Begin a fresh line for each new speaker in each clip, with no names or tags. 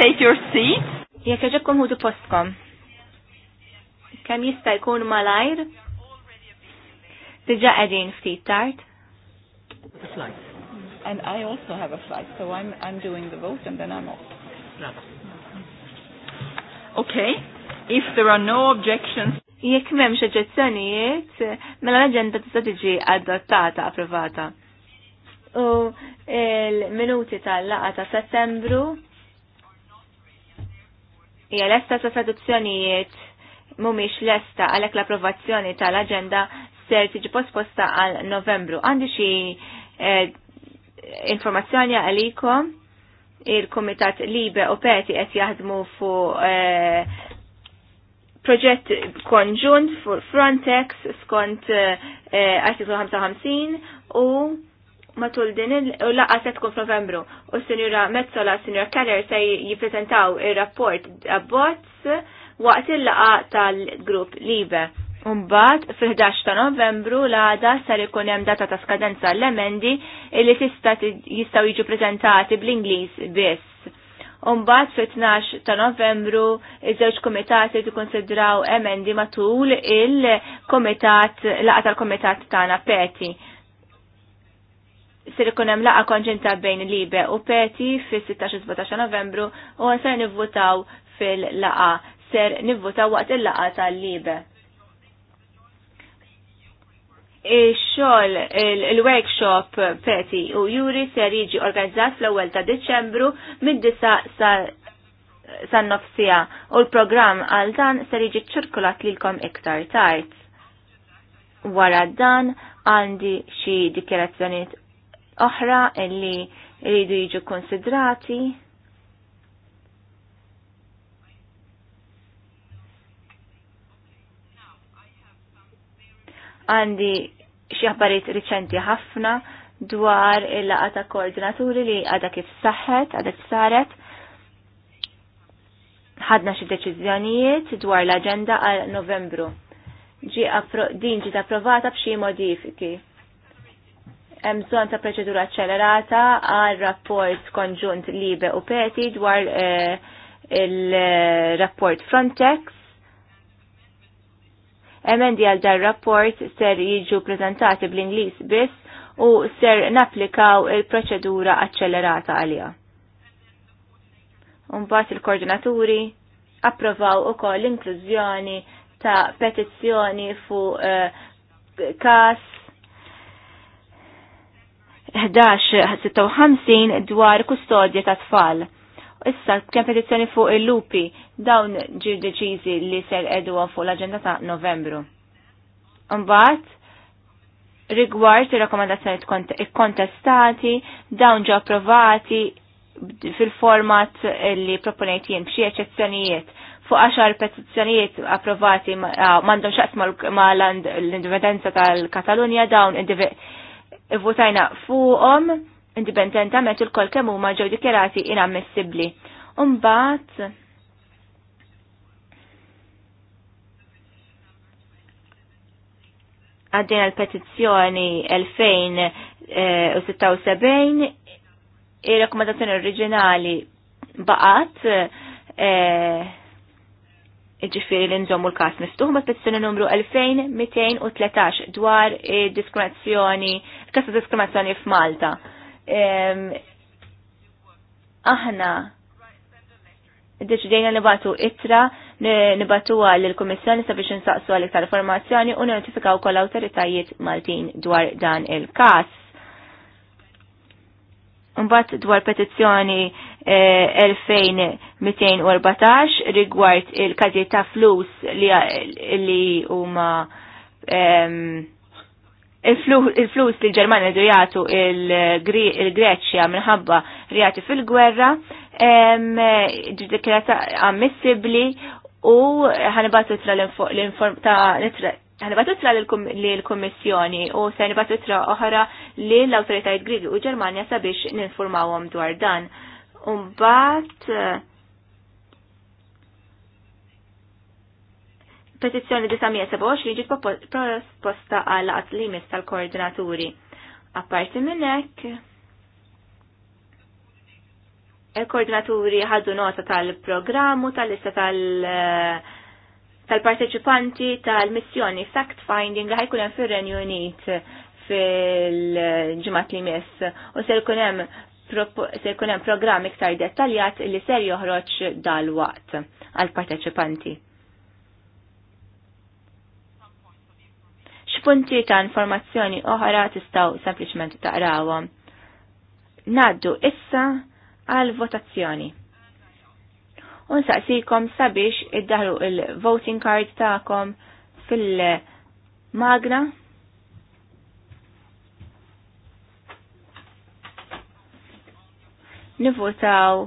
take your seat? Jekk jaġibkom ħudu postkom. Kemm jista' jkun malajr? Diġà qegħdin ftit tard. Slides. And I also have a flight, so I'm I'm doing the vote and then I'm off. Okay. If there are no objections. Jekk m'hemmx oġġezzjonijiet, mela l-aġenda tista' tiġi adottata, approvata. U l-minuti tal-laqa ta' Settembru l lesta sa mumiex mhumiex lesta għalhekk l-approvazzjoni tal-aġenda ser tiġi posposta għal Novembru. Għandi xi eh, informazzjoni għalikom il-Komitat Libe u Peti qed jaħdmu fu eh, proġett konġunt fu Frontex skont eh, artiklu 55 u matul din il-laqqa se tkun f'Novembru u s-Sinjura Mezzola, s-Sinjura Keller se jippreżentaw il-rapport abbozz waqt il-laqqa tal-grupp Libe. Umbat, fil-11 ta' novembru l-għada sar ikun hemm data ta' skadenza l-emendi li tista' jistgħu jiġu preżentati bl-Ingliż biss. Umbat fil-12 ta' novembru iż-żewġ komitati jikkonsidraw emendi matul il-komitat laqgħa tal-komitat tagħna Peti sir ikun hemm laqgħa konġinta bejn Libe u Peti fis-16-17 Novembru u ser nivvutaw fil-laqgħa ser nivvutaw waqt il-laqgħa tal-Libe. Ix-xogħol il-workshop Peti u Juri ser jiġi organizzat fl-ewwel ta' Diċembru mid-disa sa san-nofsija u l-programm għal dan ser jiġi ċirkulat lilkom iktar tard. Wara dan għandi xi dikjerazzjoniet oħra illi jridu jiġu konsidrati. Għandi xi riċenti ħafna dwar il-laqa ta' koordinaturi li għadha kif saħħet, għada kif saret. Ħadna xi deċiżjonijiet dwar l-aġenda għal Novembru. Ġi din ġiet approvata b'xi modifiki hemm bżonn ta' proċedura ċelerata għal rapport konġunt Libe u Peti dwar eh, il-rapport Frontex. Emendi għal dar rapport ser jiġu prezentati bl-Ingliż biss u ser naplikaw il-proċedura accelerata għalija. Unbat il-koordinaturi approvaw u koll l-inklużjoni ta' petizzjoni fu uh, kas 11-56 dwar kustodja ta' tfal. Issa, kien petizzjoni fuq il-lupi, dawn ġi deċizi li ser edu fuq l-agenda ta' novembru. Mbagħad, rigward ir-rakkomandazzjoni kontestati, dawn ġo approvati fil-format li proponejt jien b'xi eccezzjonijiet fuq 10 petizzjonijiet approvati mandom ah, xaqs ma l-indipendenza tal-Katalunja dawn votajna fuqhom indipendentament il-kol kemm huma ġew dikjarati inammissibbli. Umbat, għaddina l-petizzjoni 2076 eh, il-rekomendazzjoni oriġinali baqat eh, ġifiri l-inżommu l-kas miftuħ ma' petizzjoni numru 2213 dwar eh, diskriminazzjoni, kas ta' diskriminazzjoni f'Malta. Aħna deċidejna nibatu itra nibatu għal l komissjoni sabiex nsaqsu għal iktar informazzjoni u notifikaw kol autoritajiet Maltin dwar dan il-kas. Mbatt dwar petizzjoni 2214 eh, rigward il-każijiet ta' flus li huma il-flus li l ġermani du jagħtu il-Greċja minħabba rjati fil-gwerra ġdikjata ammissibbli u ħanibatu tra l-inform ta' Għanibat itra li l-Kommissjoni u se għanibat itra oħra li l autoritajt Grigi u Ġermanja sabiex ninformawhom dwar dan. Umbat eh, petizzjoni 927 li ġiet proposta għal għatlimis tal-koordinaturi. Apparti minnek, il-koordinaturi ħaddu nota tal-programmu, tal-lista tal-, -programmu, tal lista tal tal-parteċipanti tal-missjoni fact-finding li ħajkun hemm fir-Renju Unit fil-ġimgħat li miss u se jkun hemm se jkun hemm programm iktar dettaljat li ser joħroġ dal-waqt għall-parteċipanti. X'punti ta' informazzjoni oħra tistgħu sempliċement taqrawhom. Naddu issa għal votazzjoni u nsaqsikom sabiex iddaħlu il-voting card ta'kom fil-magna nivvotaw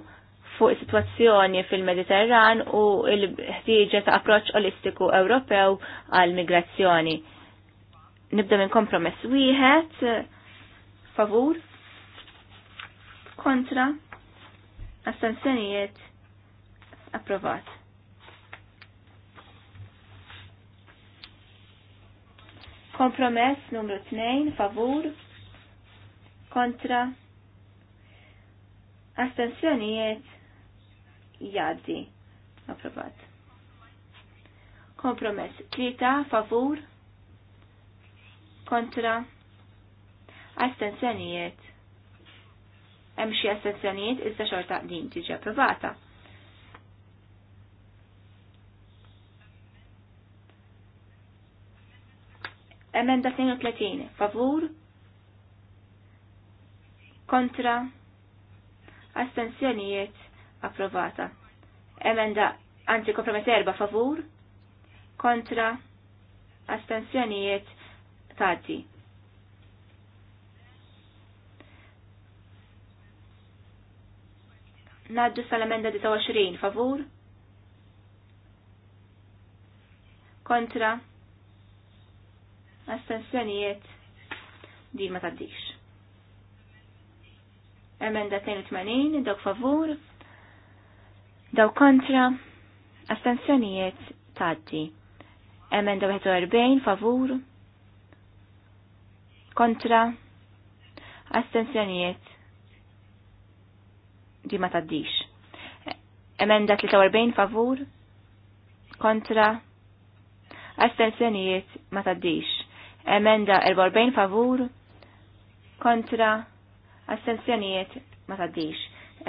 fuq situazzjoni fil-Mediterran u l-ħtieġa ta' approċ olistiku Ewropew għal migrazzjoni. Nibda minn kompromess wieħed favur kontra astensjonijiet Approvat. Kompromess numru 2, favur, kontra, astensjonijiet, jaddi, approvat. Kompromess 3, favur, kontra, astensjonijiet, hemm xi astensjonijiet iżda xorta din tiġi approvata. Emenda 32, favur, kontra, astensjonijiet, approvata. Emenda anzi kompromess erba' favur, kontra, astensjonijiet, tati. Naddu sal-emenda 29, favur, kontra, astensjonijiet di ma taddix. Emenda 82, dawk favur, dawk kontra, astensjonijiet taddi. Emenda 41, favur, kontra, astensjonijiet di ma taddix. Emenda 43, favur, kontra, astensjonijiet ma taddix. Emenda 44 favur kontra astensjonijiet ma taddix.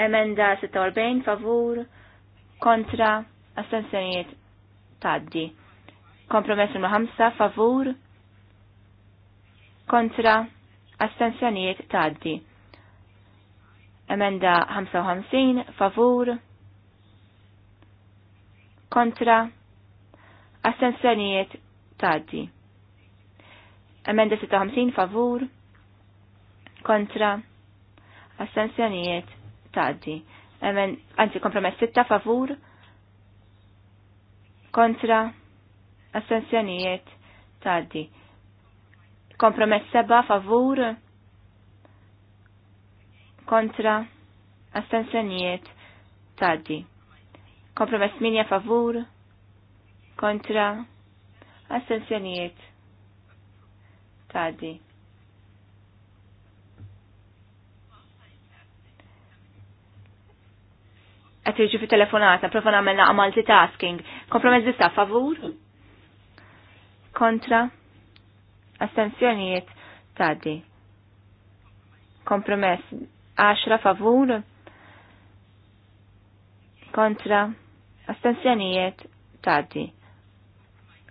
Emenda 46 favur kontra astensjonijiet taddi. Kompromess numru 5 favur kontra astensjonijiet taddi. Emenda 55 favur kontra astensjonijiet taddi. Emenda 56 favur kontra astensjonijiet taddi. anzi, kompromess 6 favur kontra astensjonijiet taddi. Kompromess 7 favur kontra astensjonijiet taddi. Kompromess 8 favur kontra astensjonijiet kadi. Għet irġi fi telefonata, prova namel naqqa multitasking. Kompromess dista favur? Kontra? Astenzjonijiet tadi. Kompromess għaxra favur? Kontra? Astenzjonijiet tadi.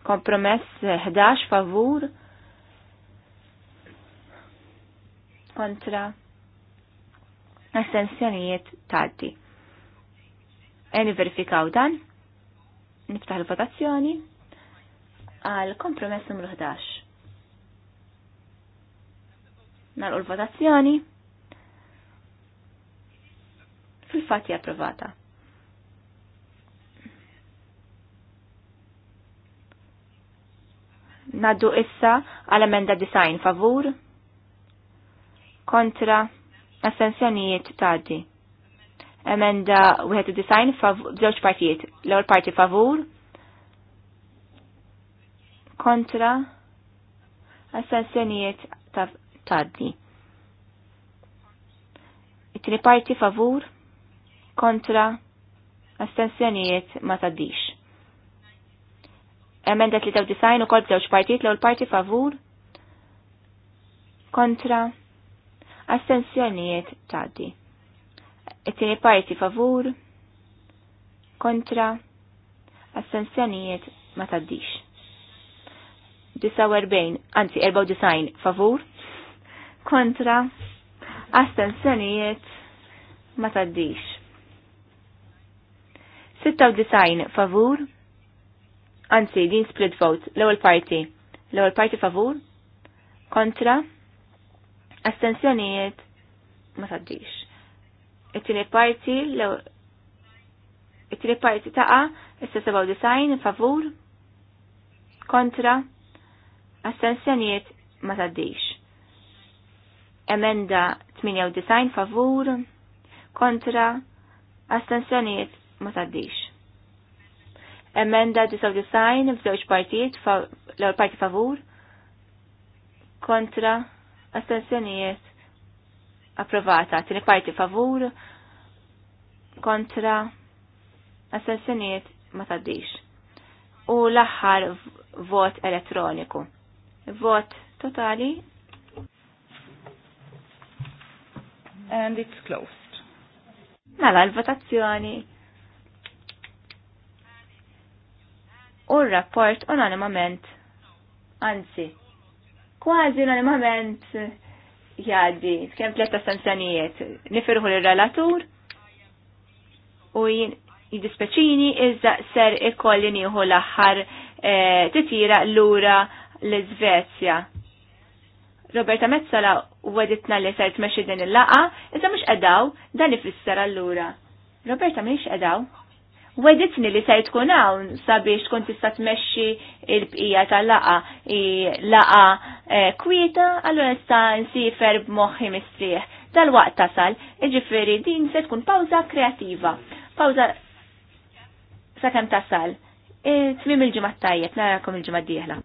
Kompromess 11 favur? kontra astensjonijiet tardi. Eni verifikaw dan, niftaħ l-votazzjoni għal kompromess numru 11. Nalqu l-votazzjoni fil-fatti approvata. Naddu issa għal emenda design favur kontra assenzjonijiet tgħaddi. Emenda wieħed design b'żewġ partijiet. L-ewwel parti favur kontra assenzjonijiet tgħaddi. It-tieni parti favur kontra assenzjonijiet ma tgħaddix. Emenda 93 u kol b'żewġ partijiet l-ewwel parti favur kontra Astensjonijiet taddi. It-tieni parti favur kontra astensjonijiet ma taddix. 49, anzi 49 favur kontra astensjonijiet ma taddix. 96 favur anzi din split vote l-ewwel parti. L-ewwel parti favur kontra astensjonijiet ma taddix. It-tieni parti l it parti taqa issa 97 favur kontra astensjonijiet ma taddix. Emenda 98 favur kontra astensjonijiet ma taddix. Emenda 99 f'żewġ partijiet l-ewwel parti favur kontra astensjonijiet approvata. Tini parti favur kontra astensjonijiet ma taddix. U l-aħħar vot elettroniku. Vot totali. And it's closed. Mela l-votazzjoni. U r-rapport unanimament. Anzi, kważi normalment jgħaddi, kemm tletta stanzjonijiet, nifirħu l-relatur u jien jidispeċini iżda ser ikolli nieħu l-aħħar eh, titira lura l-Svezja. Roberta Mezzala weditna li ser tmexxi din il-laqa, iżda mux qedaw dan ifisser allura. Roberta mux qedaw. Weditni li se tkun hawn sabiex tkun tista' tmexxi l-bqija tal-laqa laqa e, kwieta allura nista' nsifer b'moħħi mistrieħ. Dal-waqt tasal, iġifieri din se tkun pawża kreattiva. Pawża sakemm tasal. E, Tmim il-ġimgħa tajjeb, narakom il-ġimgħa dieħla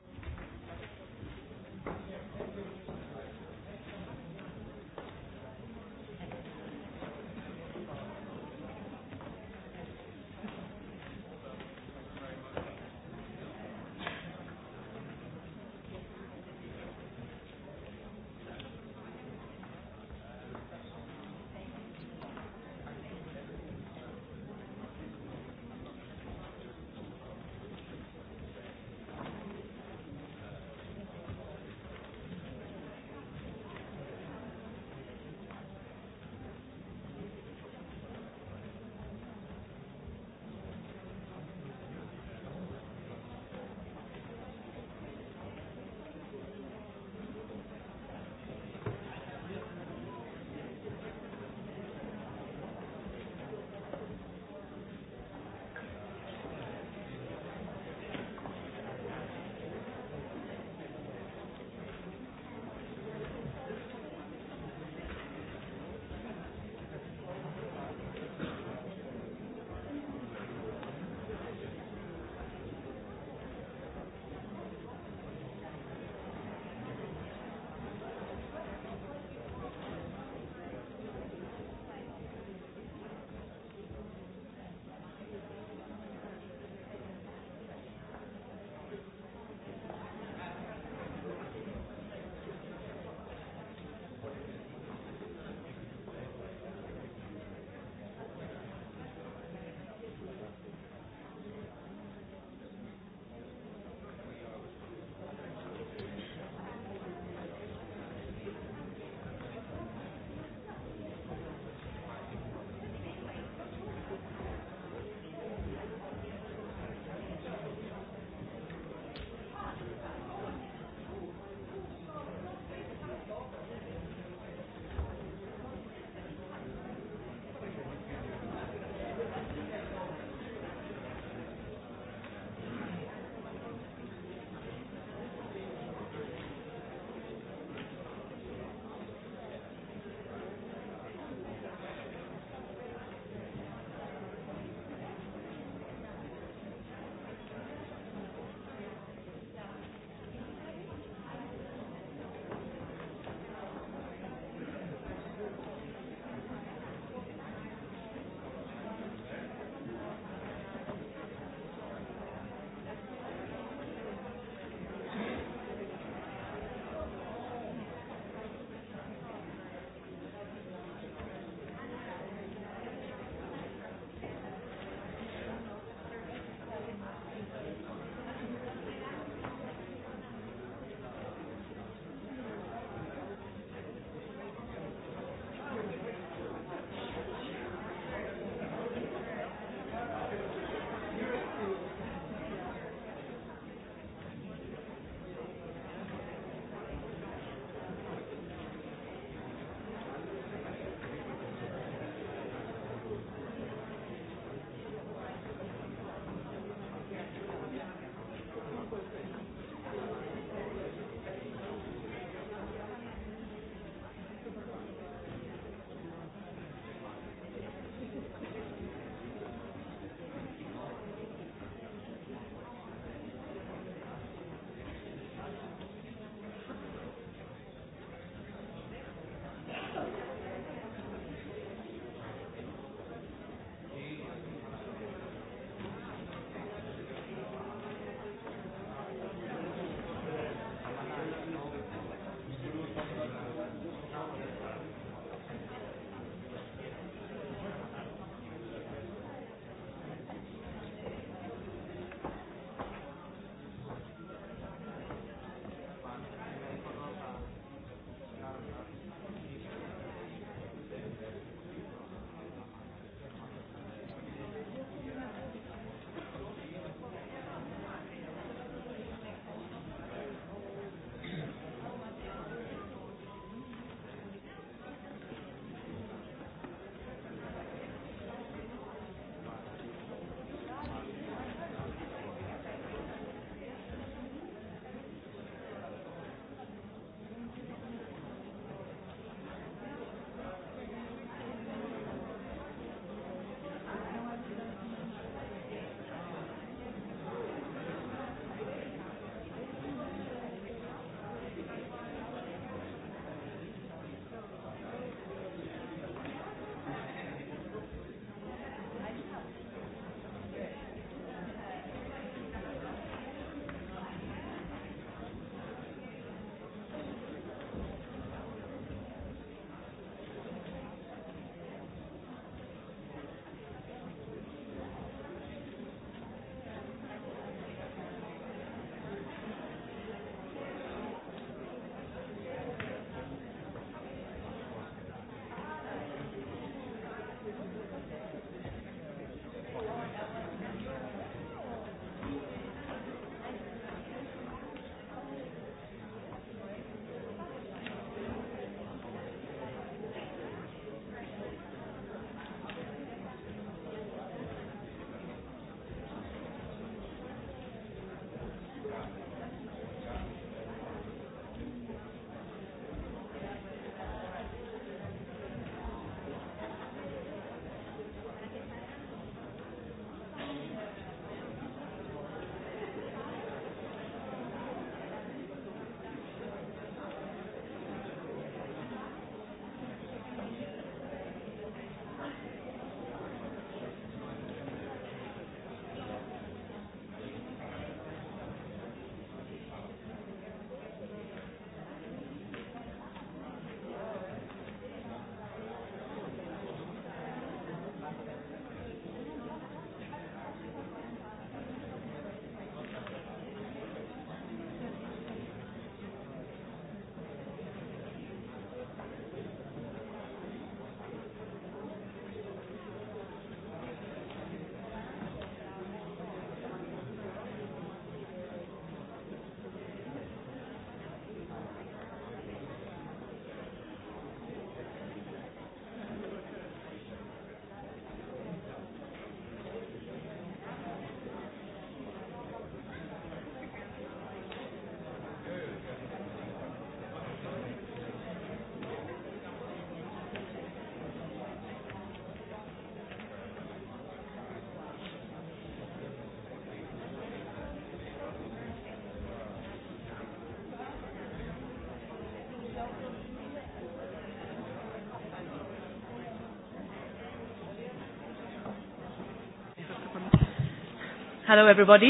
Hello everybody.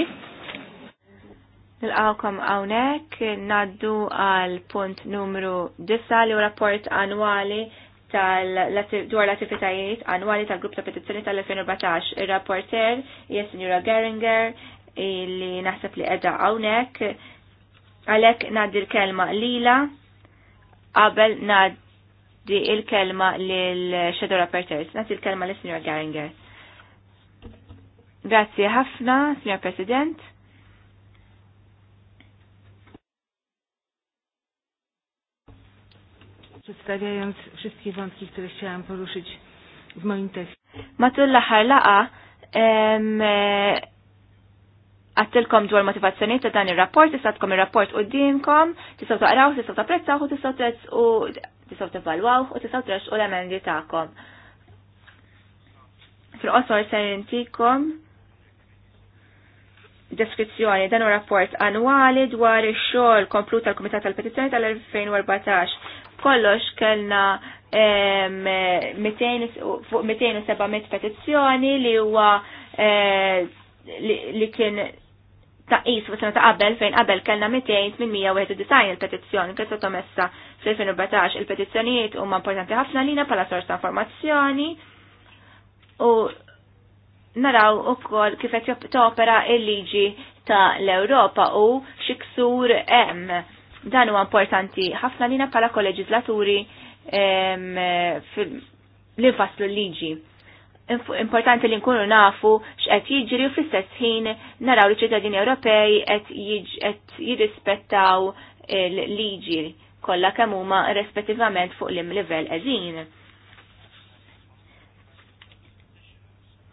Nilqawkom hawnhekk naddu għal punt numru 9 li rapport annwali dwar l-attivitajiet annwali tal-grupp ta' petizzjoni tal-2014. Ir-rapporter hija Sinjura Geringer li naħseb li qiegħda hawnhekk. Għalhekk ngħaddi l-kelma lila qabel ngħaddi l kelma lil Shadow Rapporters. ngħaddi l-kelma lis Sinjura Geringer. Grazzi ħafna,
Signor President.
Przedstawiając wszystkie wątki, które chciałam poruszyć w moim tekście.
Matul l-aħħar għattilkom dwar motivazzjoni ta' dan il-rapport, tistatkom il-rapport u d-dimkom, tistaw taqraw, tistaw tapprezzaw, tistaw trezz u tistaw tevalwaw, u tistaw trezz u l-emendi ta'kom. Fil-qosor ser intikom deskrizzjoni dan u rapport annwali dwar ix-xogħol komplut tal-Kumitat tal-Petizzjoni tal-2014. Kollox kellna fuq 200 petizzjoni li huwa eh, li kien taqis fuq sena ta' qabel fejn qabel kellna 200 minn 191 il-petizzjoni kien sottomessa fl-2014. Il-petizzjonijiet huma importanti ħafna lina bħala sors ta' informazzjoni u naraw ukoll kif qed topera il-liġi ta' l europa u xiksur hemm. Dan huwa importanti ħafna lina bħala kolleġislaturi li nfasslu l-liġi. Importanti li nkunu nafu x'qed jiġri u fl-istess ħin naraw li ċittadini Ewropej qed jirrispettaw l-liġi kollha kemm huma rispettivament fuq l-im livell eżin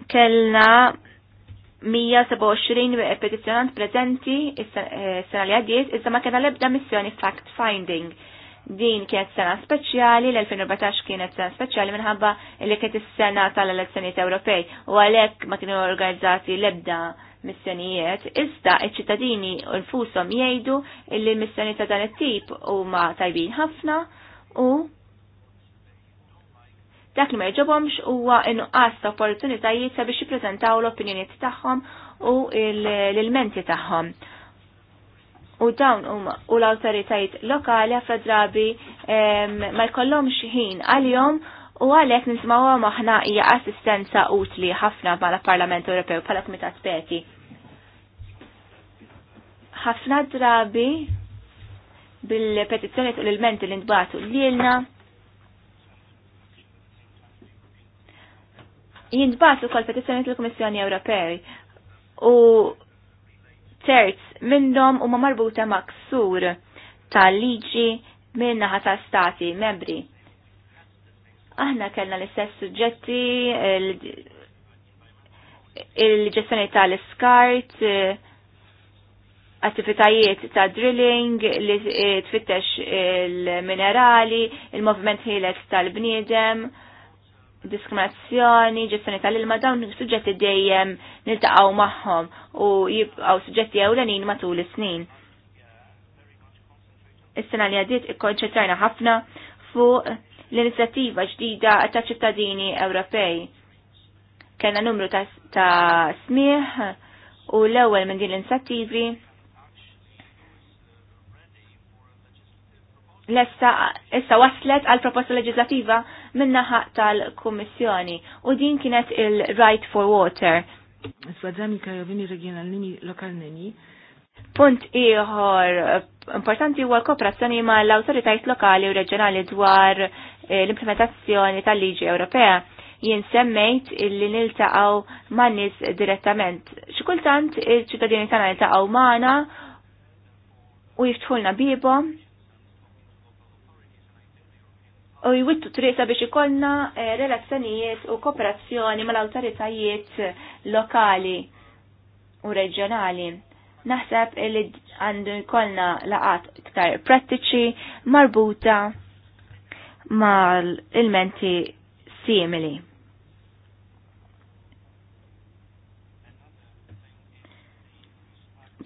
kellna 127 repetizjonant prezenti is-sena eh, li għaddiet, iżda ma kena lebda missjoni fact-finding. Din kienet sena speċjali, l-2014 kienet sena speċjali minħabba li kienet is-sena tal-elezzjonijiet Ewropej u għalhekk ma kienu organizzati lebda missjonijiet, iżda iċ-ċittadini nfushom jgħidu li l-missjoni ta' dan it-tip huma tajbin ħafna u Dak li ma jġobomx huwa inqas ta' opportunitajiet sabiex jippreżentaw l opinjoniet tagħhom u l-ilmenti tagħhom. U dawn huma u l-awtoritajiet lokali ħafna drabi ma jkollhomx ħin għalihom u għalhekk nismawha aħna hija assistenza utli ħafna bħala Parlament Ewropew bħala Kumitat Peti. Ħafna drabi bil-petizzjoni u l-ilmenti li nbatu lilna jintbat u kol petizjoni l-Komissjoni Ewropej u terz minnom u ma marbuta maksur tal-liġi minnaħa ta' stati membri. Aħna kellna l-istess suġġetti, il-ġestjoni tal-iskart, attivitajiet ta' drilling, li tfittex il-minerali, il-movement ħielet tal-bniedem, diskriminazzjoni, ġestjoni tal-ilma dawn suġġetti dejjem niltaqgħu magħhom u jibqgħu suġġetti ewlenin matul is-snin. Is-sena li għaddiet ikkonċentrajna ħafna fuq l-inizjattiva ġdida ta' ċittadini Ewropej. Kenna numru ta', ta smieħ u l-ewwel minn din l-inizjattivi Lesta issa waslet għal proposta leġislativa minnaħa tal-Kummissjoni u din kienet il-Right for Water. Punt ieħor importanti huwa l-kooperazzjoni ma l-awtoritajiet lokali u reġjonali dwar eh, l-implementazzjoni tal-liġi Ewropea. Jien semmejt illi niltaqgħu ma' nies direttament. Xi kultant il-ċittadini tagħna niltaqgħu magħna u jiftħulna bibhom u jwittu trieta biex ikollna eh, relazzjonijiet u kooperazzjoni mal-awtoritajiet lokali u reġjonali. Naħseb li għandu jkollna laqat iktar prattiċi marbuta mal-ilmenti simili.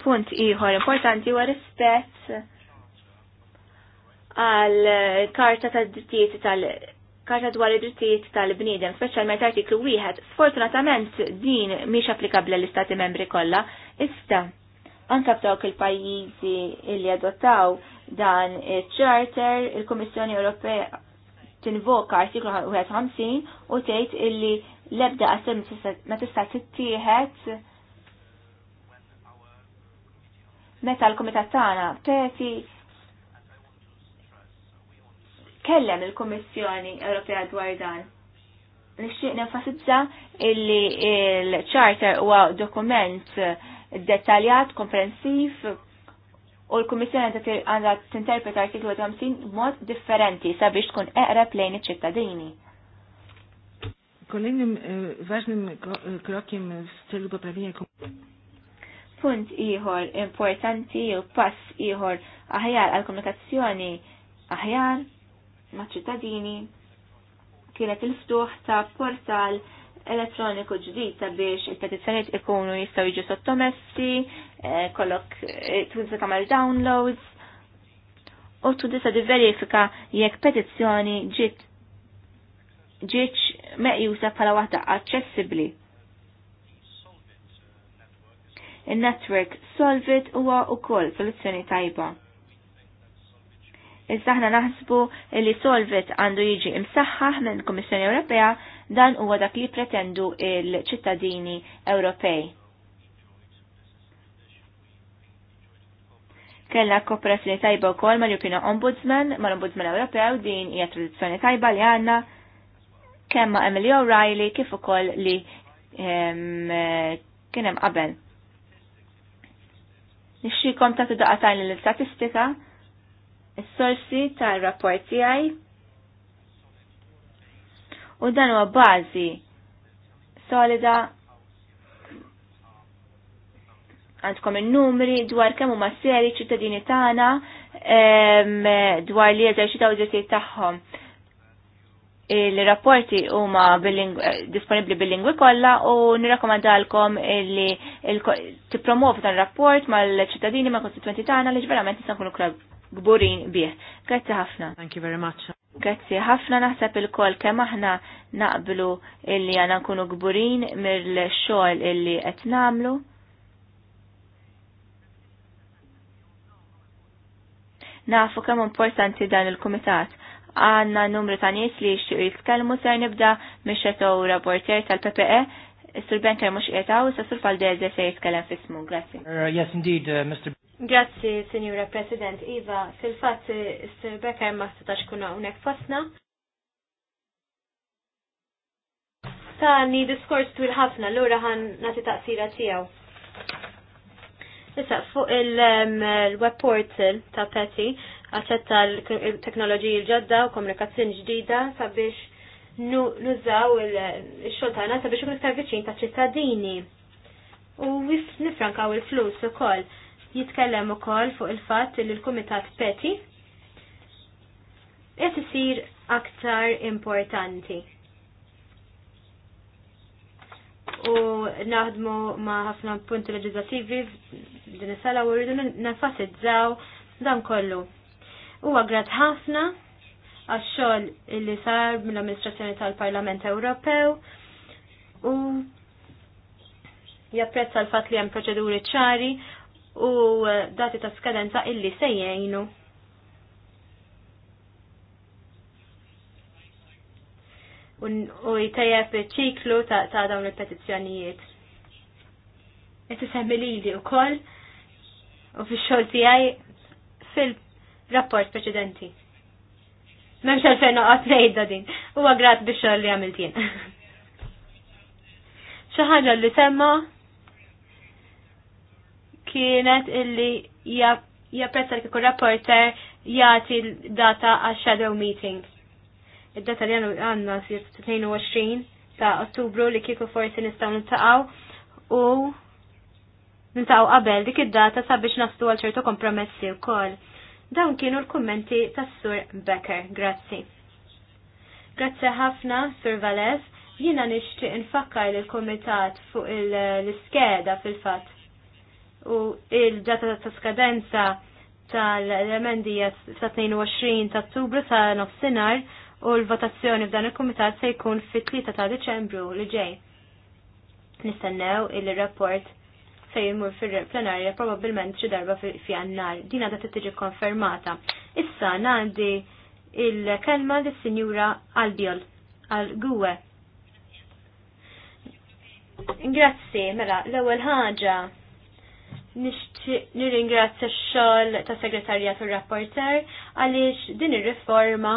Punt iħor importanti għu rispett għal karta ta' drittijiet tal karta dwar id-drittijiet tal-bniedem, speċjalment artiklu wieħed. Sfortunatament din mhix applikabbli l-Istati membri kollha, issa anka f'dawk il-pajjiżi li adottaw dan il-Charter, il-Kummissjoni Ewropea tinvoka artiklu 51 u tgħid illi l-ebda qasem ma tista' tittieħed meta l-Kumitat tagħna peti Kellem il-Kummissjoni Ewropea dwar dan. Nixtieq nenfasizza illi il-charter huwa dokument dettaljat, komprensiv, u l-Kummissjoni għandha tinterpreta artiklu 50 b'mod differenti sabiex tkun eqreb lejn iċ-ċittadini.
Kolejnym e, ważnym e, krokiem w celu poprawienia
Punt ieħor importanti u pass ieħor aħjar għal komunikazzjoni aħjar ma' ċittadini kienet il-ftuħ ta' portal elettroniku ġdid sabiex il-petizzjoniet ikunu jistgħu jiġu sottomessi, eh, kollok eh, tuża tagħmel downloads u tu tista' verifika jekk petizzjoni ġiet ġietx meqjusa bħala waħda aċċessibbli. Il-network Solvit huwa wkoll soluzzjoni tajba. Issa ħna naħsbu li solvit għandu jiġi imsaħħaħ minn Kummissjoni Ewropea dan huwa dak li pretendu il-ċittadini Ewropej. Kella kooperazzjoni tajba wkoll mal-Jupina Ombudsman, mal-Ombudsman Ewropew din hija tradizzjoni tajba li għandna kemm ma' Emily O'Reilly kif ukoll li kien hemm qabel. Nixxikom ta' tidaqatajn l-istatistika s-sorsi ta' rapporti għaj u dan huwa bażi solida għandkom il-numri dwar kemm huma seri ċittadini tagħna dwar li eżerċitaw ġesijiet tagħhom. Il-rapporti huma disponibbli bil-lingwi kollha u nirrakkomandalkom li tippromovu dan rapport mal-ċittadini mal-kostituenti tagħna li verament nista' nkunu gburin bih. Grazzi ħafna. Thank you very much. Grazzi ħafna naħseb il-kol kemm aħna naqblu illi għana nkunu gburin mill-xogħol illi qed nagħmlu. Nafu kemm importanti dan il-kumitat għanna numru ta' nies li xtiq jitkellmu ser nibda mix u rapporter tal-PPE Sur Benker mux jietaw, sa sur Faldeze se jitkellem
fismu, grazzi. Uh,
yes, indeed, uh, Mr.
Grazzi, Signora President. Iva, fil-fat, Sir Becker ma setax kuna unek fosna. Tani diskors twil ħafna, l-ura ħan nati taqsira tijaw. Issa, fuq il-web um, portal ta' Peti, għaċetta l-teknoloġiji l-ġodda u komunikazzjoni ġdida sabiex nużaw il-xoltana sabiex ikun iktar viċin ta' ċittadini. U nifrankaw il-flus u koll jitkellem ukoll fuq il-fatt li l-Kumitat Peti qed isir aktar importanti. U naħdmu ma' ħafna punti leġislattivi din is-sala u rridu nenfasizzaw dan kollu. Huwa grat ħafna għax-xogħol li sar mill-Amministrazzjoni tal-Parlament Ewropew u japprezza l-fatt li hemm proċeduri ċari u eh, dati ta' skadenza illi sejjajnu. u jtajab ċiklu ta', ta dawn il-petizzjonijiet. Jt semmi li u koll u fi xol tijaj fil-rapport preċedenti. Memx għalfejn noqgħod ngħidha din, huwa għagrat biex xogħol li għamilt jien. li semma' kienet illi japprezza li kikur rapporter jagħti data għax shadow meeting. Id-data li għandna sir 22 ta' Ottubru li kieku forsi nistgħu nintaqaw u nintaqaw qabel dik id-data sabiex naslu għal ċertu kompromessi wkoll. Dawn kienu l-kummenti tas-Sur Becker. Grazzi. Grazzi ħafna, Sur Valez. Jina nixtieq infakkar lill kumitat fuq l-iskeda fil-fatt u il-data ta' skadenza tal-elemendija ta' 22 ta' ottubru ta' nofsinar u l-votazzjoni f'dan il-komitat se jkun fit-3 ta' Deċembru li ġej. Nistennew il-rapport se jimur fil-plenarja probabilment xi darba f'jannar. Din għadha tiġi konfermata. Issa għandi il-kelma lis-Sinjura Albiol għal Gwe. Grazzi, mela, l-ewwel ħaġa nirringrazzja x-xogħol ta' segretarjat u rapporter għaliex din ir-riforma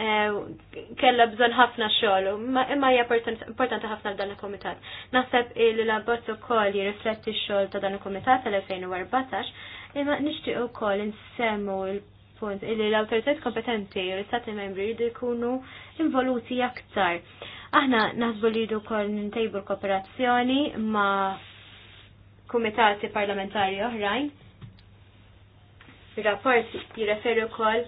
eh, kella bżonn ħafna xogħol imma hija importanti ħafna f'dan il-kumitat. Naħseb li l-abbozz ukoll jirrifletti x-xogħol ta' dan il-kumitat tal-2014 imma nixtieq ukoll insemmu l-punt li l-awtoritajiet kompetenti u l-istati membri jridu jkunu involuti aktar. Aħna naħsbu li jridu wkoll ntejbu l-kooperazzjoni ma' kumitati parlamentari oħrajn. Il-rapport jirreferi wkoll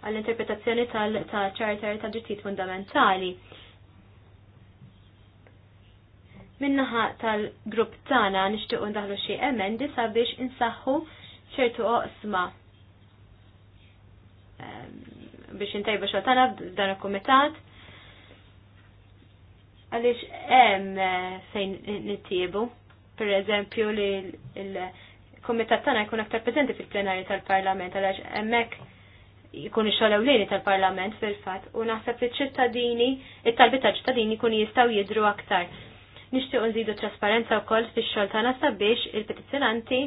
għall-interpretazzjoni tal-ċarter ta' ġittijiet fundamentali. Minnaħa tal-grupp tana nixtiequ ndaħlu xi emendi sabiex insaħħu ċertu oqsma biex intajba xogħol tagħna f'dan il-kumitat għaliex hemm eh, fejn nittiebu per eżempju li il-komitat tana jkun aktar prezenti fil plenari tal-parlament, għalax emmek jkun ixol ewlieni tal-parlament fil-fat, u naħseb li ċittadini, it-talbi ta' ċittadini kun jistaw jidru aktar. Nishtiq nżidu trasparenza u koll fil-xol tana sabiex il-petizjonanti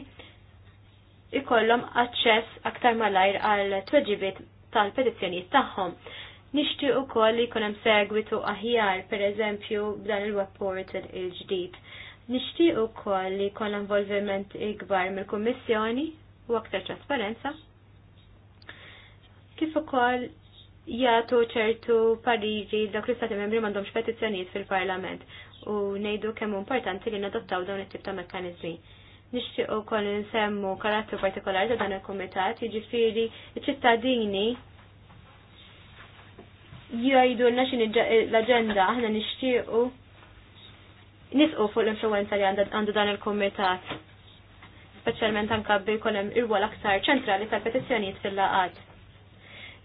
ikollhom aċċess aktar malajr għal tweġibiet tal-petizzjonijiet tagħhom. Nixtieq ukoll li jkun hemm segwitu aħjar, pereżempju b'dan il-web portal il-ġdid. il il ġdid u ukoll li jkollna involviment ikbar mill-Kummissjoni u aktar trasparenza. Kif ukoll jagħtu ċertu pariri dak li stati membri m'għandhomx petizzjonijiet fil-Parlament u ngħidu kemm importanti li nadottaw dawn it-tip ta' mekkaniżmi. Nixtieq ukoll nsemmu karattu partikolari ta' dan il-kumitat, jiġifieri ċ-ċittadini jgħidu l-naxin l-agenda, aħna nixtiequ nisqu fuq l-influenza li għandu dan il-komitat, specialment anka bi kolem irwol aktar ċentrali tal petizjoniet fil-laqat.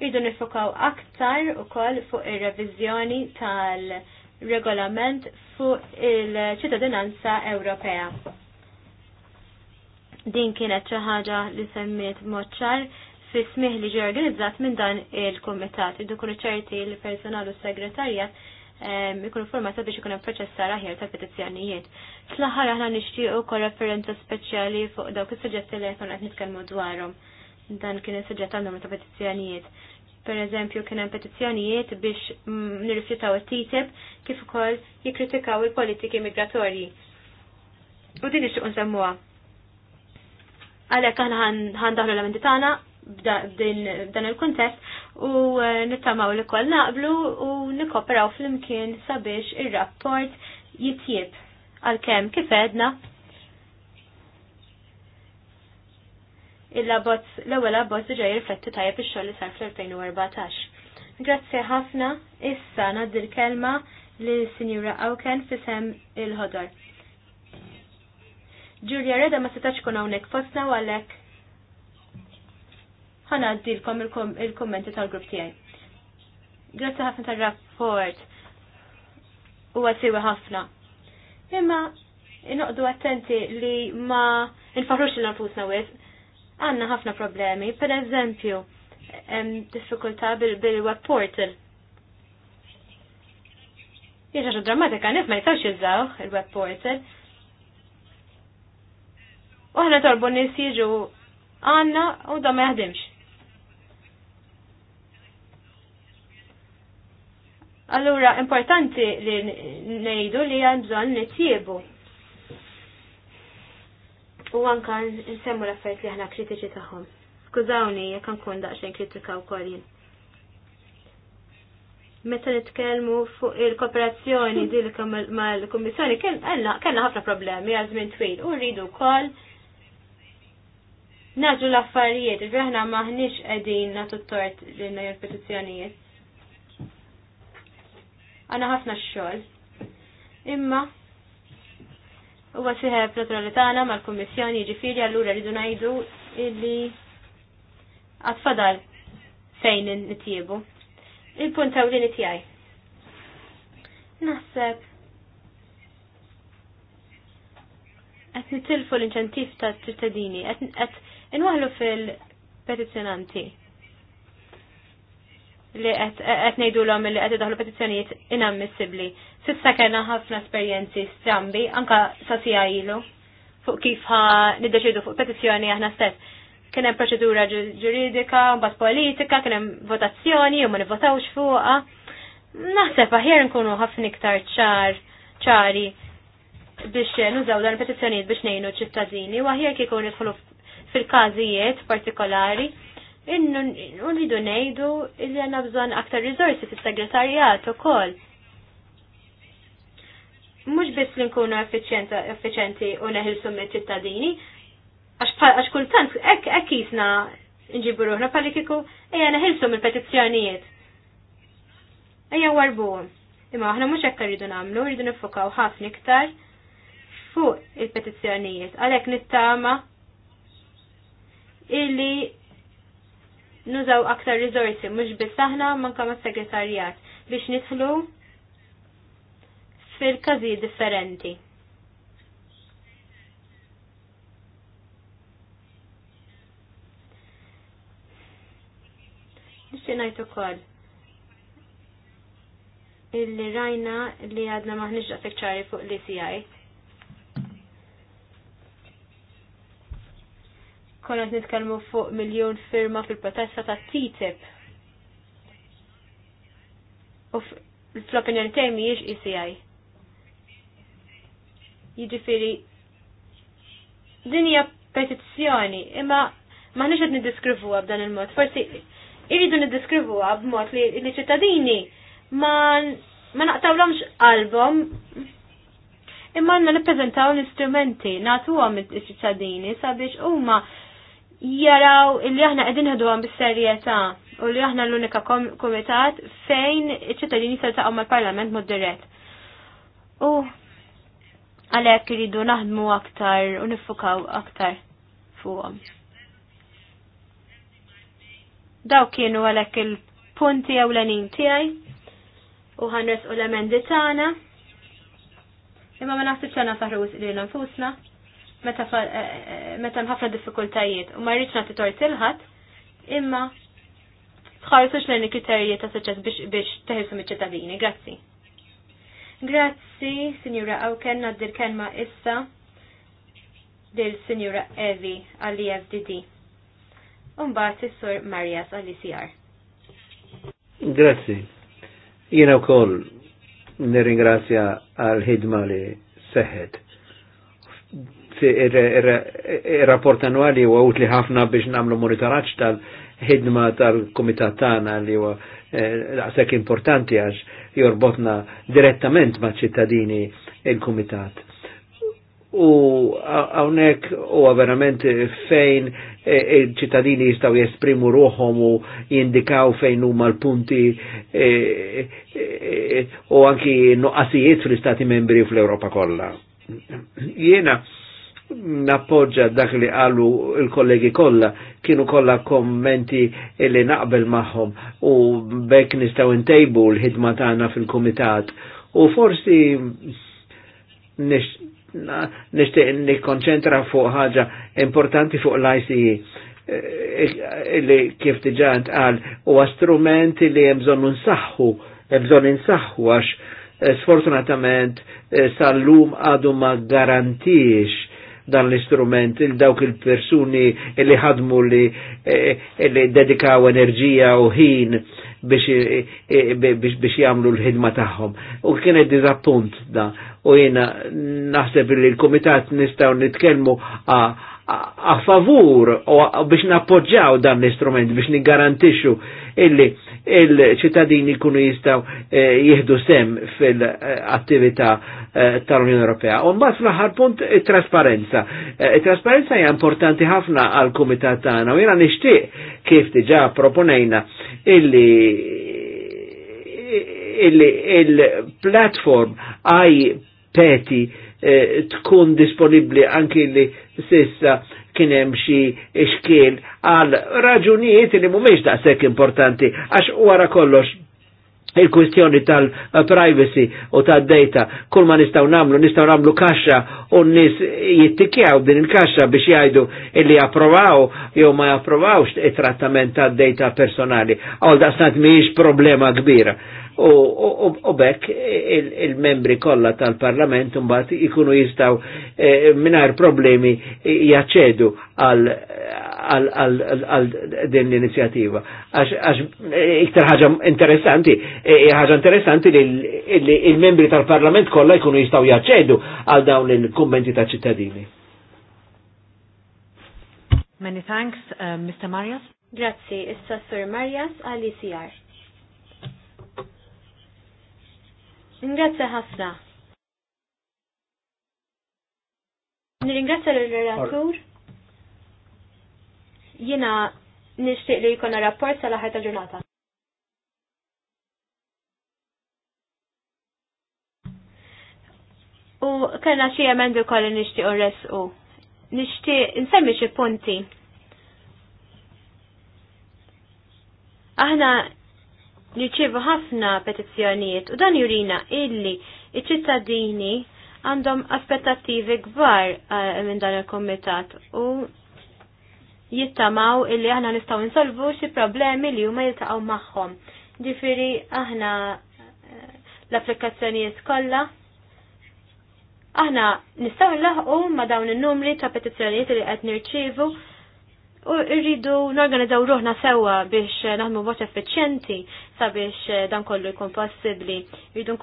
Idu nifokaw aktar u koll fuq il-revizjoni tal-regolament fuq il-ċittadinanza Ewropea. Din kienet xi ħaġa li semmiet moċċar fi smih li ġi organizzat minn dan il-komitat. Idu kunu ċerti il personalu u s-segretarja. Ikun formata sabiex ikun hemm proċessar aħjar tal-petizzjonijiet. Fl-aħħar aħna nixtiequ wkoll referenza speċjali fuq dawk is-suġġetti li qed nitkellmu dwarhom. Dan kien is-suġġett għandhom ta' petizzjonijiet. Per eżempju, kien hemm petizzjonijiet biex mm, nirrifjutaw it-TTIP kif ukoll jikkritikaw il-politiki migratorji. U din ix nsemmuha. Għalhekk aħna ħandaħlu l-elementi tagħna b'dan il-kuntest u eh, nittamaw li kol naqblu u nikoperaw fl-imkien sabiex il-rapport jitjib għal-kem kif Il-labozz, l-ewel labozz ġej rifletti tajjeb ix-xogħol li sar fl-2014. Grazzi ħafna, issa naddi l-kelma li sinjura Awken fisem il-ħodor. Ġurja Reda ma setax kun hawnhekk fosna u għalhekk ħanaddilkom il-kommenti tal-grupp tiegħi. Grazzi ħafna tar-rapport u għasiwi ħafna. Imma inoqdu attenti li ma nfaħrux il-nafusna wis. Għanna ħafna problemi, per eżempju, diffikultà bil-web portal. Jiex drammatika, nif ma jistawx jizzaw il-web portal. Uħna torbu nis jiġu għanna u da ma jahdimx. Allura, importanti li nejdu li għan bżon nitjibu. U anka nsemmu l-affarijiet li aħna kritiċi tagħhom. Skużawni jekk nkun daqsxejn kritika wkoll jien. Meta nitkellmu fuq il-kooperazzjoni hmm. di mal-Kummissjoni kellna ħafna problemi għal żmien twil u rridu wkoll naġu l-affarijiet, ġri aħna maħniex qegħdin nagħtu tort lil petizzjonijiet għana ħafna xogħol. Imma huwa siħeb naturalitana mal-Kummissjoni ġifieri allura rridu ngħidu illi għatfadal fejn nitjiebu. Il-punt ewlieni tiegħi. Naħseb qed nitilfu l-inċentiv ta' ċittadini, qed inwaħlu fil-petizzjonanti li qed ngħidulhom li qed idaħlu petizzjonijiet inammissibbli. Sissa kellna ħafna esperjenzi strambi anka sa sija ilu fuq kif ħa niddeċidu fuq petizzjoni aħna stess. Kien hemm proċedura ġuridika, mbagħad politika, kien hemm votazzjoni u ma nivvotawx fuqha. Naħseb aħjar nkunu ħafna iktar ċar ċari biex nużaw dan petizzjonijiet biex ngħinu ċittadini u aħjar kikun idħlu fil-każijiet partikolari Unridu nejdu illi għanna bżon aktar rizorsi fis segretarjat u kol. Mux biss li nkunu effiċenti u neħilsu me ċittadini, għax kultant ek ek jisna nġibu ruħna pali kiku eja neħilsu mill petizzjonijiet Eja warbu. Imma aħna mux ektar rridu namlu, rridu nifukaw ħafna iktar fuq il petizzjonijiet Għalek nittama illi nużaw aktar rizorsi, mux bis aħna manka ma' segretarjat biex nidħlu fil-kazi differenti. Nixtieq ngħid ukoll illi rajna li għadna maħniġ daqshekk ċari fuq l-ECI. Konna nitkellmu fuq miljon firma fil-protesta ta' TTIP. U fl-opinjoni tiegħi mhijiex ECI. Jiġifieri din hija petizzjoni, imma maħniex qed niddiskrivuha b'dan il-mod. Forsi irridu niddiskrivuha b'mod li l-ċittadini ma ma naqtawlomx qalbhom imma għanna nippreżentaw l-istrumenti nagħtuhom il ċittadini sabiex huma jaraw illi aħna qegħdin ħadu għan bis-serjetà u li aħna l-unika komitat fejn iċ-ċittadini se taqgħu mal-Parlament mod dirett. U għalhekk iridu naħdmu aktar u nifukaw aktar fuqhom. Daw kienu għalhekk il-punti ewlenin tiegħi u ħanres u l-emendi tagħna. Imma ma naħsibx għandna saħru wisqilina nfusna. Eh, eh, meta hemm diffikultajiet u ma rridx nagħti tort ilħadd imma tħarsux lejn il-kriterji ta' suċċess biex teħilsu miċ-ċittadini. Grazzi. Grazzi, Sinjura Awken, naddir kelma issa lil Sinjura Evi għall-EFDD. Umbaħt is-Sur Marjas għall-ICR.
Grazzi. Jiena wkoll nirringrazzja għal ħidma li seħħet il-rapport annuali għut li ħafna biex namlu monitoraċ tal-ħidma tal-Kumitat tagħna li huwa għasek eh, importanti għax jorbotna direttament ma' ċittadini il-Kumitat. U hawnhekk u verament fejn eh, il-ċittadini jistgħu jesprimu ruħom u jindikaw fejn huma l-punti eh, u anki nuqqasijiet fl-Istati membri fl europa kollha. Jiena nappoġġa dak li qalu il-kollegi kollha kienu kollha kommenti li naqbel magħhom u bekk nistgħu ntejbu l-ħidma tagħna fil-kumitat u forsi nixtieq nikkonċentra fuq ħaġa importanti fuq l-ICE li e, eh, eh, kif diġà ntqal huwa strumenti li hemm bżonn nsaħħu, hemm bżonn insaħħu għax eh, sfortunatament sal-lum għadu ma garantix dan l-istrument il dawk il-persuni li ħadmu li, eh, eh, li dedikaw enerġija u ħin biex eh, jamlu l-ħidma tagħhom. U kienet diżappunt da. U jiena naħseb li l-komitat nistgħu nitkellmu a favur u biex nappoġġaw dan l-istrument biex nigarantixxu illi il-ċittadini kunu jistaw jihdu sem fil-attività Eh, tal-Unjoni Ewropea. U mbagħad fl-aħħar punt it-trasparenza. Eh, it-trasparenza hija importanti ħafna għal kumitat tagħna u jiena nixtieq kif diġà proponejna illi il-platform għaj peti eh, tkun disponibli anki li sissa kienem hemm xi xkiel għal raġunijiet li mhumiex daqshekk importanti għax wara kollox il-kwistjoni tal-privacy u tal-data, kull ma nistaw namlu, nistaw namlu kaxxa u nis jittikjaw din il-kaxxa biex jajdu illi approvaw jew ma japprovawx it-trattament tal-data personali. Għol daqstant miħiex problema kbira u bekk il-membri kollha tal-Parlament mbagħad ikunu jistgħu eh, mingħajr problemi jaċċedu għal din l-inizjattiva. Għax eh, iktar ħaġa interessanti, eh, ħaġa interessanti li il-membri tal-Parlament kolla jkunu jistaw jaċċedu għal dawn il-kummenti ta' ċittadini.
Many thanks, uh, Mr. Marias. Grazzi,
issa Sir Marias għal-ICR. Ingrazzja ħafna. Nirringrazzja l-relatur. Jina nishtiq li jkun rapport sal aħħar ġurnata. U kellna xi emendi wkoll nixtieq resqu. Nixtieq insemmi xi punti. Aħna nirċivu ħafna petizzjonijiet u dan jurina illi iċ-ċittadini għandhom aspettattivi kbar eh, minn dan il-komitat u jittamaw illi aħna nistaw insolvu xi problemi li huma jiltaqgħu magħhom. Ġifieri aħna eh, l-applikazzjonijiet kollha aħna nistgħu nlaħqu ma' dawn in-numri ta' petizzjonijiet li qed nirċievu u rridu norganizaw ruħna sewwa biex naħmu b'mod effiċjenti sabiex eh, dan kollu jkun possibbli. Rridu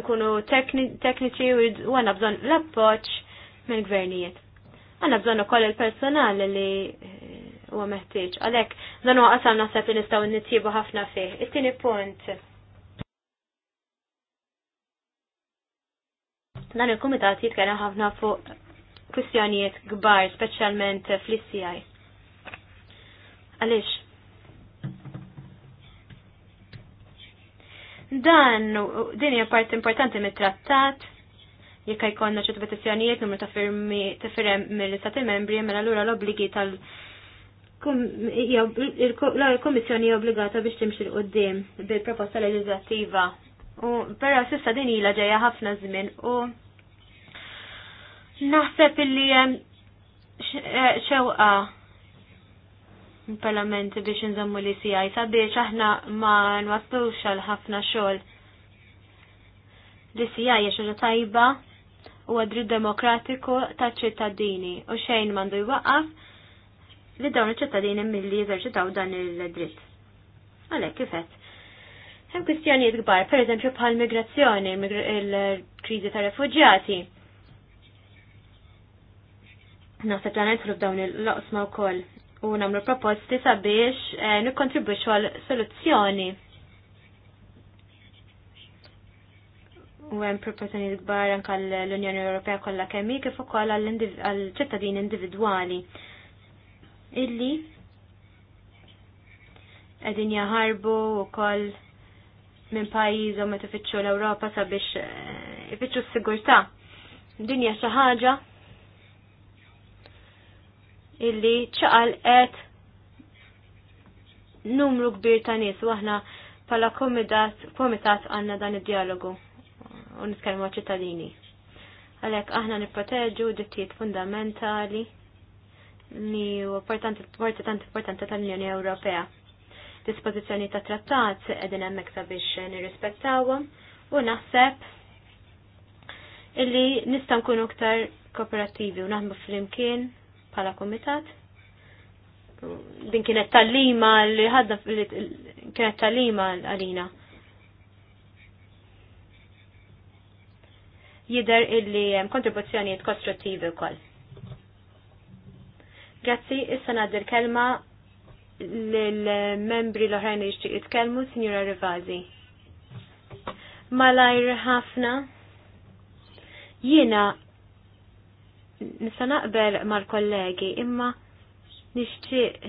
nkunu tekniċi u għanna bżonn l-appoġġ mill-gvernijiet. bżon bżonn ukoll il-personal li eh, huwa meħtieġ. Għalhekk dan u għasam nasab li nistgħu nittibu ħafna fih. It-tieni punt. Dan il-kumitat jitkellem ħafna fuq kwistjonijiet kbar, speċjalment fl-ICI. Għaliex? Dan, din hija part importanti mit-trattat, jekk jkollna ċertu petizzjonijiet numru ta' firmi tifirem mill-istati membri, mela allura l-obbligi tal- il-Komissjoni obbligata biex timxil qoddim bil-proposta leġislattiva. U però sissa din ila ġejja ħafna żmien u Naħseb illi eh, xewqa il Parlamenti biex nżammu li CI sabiex aħna ma nwaslux għal ħafna xogħol. Li CI hija xogħol tajba u għadri demokratiku ta' ċittadini u xejn mandu jwaqaf li dawn iċ-ċittadini milli jeżerċitaw dan il-dritt. Għalhekk kifet. Hemm kwistjonijiet kbar, pereżempju bħal migrazzjoni, il-kriżi ta' refuġjati nasa li nidħlu f'dawn il-loqsma wkoll u nagħmlu proposti sabiex eh, nukontribuċu għal soluzzjoni. U hemm proporzjoni kbar anke l-Unjoni Ewropea kollha kemm kif ukoll għall-ċittadini individwali illi qegħdin jaħarbu wkoll minn u meta fitxu l-Ewropa sabiex eh, ifittxu s-sigurtà. Dinja xi ħaġa illi ċaqal qed numru kbir ta' nies u aħna bħala komitat komitat għandna dan id-dialogu u nitkellmu ċittadini. Għalhekk aħna nipproteġu dittijiet fundamentali li u importanti importanti tal-Unjoni Ewropea. Dispożizzjoni ta' trattat qegħdin hemmhekk sabiex nirrispettawhom u naħseb illi nista' nkunu aktar kooperattivi u naħmu flimkien bħala komitat. Din kienet tal-lima li ħadna kienet tal-lima għalina. Jider illi kontribuzzjonijiet kostruttivi wkoll. Grazzi, issa nadir kelma l-membri l-oħrajn li jixtieq jitkellmu, Signora Rivazi. Malajr ħafna. Jiena nista' naqbel mal-kollegi imma nixtieq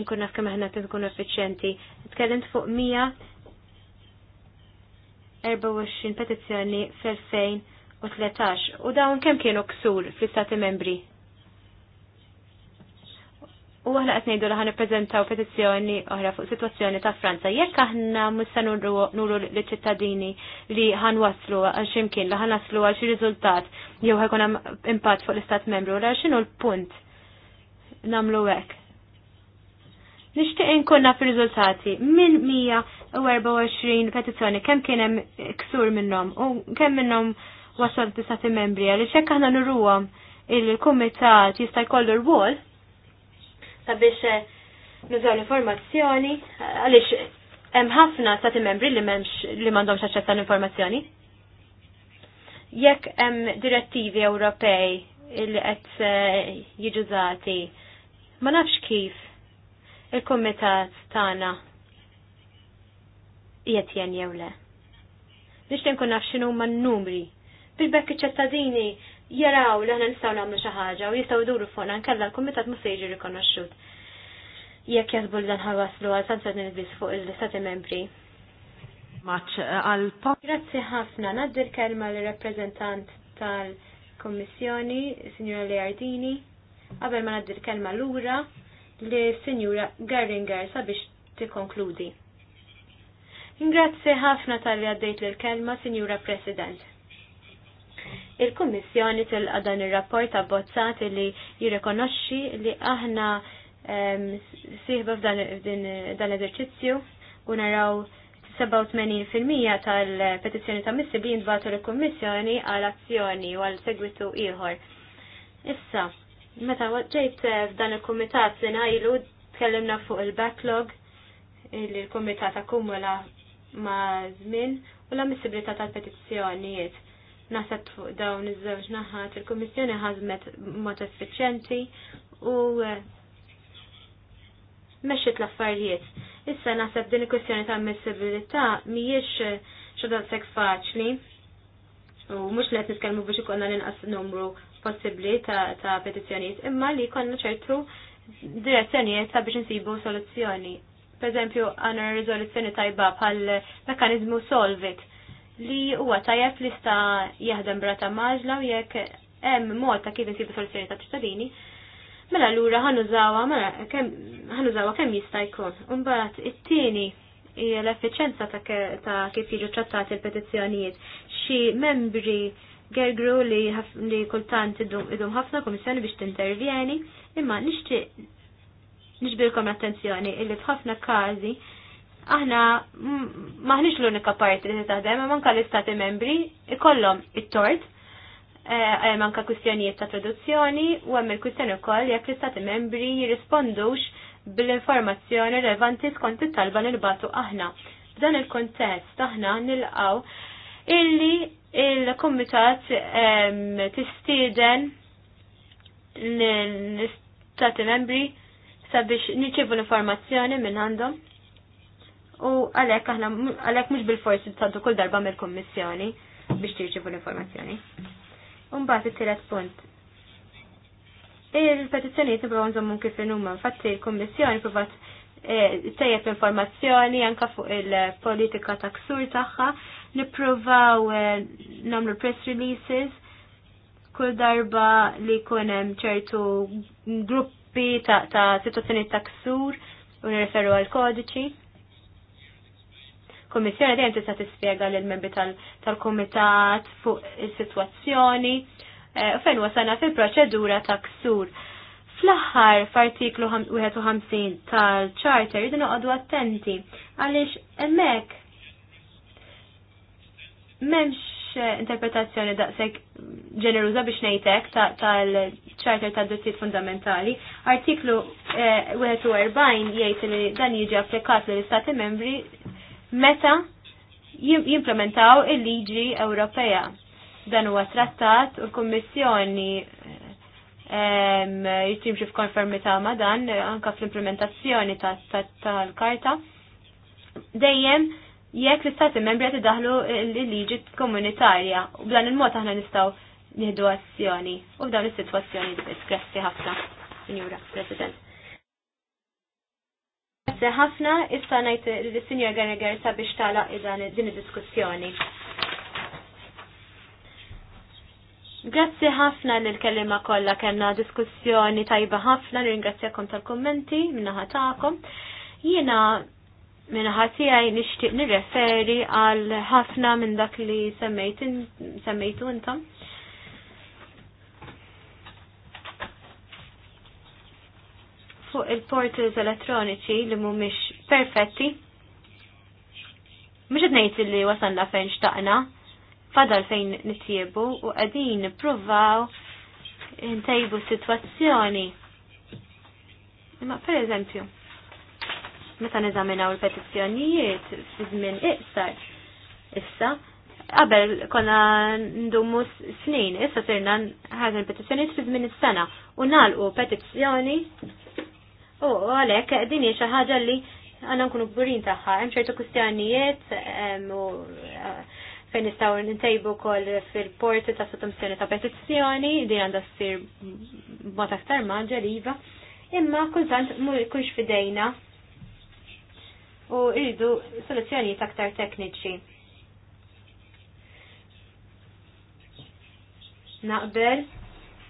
inkun naf kemm aħna tkun effiċjenti. Tkellimt fuq 124 petizzjoni fl-2013 u dawn kemm kienu ksur fl-Istati Membri? U għahna għet nejdu għan prezentaw petizjoni oħra fuq situazzjoni ta' Franza. Jekk aħna mussa nuru l-ċittadini li għan waslu għal ximkien, li għan waslu għal xi riżultat, jew ħajkun hemm impatt fuq l-Istat membru, għal xinu l-punt namlu hekk. Nixtieq inkun fi riżultati minn 124 petizzjoni kemm kien hemm iksur minnhom u kemm minnhom t istat membri għaliex jekk aħna nurruhom il-kumitat jista' jkollu rwol sabiex eh, nużaw l-informazzjoni eh, għaliex hemm ħafna stati membri li m'hemmx li m'għandhomx aċċess l informazzjoni Jekk hemm direttivi Ewropej li qed eh, jiġużati, ma nafx kif il-kumitat tagħna qiegħed jen jew le. Nixtieq nkun naf x'inhu numri bil-bekk iċ-ċittadini jaraw li aħna nistgħu nagħmlu xi ħaġa u jistgħu jduru fuqna nkella l-kumitat mhux se jiġi rikonoxxut. Jekk jasbu dan ħawaslu għal sanzjoni nibis fuq il istati membri. Maċ eh, għal Grazzi ħafna, naddir kelma l-rappreżentant tal-Kommissjoni, Signora Leardini, qabel ma naddir kelma lura li Signora Garringer sabiex tikkonkludi. Ingrazzi ħafna tal-li għaddejt l-kelma, Signora President Il-Kommissjoni tilqa dan ir-rapport abbozzat li jirrikonoxxi li aħna ehm, siħba f'dan eżerċizzju u naraw 87% tal-petizzjoni ta' missi li jindbatu l-Kommissjoni għal azzjoni u għal segwitu ieħor. Issa, meta ġejt f'dan il-Kumitat li ngħajlu tkellimna fuq il-backlog li l-Kumitat akkumula ma' żmien u l missibilità tal-petizzjonijiet naħseb fuq dawn iż-żewġ naħat il-Kummissjoni ħażmet mod effiċjenti u eh, mexxit l-affarijiet. Issa naħseb din il-kwestjoni ta' ammissibilità mhijiex xogħol sek faċli u mhux qed nitkellmu biex ikollna l-inqas numru possibbli ta', petizzjonijiet, imma li jkollna ċertu direzzjonijiet ta' biex insibu soluzzjoni. Per eżempju, għanna riżoluzzjoni tajba bħal mekkaniżmu solvit li huwa tajjeb li sta jaħdem brata maġla u jekk hemm mod ta' kif insibu soluzzjoni ta' ċittadini, mela lura ħanużawha mela kemm ħanużawha kemm jista' jkun. Imbagħad it-tieni hija l-effiċenza ta' kif jiġu trattati l-petizzjonijiet. Xi membri gergru li, li kultant idum ħafna komissjoni biex t-intervjeni, imma nixtieq nixbilkom l-attenzjoni illi f'ħafna każi aħna maħniex l-unika parti li taħdem, manka l-istati membri ikollhom it-tort eh, eh, manka kwistjonijiet ta' traduzzjoni u hemm il-kwistjoni wkoll jekk l-istati membri jirrispondux bil-informazzjoni relevanti skont it-talba nil-batu aħna. F'dan il-kontest aħna nil-għaw illi il-komitat tistieden l-istati membri sabiex niċċevu l-informazzjoni minn għandhom u għalhekk aħna għalhekk mhux bil-forsi tsaddu kull darba mill-Kummissjoni biex tirċivu l-informazzjoni. mbagħad it-tielet punt. Il-petizzjonijiet nibgħu nżommu kif huma infatti l-Kummissjoni provat eh, tejjeb informazzjoni anka fuq il-politika ta' ksur tagħha, nippruvaw eh, nagħmlu press releases kull darba li kunem ċertu gruppi ta', ta situazzjoni ta' ksur u nirreferu għal kodiċi. Kommissjoni dejjem tista' tispjega lil membri tal-kumitat fuq is-sitwazzjoni u eh, fejn wasalna fil-proċedura ta' ksur. Fl-aħħar f'artiklu 51 tal-Charter jridu noqogħdu attenti għaliex hemmhekk m'hemmx eh, interpretazzjoni daqshekk ġeneruża biex ngħidlek tal-Charter tad-Drittijiet Fundamentali. Artiklu 41 eh, jgħid li dan jiġi applikat lill istati membri meta jimplementaw il-liġi Ewropea. Dan huwa trattat u l-Kummissjoni jitimxi f'konformità ma' dan anka fl-implementazzjoni tal-karta. Dejjem jekk l-istati membri qed idaħlu l-liġi komunitarja u b'dan il-mod aħna nistgħu nieħdu azzjoni u f'dawn is-sitwazzjoni biss. Grazzi ħafna, Sinjura President. Grazie ħafna, issa najt l-Sinjor Gallagher sabiex tala din id-diskussjoni. Grazzi ħafna l kellima kollha kena diskussjoni tajba ħafna, ringrazzjakom tal-kommenti minnaħa tagħkom. Jiena minnaħa tiegħi nixtieq nirreferi għal ħafna minn dak li semmejtu intom. fuq il-portals elettroniċi li mhumiex perfetti. Mhux qed nejt li wasanna fejn xtaqna, fadal fejn nittiebu u qegħdin nippruvaw situazzjoni. sitwazzjoni. Imma pereżempju, meta nizaminaw il-petizzjonijiet fi żmien iqsar, issa, qabel konna ndumu snin, issa sirna ħaġa petizjonijiet fizmin fi żmien is-sena u nalqu petizzjoni U għalhekk din hija ħaġa li għandna nkunu burin tagħha. Hemm ċertu kwistjonijiet u eh, fejn nistgħu ntejbu wkoll fil-porti ta' sottomissjoni ta' petizzjoni, din għandha ssir mod aktar li iva, imma kultant mhux fidejna u rridu soluzzjonijiet aktar tekniċi. naqbel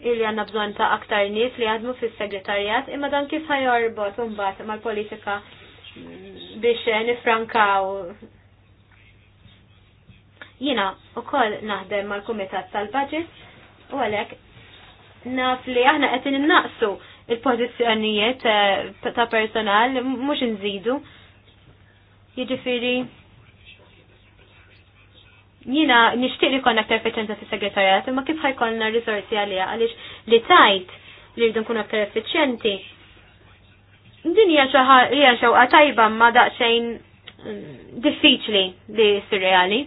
illi għanna bżon ta' aktar nis li għadmu fis segretarjat imma dan kif ħajorbot mbagħad mal-politika biex eh, nifrankaw. Jina, u koll naħdem mal-Kumitat tal-Budget u għalek naf li aħna qed innaqsu il-pożizzjonijiet eh, ta' personal mhux nżidu. Jiġifieri jina nishtiq li konna aktar efficienza fis segretarjat imma kif ħajkonna risorsi għalija għaliex li tajt li rridu nkunu aktar efficienti. Din hija hija xewqa tajba ma daqsxejn mm, diffiċli li jsir reali.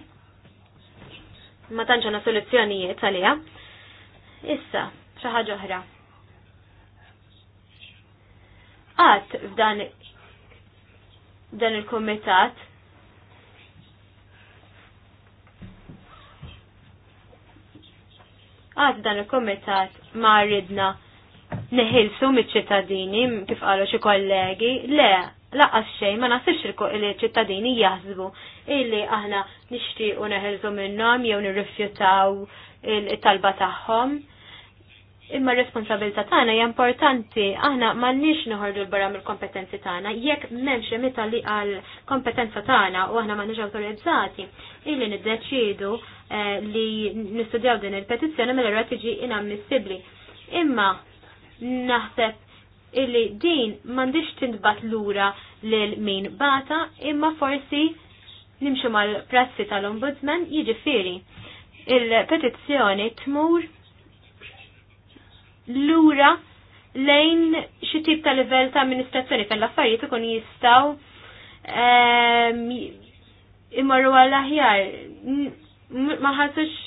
Ma tantx għandna soluzzjonijiet għalija. Issa, xi ħaġa oħra. Qatt f'dan dan il-kumitat għad dan il-komitat ma ridna neħilsu mit-ċittadini, kif qalu xi kollegi, le, laqqas xejn ma nasibx il-ċittadini jaħsbu illi aħna nixtiequ neħilsu minnhom jew nirrifjutaw il-talba tagħhom. Imma responsabilità tagħna hija importanti, aħna m'għandniex noħorġu l barra mill-kompetenzi tagħna jekk m'hemmx limita li għal kompetenza tagħna u aħna m'għandniex awtorizzati illi niddeċidu eh, li nistudjaw din il-petizzjoni mela ra tiġi inammissibbli. Imma naħseb illi din m'għandix tintbat lura lil min bata imma forsi nimxu mal-prassi tal-ombudsman jiġifieri il-petizzjoni tmur lura lejn xi tip ta' livell ta' amministrazzjoni tal affarijiet ikun jistgħu ehm, imorru għal aħjar. Ma ħassux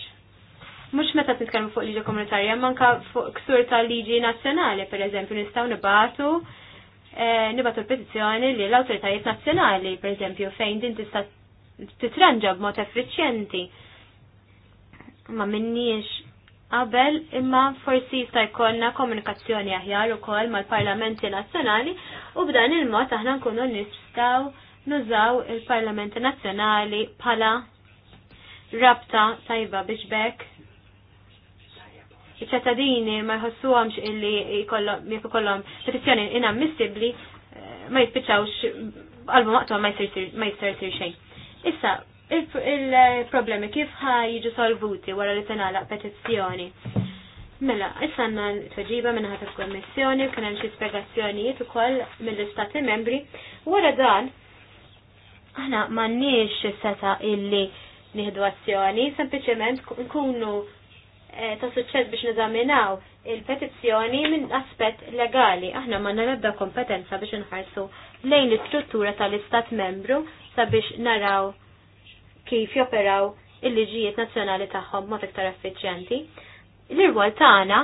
mhux meta titkellmu fuq liġi komunitarja, manka fuq ksur ta' liġi nazzjonali, pereżempju, nistgħu nibatu eh, nibatu l-petizzjoni li l-awtoritajiet nazzjonali, pereżempju, fejn din tista' titranġa b'mod effiċjenti. Ma minniex qabel imma forsi jista' jkollna komunikazzjoni aħjar ukoll mal-Parlamenti Nazzjonali u b'dan il-mod aħna nkunu nistgħu nużaw il-Parlamenti Nazzjonali bħala rabta tajba biex bekk iċ-ċittadini ma jħossuhomx illi jekk ikollhom petizzjoni inammissibbli eh, ma jispiċċawx qalbu maqtu ma jsir xejn. Issa, il-problemi kif ħajġu solvuti wara li tinalaq petizzjoni. Mela, issa għandna tweġiba minn ħadd il-Kommissjoni, kien hemm xi spjegazzjonijiet ukoll mill-Istati Membri. Wara dan, aħna m'għandniex seta' illi nieħdu azzjoni, sempliċement nkunu eh, ta' suċċess biex niżaminaw il-petizzjoni minn aspett legali. Aħna ma nabda kompetenza biex nħarsu lejn l-istruttura tal-Istat membru sabiex naraw kif joperaw il-liġijiet nazzjonali tagħhom mod iktar effiċjenti. L-irwol tagħna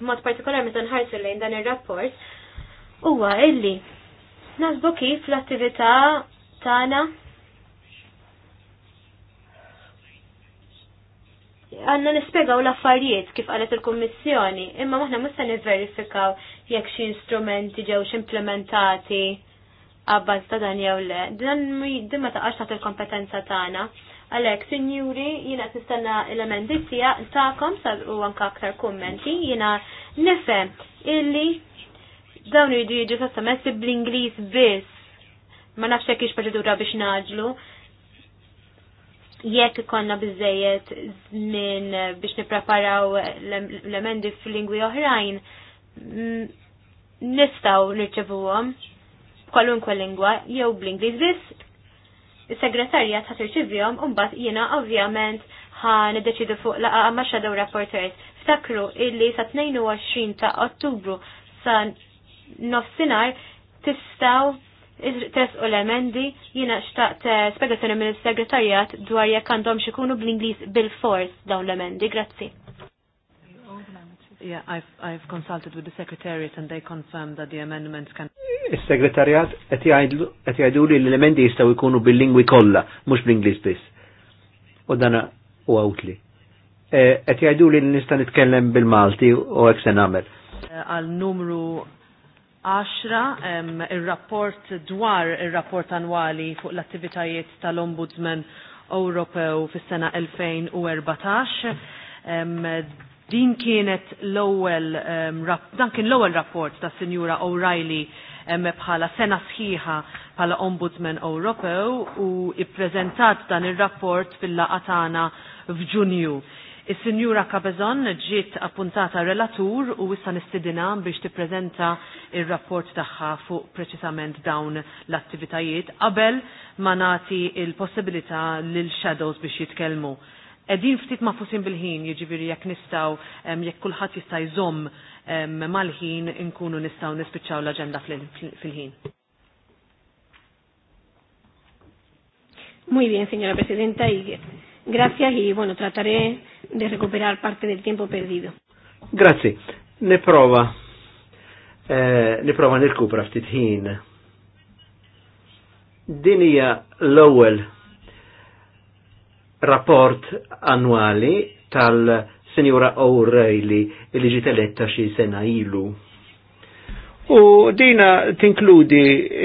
b'mod partikolari meta nħarsu lejn dan ir-rapport huwa illi nasbu kif l-attività tagħna għanna nispiegaw l-affarijiet kif qalet il-Kommissjoni, imma maħna musta niverifikaw jekk xi instrumenti ġewx implementati għabbaż ta' dan jew le. Dan din ma taqax il-kompetenza tagħna. Għalhekk, sinjuri, jiena tistenna l-emendi tiegħek tagħkom u anke aktar kummenti, jiena nifhem illi dawn jridu jiġu sottomessi bl-Ingliż biss. Ma nafx kiex proċedura biex naġlu jekk konna bizzejiet minn biex nipreparaw l-emendi fil-lingwi oħrajn, mm, nistaw nirċevuhom kwalunkwe lingwa jew bl-Ingliż biss. Is-segretarjat ħat irċivjhom u mbagħad jiena ovvjament ħa niddeċidu fuq laqgħa ma' shadow Reporters. Ftakru illi sa 22 ta' Ottubru sa nofsinhar tistgħu tres u l-emendi jina xtaqt eh, spiegazzjoni mill segretarjat
dwar jekk għandhom xikunu bl-Inglis bil-fors dawn l-emendi. Grazzi. Yeah, I've, I've consulted with the Secretariat and they confirmed that the amendments can...
Il-Segretariat qed jgħidu li l-elementi jistgħu jkunu bil-lingwi kollha, mhux bl-Ingliż biss. U dan u għawtli. E, qed jgħidu li nista' nitkellem bil-Malti u hekk se nagħmel.
Eh, għal numru 10 ir-rapport dwar ir-rapport annwali fuq l-attivitajiet tal-Ombudsman Ewropew fis-sena 2014 Din kienet l-ewwel um, dan kien l-ewwel rapport ta' Sinjura O'Reilly ehm, bħala sena sħiħa bħala Ombudsman Ewropew u ippreżentat dan ir-rapport fil-laqa tagħna f'Ġunju. Is-Sinjura Kabezon ġiet appuntata relatur u issa nistidina biex tippreżenta ir-rapport tagħha fuq preċisament dawn l-attivitajiet qabel ma nagħti l possibilità lil shadows biex jitkellmu edin ftit ma' fusim bil-ħin, jiġifieri jekk nistgħu jekk kulħadd jista' jżomm mal-ħin inkunu nistgħu nispiċċaw l-aġenda fil-ħin. Muy bien, señora presidenta,
y gracias y bueno, trataré de recuperar parte del tiempo perdido.
Grazie. Niprova. Eh, nel nirkupra ftit ħin. Din hija l-ewwel rapport annwali tal-Senjura O'Reilly li ġiet eletta xi sena ilu. U dina tinkludi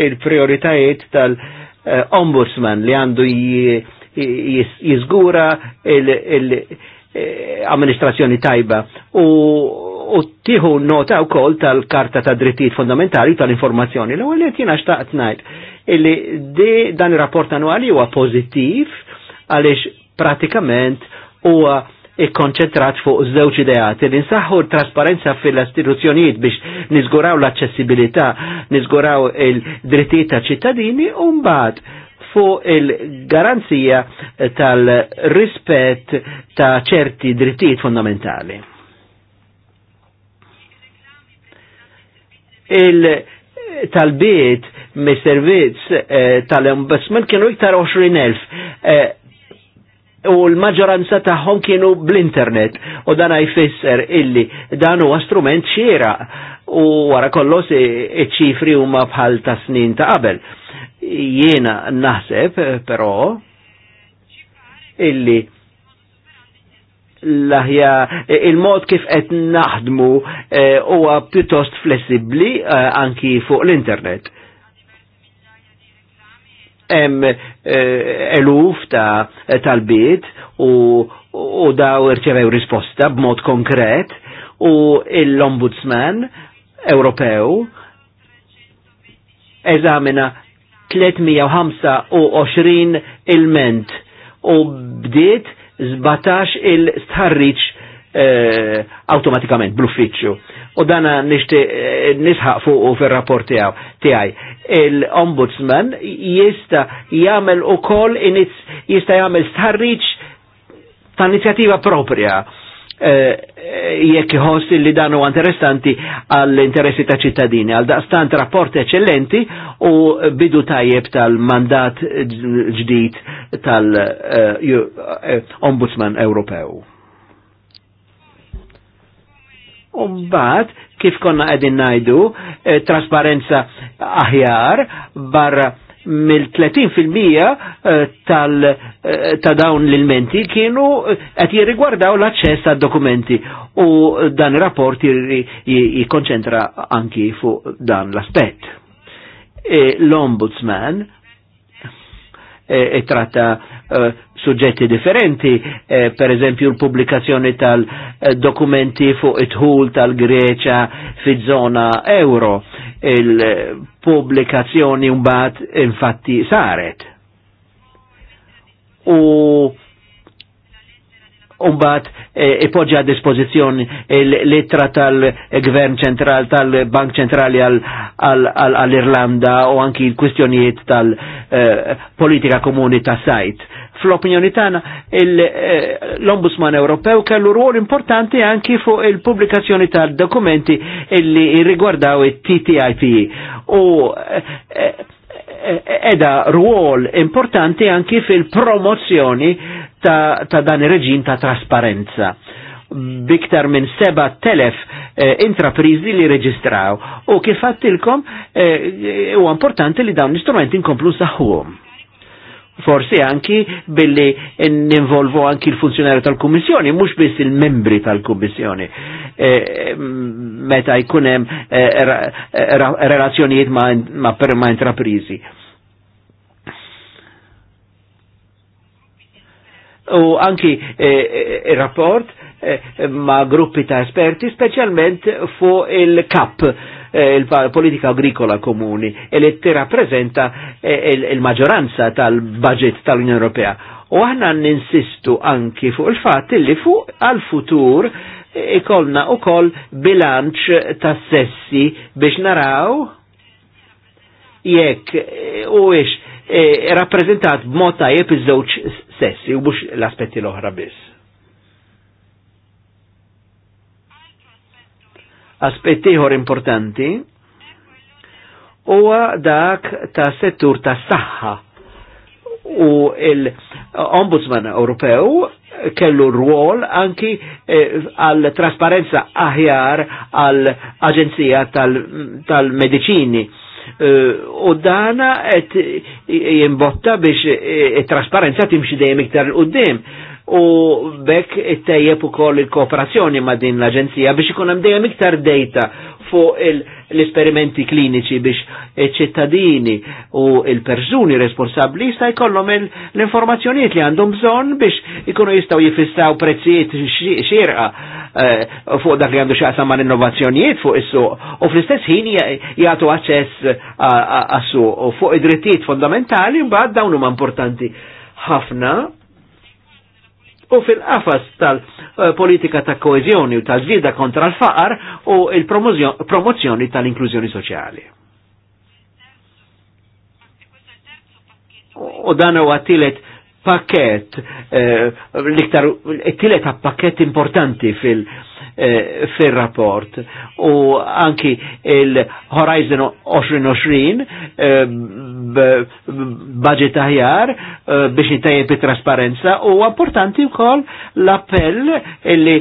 il-prioritajiet tal-Ombudsman li għandu jizgura il-amministrazzjoni eh, tajba u u tiħu nota u kol tal-karta ta' drittijiet fondamentali tal-informazzjoni. L-għu li jtina xtaqt najt, illi dan il-rapport annuali huwa pozittiv għalix pratikament huwa ikkonċentrat fuq żewġ ideat li nsaħħu trasparenza fil-istituzzjonijiet biex niżguraw l-aċċessibilità, niżguraw il-drittijiet ta' ċittadini u mbagħad fuq il-garanzija tal-rispett ta' ċerti drittijiet fondamentali. Il tal-biet mis-servizz eh, tal-ombudsman kienu iktar 20.000 u l-maġġoranza taħħom kienu bl-internet u dan jfisser illi dan huwa strument xiera u wara kollox iċ-ċifri huma bħal ta' snin ta' qabel. Jiena naħseb però illi l il-mod kif qed naħdmu eh, huwa pjuttost flessibbli eh, anki fuq l-internet hemm eh, eluf ta' talbiet u, u daw irċevew risposta b'mod konkret u l-Ombudsman Ewropew eżamina 325 il-ment u bdiet 17 il starriċ eh, automatikament bl-uffiċċju. U dana nishti eh, nisħaq fuq fil-rapport tiegħi il-ombudsman jista jagħmel ukoll jista jagħmel starriċ ta' inizjattiva propria eh, eh, jekk jħoss li danu interessanti għall-interessi ta' ċittadini. Għal daqstant rapport eccellenti u bidu tajjeb tal-mandat ġdid tal-Ombudsman eh, Ewropew. Umbat, kif konna għedin najdu, eh, trasparenza aħjar barra mill-30% eh, tal eh, ta' dawn l-ilmenti kienu eh, qed jirrigwardaw l-aċċess għad dokumenti u dan ir-rapport jikkonċentra anki fuq dan l-aspett. E, L-Ombudsman e, e tratta suġġetti differenti, eh, per eżempju l publikazzjoni tal-dokumenti fuq it-ħul tal-Greċa fi zona euro, il publikazzjoni mbagħad infatti saret. U Umbat eh, ipoġġa a dispożizzjoni l lettra tal-Gvern ċentral, tal-Bank ċentrali għall-Irlanda u anki l-kwistjonijiet tal-politika eh, komuni ta' sajt fl-opinjoni tagħna eh, l-Ombudsman Ewropew kellu rwol importanti anki fuq il-pubblikazzjoni tal-dokumenti illi rigwardaw it-TTIP. E. U eh, eh, edha rwol importanti anki fil-promozzjoni ta', ta dan ir-reġim ta' trasparenza biktar minn seba telef eh, intraprizi li reġistraw. U kif għattilkom, eh, u importanti li dawn l-istrumenti nkomplu saħħuhom forsi anki billi ninvolvu anki l-funzjonari tal kommissjoni mux biss il-membri tal kommissjoni E, meta jkun hemm e, e relazzjonijiet ma, ma, ma intraprizi. U anki e, e, il-rapport ma gruppi ta' esperti, specialment fu il-kap Eh, il-politika agrikola komuni e li tirrappreżenta eh, il-maġġoranza tal-budget tal-Unjoni Ewropea. U aħna ninsistu anki fuq il-fatt li fuq għal-futur eh, ikolna u bilanċ ta' sessi biex naraw jekk u ix rappresentat b'mod tajjeb iż-żewġ sessi u mhux l-aspetti l-oħra biss. aspetti ieħor importanti huwa dak ta' settur ta' saħħa u l-Ombudsman Ewropew kellu rwol anki eh, għal eh, trasparenza aħjar għal aġenzija tal-medicini. Tal eh, u dana et jimbotta biex eh, trasparenza timxi dejjem iktar l-qoddim u bekk it-tejjeb ukoll il-kooperazzjoni ma' din l-Aġenzija biex ikun hemm dejjem iktar data fuq l-esperimenti kliniċi biex iċ ċittadini u il-persuni responsabbli jista' jkollhom l-informazzjonijiet li għandhom bżonn biex ikunu jistgħu jifissaw prezzijiet xirqa' eh, fuq dak li għandu xaqsam ma' innovazzjonijiet fuq is-suq u fl-istess ħin jagħtu aċċess għas-suq u fuq id-drittijiet fondamentali mbagħad dawn huma importanti ħafna u fil-qafas tal-politika ta' koezjoni u tal-ġida kontra l-faqar u il promozjoni tal-inklużjoni soċjali. U dan huwa tielet pakket, eh, l-iktar tielet pakket importanti fil- Eh, fil-rapport u anki il-Horizon 2020 eh, budget aħjar eh, biex nitajjeb trasparenza u importanti wkoll l-appell li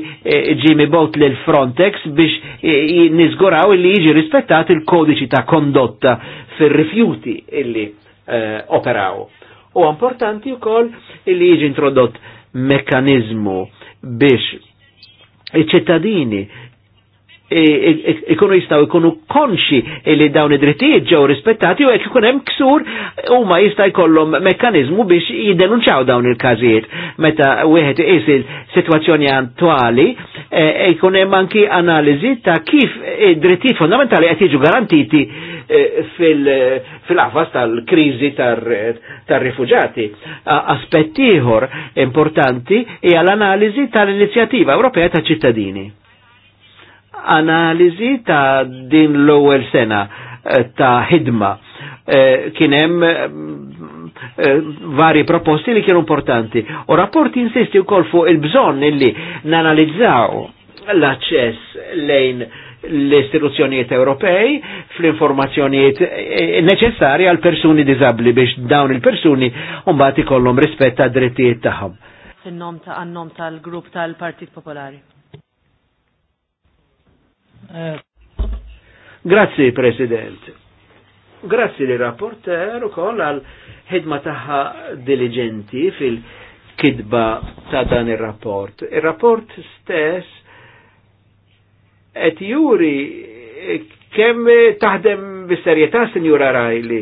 ġimi bot lil Frontex biex nizguraw illi jiġi rispettat il-kodiċi ta' kondotta fil-rifjuti illi operaw. U importanti wkoll li jiġi introdott mekkanizmu biex iċ-ċittadini ikunu jistaw ikunu konxi li dawn id-drittijiet ġew rispettati u jekk ikun hemm ksur huma jista' jkollhom mekkaniżmu biex jiddenunċaw dawn il-każijiet. Meta wieħed is il-sitwazzjoni attwali e, e, jkun hemm anki analiżi ta' kif id-drittijiet fondamentali qed jiġu garantiti e, fil-qafas tal-kriżi tar-rifuġati. Aspetti ieħor importanti hija l-analiżi tal-inizjattiva Ewropea ta' ċittadini analiżi ta' din l-ewwel sena eh, ta' ħidma. Eh, kien hemm eh, vari proposti li kienu importanti. U rapport insisti wkoll fuq il-bżonn illi nanalizzaw l-aċċess lejn l-istituzzjonijiet Ewropej fl-informazzjonijiet neċessarji għal persuni diżabbli biex dawn il-persuni mbagħad ikollhom rispett għad drittijiet tagħhom.
Fin-nom ta' għannom tal-grupp tal-Partit Popolari.
Eh.
Grazzi, President. Grazzi li rapporter u koll għal ħidma taħħa diligenti fil-kidba ta' dan il-rapport. Il-rapport stess et juri kemm taħdem bis-serjetà Sinjura Rajli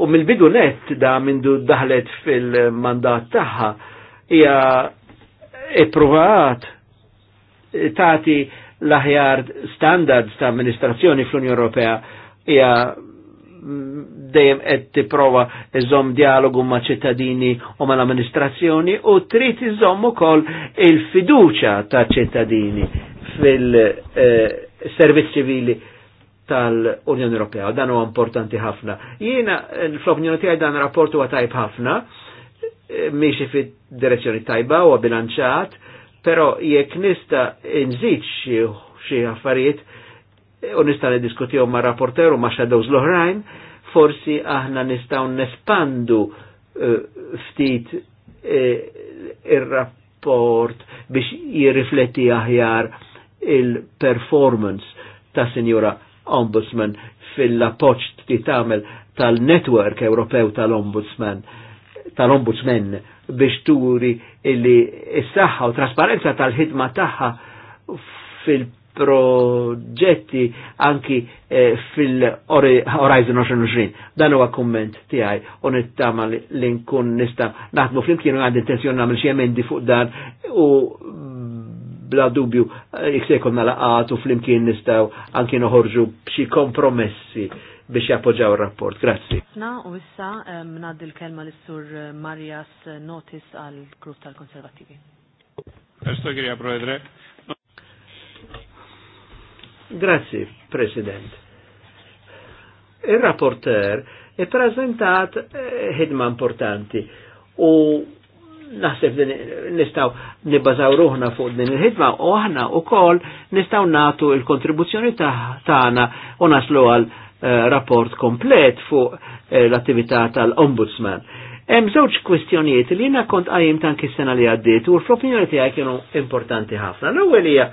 u mill-bidu net da mindu daħlet fil-mandat taħħa hija ippruvat tati l-aħjar standards ta' amministrazzjoni fl-Unjoni Ewropea hija mm, dejjem qed tipprova iżomm dialogu ma' ċittadini u mal amministrazzjoni u trid iżomm ukoll il-fiduċa ta' ċittadini fil-servizz eh, ċivili tal-Unjoni Ewropea. Dan huwa importanti ħafna. Jiena eh, fl-opinjoni tiegħi dan rapport huwa tajb ħafna, eh, miexi fid-direzzjoni tajba u bilanċat Però jekk nista nżid xi affarijiet e, u nista' niddiskutihom ma' rapporter u ma' shadows l-oħrajn, forsi aħna nistgħu nespandu e, ftit e, ir-rapport biex jirrifletti aħjar il-performance ta' Sinjura Ombudsman fil-appoċ ti tagħmel tal-network Ewropew tal-Ombudsman tal-Ombudsman biex turi illi s-saħħa u trasparenza tal-ħidma tagħha fil-proġetti anki eh, fil-Horizon 2020. Dan huwa kumment tiegħi u nittama li nkun nista' naħdmu flimkien u għandi intenzjoni nagħmel xi emendi fuq dan u bla dubju eh, jekk se jkollna laqgħat u flimkien nistgħu anki noħorġu b'xi kompromessi biex jappoġġaw il-rapport. Grazzi.
Na u issa mnad il kelma l-sur eh, Marias Notis għal-Grupp tal-Konservativi.
Grazzi, President. Il-rapporter e prezentat eh, ħidma importanti u naħseb nistaw nibbażaw ruħna fuq din il-ħidma u aħna u kol nistaw natu il-kontribuzzjoni taħna u naslu għal Eh, rapport komplet fuq eh, l-attività tal-Ombudsman. Hemm żewġ kwistjonijiet li jiena kont qajjim tanki s-sena li għaddiet u l-opinjoni tiegħi kienu importanti ħafna. L-ewwel hija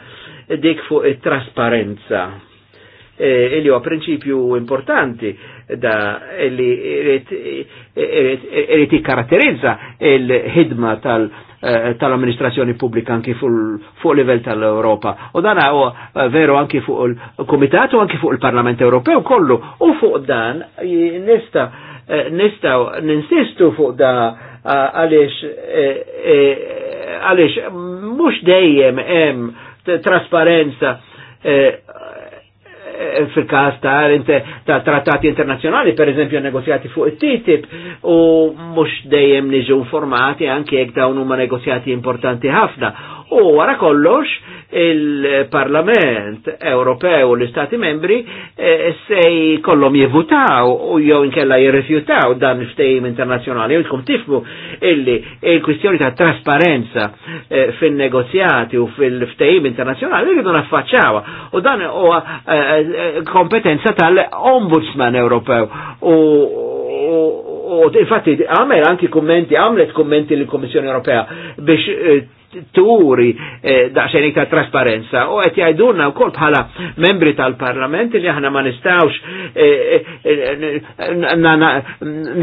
dik fuq it-trasparenza illi eh, huwa prinċipju importanti da li irid ikkaratterizza il-ħidma tal- Eh, tal-amministrazzjoni pubblika anki fuq livell tal-Europa. U dan u eh, veru anki fuq il-Komitat u anki fuq il-Parlament Ewropew kollu. U fuq dan nista eh, nistaw ninsistu fuq da għalix għalix mhux dejjem em trasparenza Eh, fil-kas ta' ta' trattati internazjonali, per eżempju negozjati fuq it-TTIP, u mux dejjem niġu informati anke jekk dawn huma negozjati importanti ħafna. U għara kollox il-Parlament Ewropew u l-Istati membri eh, sej kollom jivutaw u jow inkella jirrifjutaw dan il-ftehim internazzjonali. Jilkom tifmu illi il-kwistjoni ta' trasparenza e, fin-negozjati u fil ftejim internazjonali li rridu naffaċċawa. U dan u eh, kompetenza tal-Ombudsman Ewropew. U, infatti għamel anki kommenti, għamlet kommenti l-Kommissjoni Ewropea biex turi eh, daqsxejn trasparenza u jajdurna u kol bħala membri tal-Parlament li aħna ma nistawx eh, eh,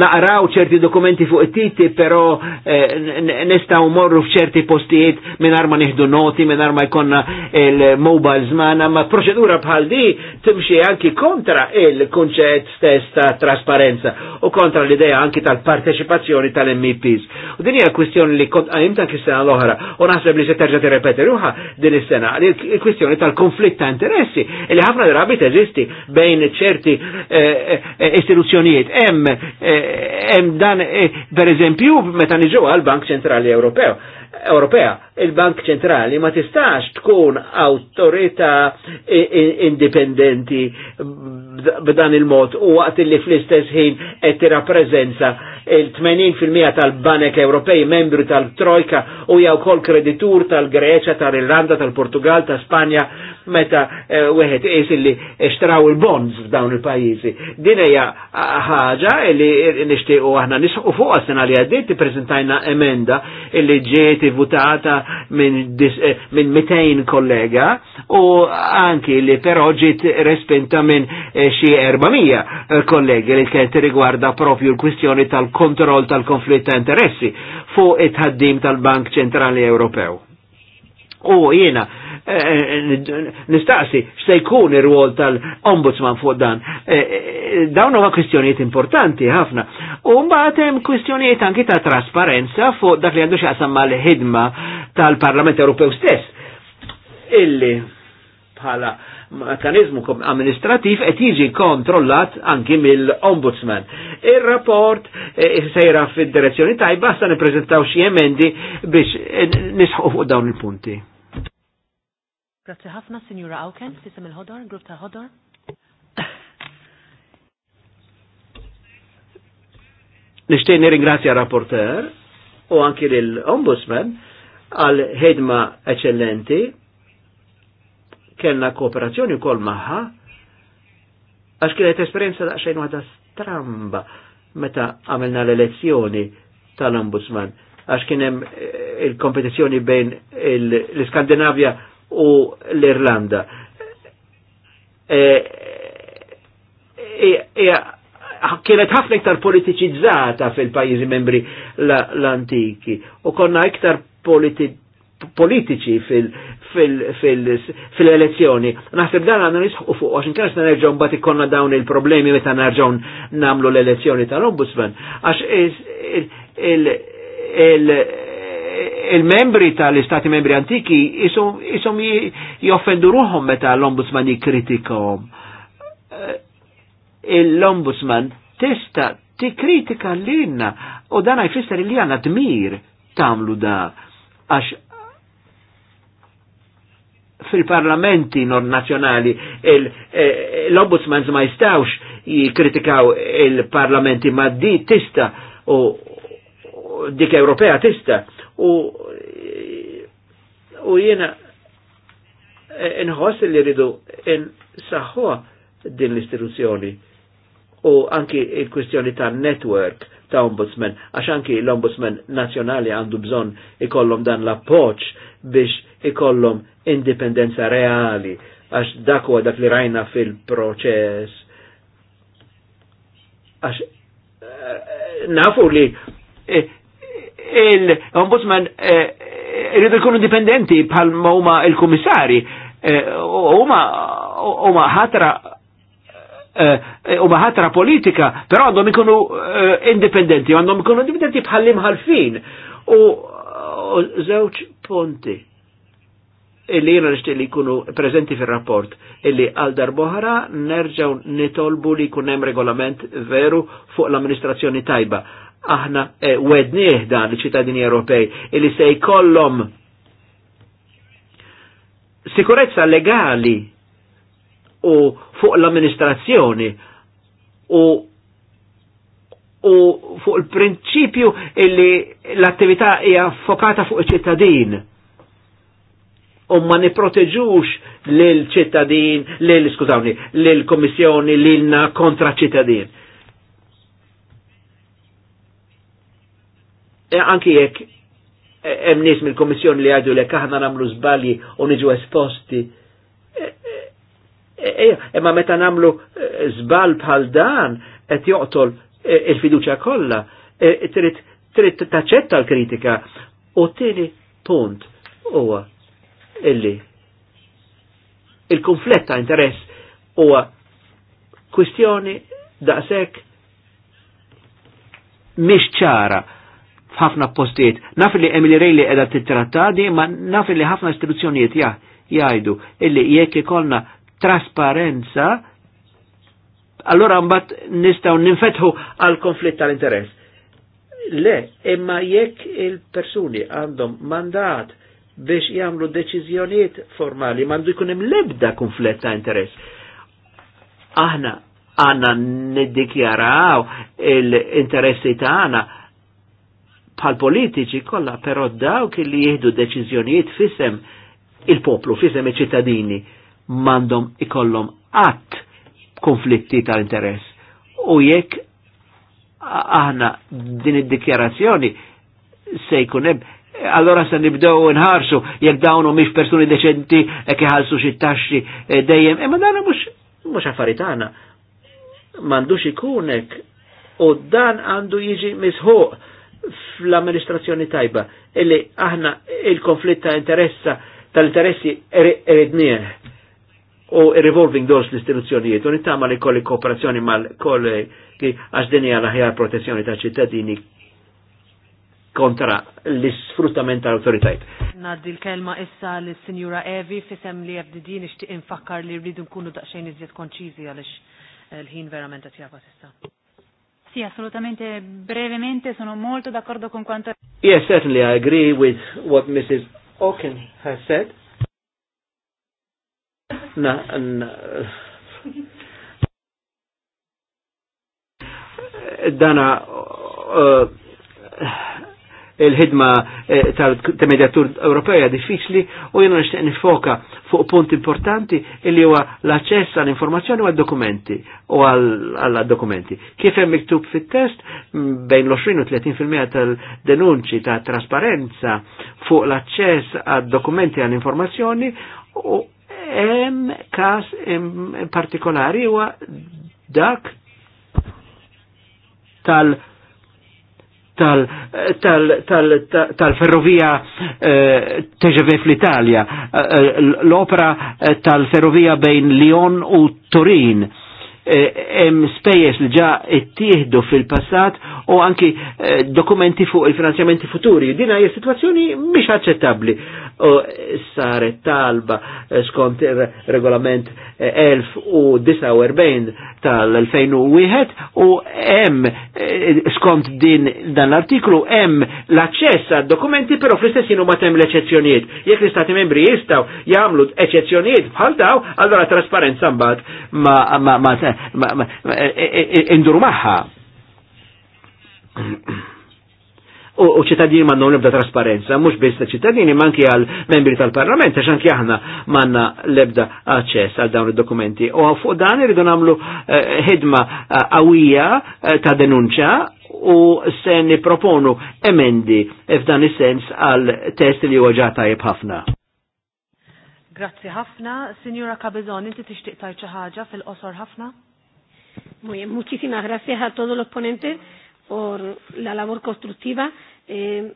naqraw ċerti dokumenti fuq it-titi pero eh, nistaw morru f'ċerti postijiet mingħajr ma nieħdu noti mingħajr arma jkonna il-mobile żmana ma proċedura bħal di timxie anki kontra il-kunċett stess ta' trasparenza u kontra l-idea anki tal-parteċipazzjoni tal-MEPs. U din kwestjoni li kont għajimta ta' l ohra u naħseb li se terġa' tirrepeti ruħa din is-sena. Il-kwistjoni tal-konflitt ta' interessi li ħafna drabi teżisti bejn ċerti eh, eh, istituzzjonijiet. Hemm eh, dan pereżempju meta niġu għal Bank Ċentrali Ewropew Ewropea. Il-Bank Ċentrali ma tistax tkun autorita indipendenti b'dan il-mod u waqt li fl-istess ħin ettira prezenza il-80% tal-Banek Ewropej membru tal-Trojka u jaw kol kreditur tal-Greċa, tal-Irlanda, tal-Portugal, ta' Spanja meta eh, wieħed qis li xtraw il-bonds f'dawn il-pajjiżi. Din hija ħaġa li u aħna nisħu fuq as li għaddit ti prezentajna emenda illi ġieti ġi votata minn eh, min 200 kollega u anki li però ġiet respinta minn eh, xi 400 eh, kollega li kienet riguarda propju l-kwistjoni tal-kontroll tal-konflitt ta' interessi fuq it-ħaddim tal-Bank Ċentrali Ewropew. U jiena eh, eh, nistaqsi x'se jkun ir-rwol tal-ombudsman fuq dan. Eh, dawn huma kwistjonijiet importanti ħafna. U mbagħad hemm kwistjonijiet anki ta' trasparenza fuq dak li għandu qasam mal-ħidma tal-Parlament Ewropew stess. Illi bħala mekanizmu amministrativ qed jiġi kontrollat anki mill-ombudsman. Ir-rapport sejra fid-direzzjoni tajba sa nippreżentaw xi emendi biex nisħu fuq dawn il-punti.
Grazzi ħafna, Signora Auken, fisem il-ħodor, grupp ta' ħodor.
Nishtiq nirringrazzja rapporter u anki l-Ombudsman għal ħedma eccellenti kellna kooperazzjoni wkoll magħha għax kienet esperjenza daqsxejn waħda stramba meta għamilna l-elezzjoni tal-Ombudsman għax kien eh, il kompetizjoni bejn l-Iskandinavja u l-Irlanda. E, e, e, kienet ħafna iktar politiċizzata fil-pajjiżi membri l-antiki u konna iktar politiċi fil-elezzjoni. Naħseb dan għanna nisħu fuq, għaxin kħax nerġaw mbati konna dawn il-problemi meta nerġaw namlu l-elezzjoni tal-ombudsman. Għax il-membri tal-istati membri antiki isom joffendu ruħom meta l-ombudsman jikritikom. Eh, l-ombudsman testa kritika l-inna u dan jfisser li għanna dmir tamlu da għax fil-parlamenti non-nazjonali eh, l-ombudsman ma jistawx jikritikaw il-parlamenti ma di tista u dik Ewropea tista' u u jena inħoss e, li rridu insaħħuha din l-istituzzjoni u anki il-kwistjoni ta' network ta' ombudsman, għax anki l-ombudsman nazjonali għandu bżon ikollom dan l-appoċ biex ikollom indipendenza reali, għax dakwa dak li rajna fil-proċess. Għax e, nafu li e, il-ombudsman eh, rridu jkunu indipendenti bħal ma huma il-kummissari. Eh, huma ħatra eh, huma ħatra politika, però għandhom ikunu indipendenti, għandhom ikunu indipendenti bħal imħalfin. U żewġ ponti. illi jena nishtiq li jkunu prezenti fil-rapport illi għal darbohra nerġaw nitolbu li jkun hemm regolament veru fuq l-amministrazzjoni tajba aħna eh, wednieh dan ċittadini Ewropej illi se jkollhom sikurezza legali u fuq l-amministrazzjoni u u fuq il-prinċipju illi l-attività hija fokata fuq iċ-ċittadin u ma niproteġux lil ċittadin, lil, skużawni, lil komissjoni, lilna kontra ċittadin. E, anki jekk e, hemm nies mill-Kummissjoni li għadu lek aħna nagħmlu żbalji u niġu esposti. E, imma meta nagħmlu żball bħal dan qed joqtol il-fiduċja kollha, trid taċċetta l-kritika. U tieni punt huwa illi il-konflett ta' interess huwa kwistjoni daqshekk mhix ċara f'ħafna postijiet. Naf li Emily Rejli edha titratta di, ma naf li ħafna istituzzjonijiet jajdu. illi jekk ikolna trasparenza, allora mbagħad nistgħu ninfetħu għal konflitt tal-interess. Le, imma jekk il-persuni għandhom mandat biex jagħmlu deċiżjonijiet formali, mandu jkun hemm lebda konflitt ta' interess. Aħna għanna niddikjaraw l-interessi ta' għana bħal politiċi kollha però dawk li jieħdu deċiżjonijiet fisem il-poplu, fisem iċ-ċittadini mandom ikollhom att konflitti ta' interess. U jekk aħna din id-dikjarazzjoni se jkun hemm allora se nibdew nħarsu jekk dawn mhix persuni deċenti jekk iħallsu xi taxxi e, dejjem, imma e, dan mhux mhux affarijiet tagħna. M'għandux ikunek, u dan għandu jiġi misħuq fl-amministrazzjoni tajba illi aħna il-konflitt ta' interessa tal-interessi eridnieħ u revolving doors l-istituzzjonijiet u nittama li kolli kooperazzjoni mal-kollegi għax dini għal aħjar protezzjoni ta' ċittadini kontra l-sfruttament tal-autoritajt.
Naddi l-kelma issa l-Sinjura Evi fisem li FDD nishtiq infakkar li rridu nkunu daqxejn iżjed konċizi għalix eh, l-ħin verament għatjaba tista. Sì, assolutamente brevemente sono molto d'accordo con quanto
Yes, certainly I agree with what Mrs. Oken has said. Na, na, dana uh, il-ħidma eh, tal-medjatur Ewropeja diffiċli u jena nishtiq nifoka fuq punt importanti li huwa l-aċċess għall-informazzjoni u għal-dokumenti u għal dokumenti Kif hemm miktub fit-test bejn l-20 u 30% tal-denunċi ta' trasparenza fuq l-aċċess għad-dokumenti għall-informazzjoni u hemm kas partikolari huwa dak tal- tal-ferrovija eh, TGV fl-Italja, eh, eh, l-opera tal-ferrovija bejn Lyon u Turin hemm spejjeż li ġa ittieħdu fil-passat u anki dokumenti fuq il-finanzjamenti futuri. Dina hija sitwazzjoni mhix aċċettabbli u saret talba skont regolament 1049 tal-2001 u hemm skont din dan l-artiklu hemm l-aċċess għad dokumenti però fl-istess ma temm l-eċezzjonijiet. Jekk l-istati membri jistgħu jagħmlu eċezzjonijiet bħal daw, allora trasparenza mbagħad ma ma ma e, e, e, induru maħħa u ċittadini mandom lebda trasparenza, mux biss ta' ċittadini, manki għal membri tal-parlament, għax anki aħna manna lebda aċċess għal dawn id-dokumenti. U fuq dan irridu namlu eh, ħidma għawija eh, eh, ta' denunċa u se niproponu emendi f'dan is-sens għal test li huwa ġata ħafna.
Grazzi ħafna. Signora Cabezon, inti tixtieq tajt xi ħaġa fil-qosor ħafna? Muy bien, muchísimas gracias a todos los
por la labor constructiva. Eh...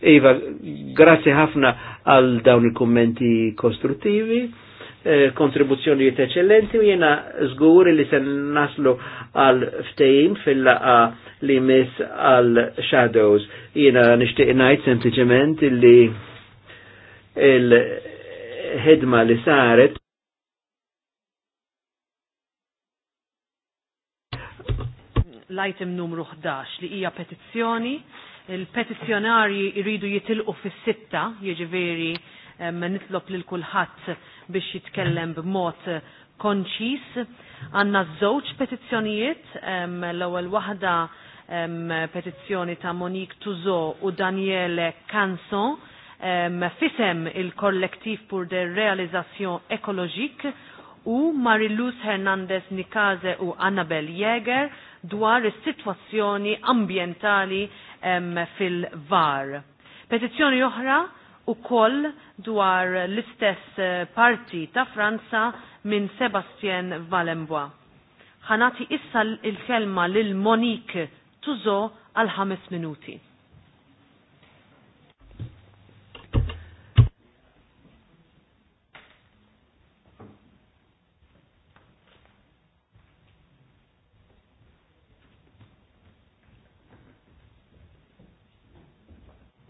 Eva, grazie Hafna al dawn i commenti costruttivi, eh, kontribuzzjonijiet eccellenti u jena zgur li sen naslu al ftejn fil a li mis al shadows. Jena nishtiq najt sempliciment li il-ħidma li saret
l-item numru 11 li hija petizzjoni. Il-petizzjonarji iridu jitilqu fis-sitta, jiġifieri ma nitlob lil kulħadd biex jitkellem b'mod konċis. Għandna żewġ petizzjonijiet, l-ewwel waħda petizzjoni ta' Monique Tuzo u Daniele Canson fisem il-kollektiv pur de realizzazzjon ekoloġik u Mariluz Hernandez Nikaze u Annabel Jäger dwar is-sitwazzjoni ambjentali fil-VAR. Petizzjoni oħra u koll dwar l-istess eh, parti ta' Franza minn Sebastien Valembois. Ħanati issa il-kelma lil Monique Tuzo għal ħames minuti.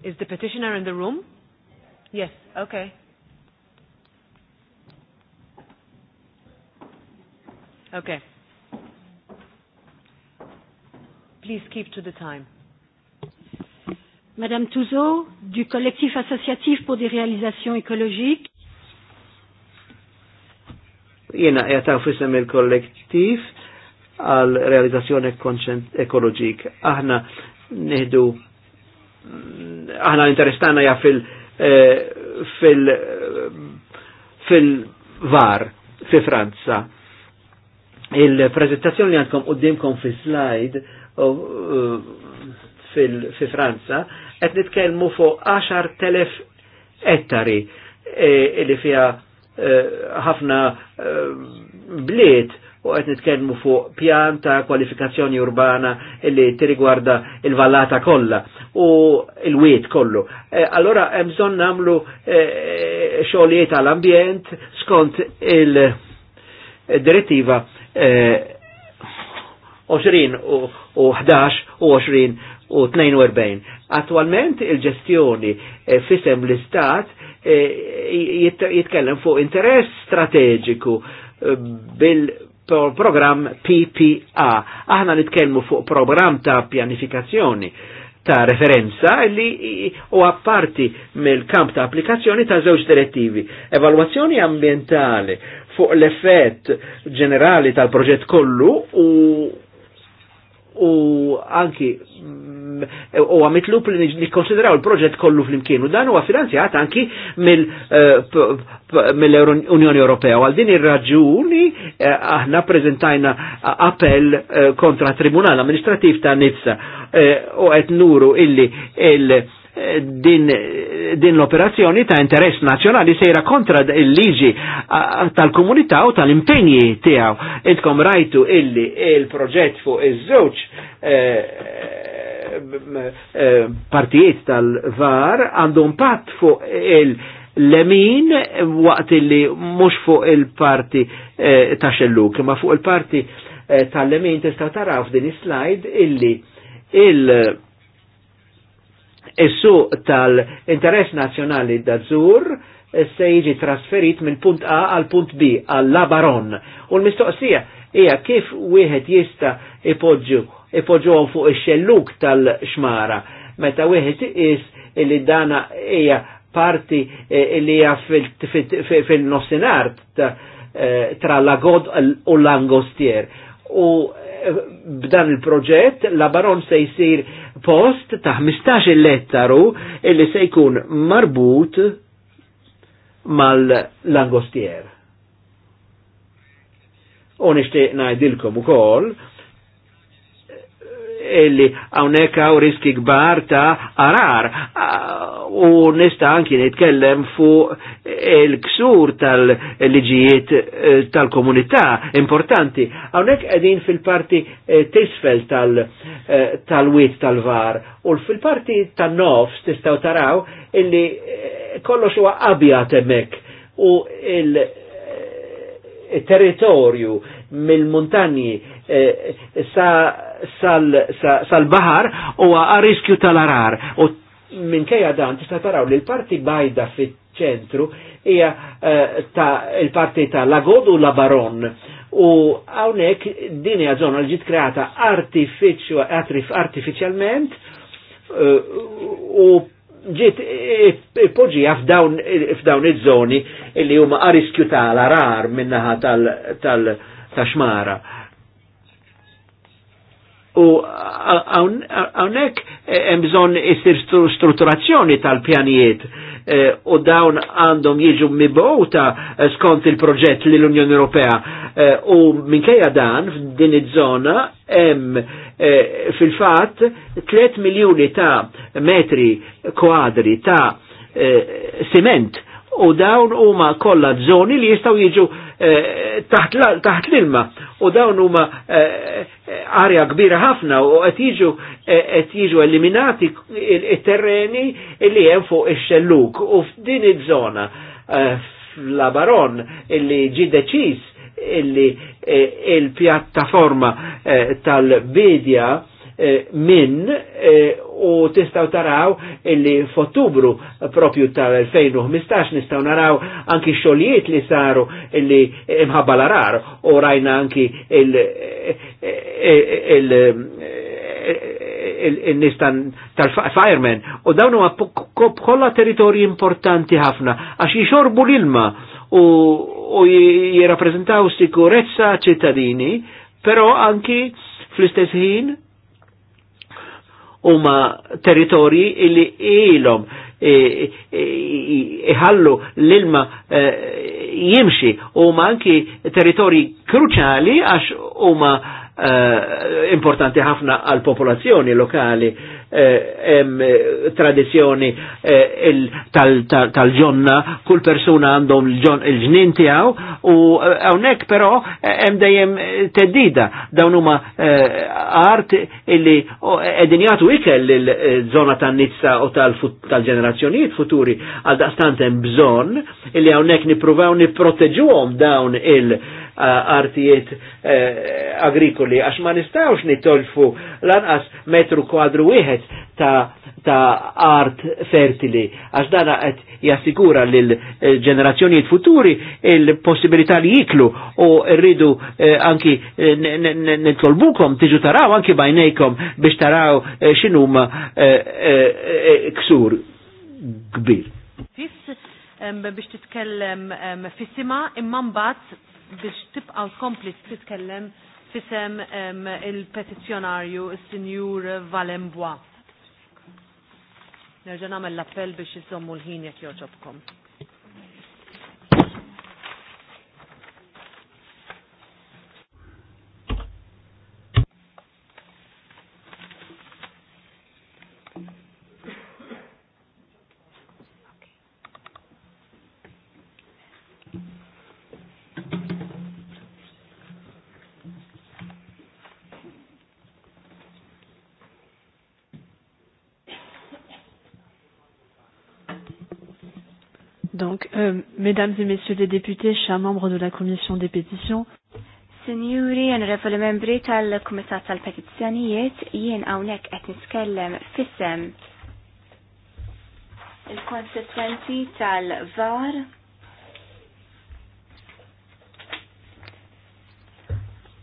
Is the petitioner in the room? Yes, okay. Okay. Please keep to the time. Madame Touzeau, du collectif associatif pour des réalisations écologiques.
Jena jataw fissem il kollektif għal realizzazzjoni ekoloġik. Aħna neħdu aħna interestana ja eh, fil fil fil-var fi Franza. Il-prezentazzjoni li għandkom dimkom fi slide fi Franza qed nitkellmu fuq 10,000 ettari eh, li fija eh, ħafna bliet u għet nitkelmu fuq pjan ta' kwalifikazzjoni urbana li tirigwarda il-vallata kolla u il-wiet kollu. E, allora hemm bżonn nagħmlu e, xogħlijiet għall-ambjent skont il-direttiva e, 20 e, u 11 u 20 u 42. Attualment il-ġestjoni e, fisem l-istat e, jitkellem fuq interess strateġiku bil program PPA. Aħna nitkellmu fuq program ta' pjanifikazzjoni ta' referenza li u apparti mill-kamp ta' applikazzjoni ta' żewġ direttivi. Evaluazzjoni ambientali fuq l-effett ġenerali tal-proġett kollu u u anki Mm, u għamitlu li nikkonsideraw il-proġett kollu fl-imkien u dan huwa finanzjat anki mill-Unjoni eh, Ewropea. Għal din ir-raġuni eh, aħna preżentajna eh, appell kontra Tribunal Amministrativ ta' Nizza u qed nuru illi il- din, din l-operazzjoni ta' interess nazjonali sejra kontra il-liġi tal-komunità u tal-impegni tiegħu. Intkom rajtu illi il-proġett fuq iż-żewġ eh, eh, partijiet tal-VAR għandhom pat fuq il-lemin waqt illi mhux fuq il-parti eh, ta' xelluk, ma fuq il-parti tal-lemin tista' taraw f'din is-slide illi il- Issu tal-interess nazjonali dazzur se jiġi trasferit minn punt A għal punt B, għal Labaron. U l-mistoqsija hija kif wieħed jista' ipoġġu ipoġġuhom fuq ix-xelluk tal-xmara meta wieħed is li dana hija parti eh, li hija fil-nofsinhar eh, tra l-agod u l-angostier. U eh, b'dan il-proġett baron se jsir post ta' 15 lettaru illi se jkun marbut mal-langostier. U nishtiq najdilkom u koll illi hawnhekk hawn riski kbar ta' arar ah, u nista' anki nitkellem fuq il-ksur tal-liġijiet eh, tal-komunità importanti. Għawnek qegħdin fil-parti eh, tisfel eh, tal-wit tal-var u fil-parti tan-nofs tistgħu taraw illi kollox huwa abjad hemmhekk u il- territorju mill-muntanji sa sal-bahar u a tal-arar. U minkejja dan tista' taraw li l-parti bajda fit-ċentru hija eh, ta' il-parti ta' Lagod u la Baron. U għawnek din hija żona li ġiet kreata artificialment eh, u ġiet poġija f'dawn iż-żoni li huma għarriskju tal-arar minnaħa tal-xmara. U hawnhekk e, hemm bżonn strutturazzjoni tal-pjanijiet e, u dawn għandhom jiġu mibota e, skont il-proġett li l-Unjoni Ewropea. U minkejja dan f'din iż-żona hemm fil-fatt 3 miljuni ta' metri kwadri ta' siment u dawn huma kollha żoni li jistgħu jiġu taħt l-ilma u dawn huma arja kbira ħafna u qed jiġu e, eliminati il-terreni li hemm fuq ix-xelluk u f'din iż-żona e, f'Labaron illi ġi deċiż illi e, il-pjattaforma tal-bidja Eh, minn eh, u tistaw taraw illi f'Ottubru propju tal-2015 nistaw naraw anki xogħlijiet li saru illi imħabba l-arar u rajna anki il-nis eh, tal-firemen u dawnu huma kolla territorji importanti ħafna għax jixorbu l-ilma u jirrapprezentaw sikurezza ċittadini, pero anki fl-istess ħin huma territorji illi ilhom e, e, e, iħallu l-ilma jimxi huma anki territorji kruċali għax huma importanti ħafna għal popolazzjoni lokali Eh, eh, tradizjoni eh, tal-ġonna, kull persuna għandhom il-ġnin tiegħu u hawnhekk però hemm dejjem teddida dawn huma art illi qegħdin jagħtu ikel il-żona tan-nizza u tal-ġenerazzjonijiet futuri għal daqstant hemm bżonn illi hawnhekk nippruvaw nipproteġuhom dawn il- artijiet eh, agrikoli, għax ma nistawx nitolfu lanqas metru kwadru wieħed ta' ta' art fertili, għax dana għed jassikura l-ġenerazzjoniet eh, futuri il-possibilità li jiklu u rridu eh, anki nitolbukom tiġu taraw anki bajnejkom biex taraw xinum ksur
kbir.
Fis biex titkellem fissima imman bat biex tibqa komplit titkellem fisem il-petizjonarju il-Sinjur Valembois. Nerġa namel l-appell biex jizommu l-ħin jek joġobkom.
Donc, euh, mesdames et messieurs les députés, chers membres de la commission des pétitions,
Sinjuri, onorevoli membri tal-Kumitat tal-Petizzjonijiet, jien hawnhekk qed nitkellem fissem il-konsekwenti tal-VAR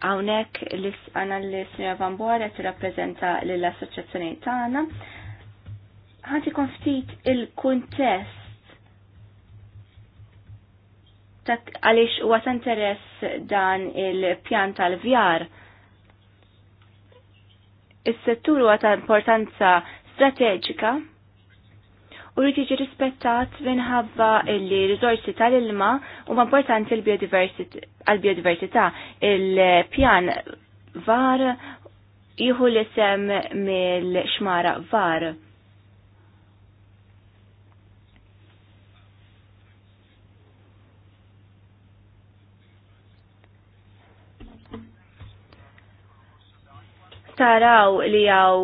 Hawnhekk għana l-Sinjora Van Bora tirrappreżenta lill-assoċjazzjoni tagħna. Ħanti ftit il-kuntest għaliex huwa interess dan il-pjan tal-vjar. Is-settur huwa ta' importanza strateġika u rrid jiġi rispettat minħabba li riżorsi tal-ilma huma importanti għall-biodiversità. Il-pjan var jieħu l-isem mill-xmara var. taraw li għaw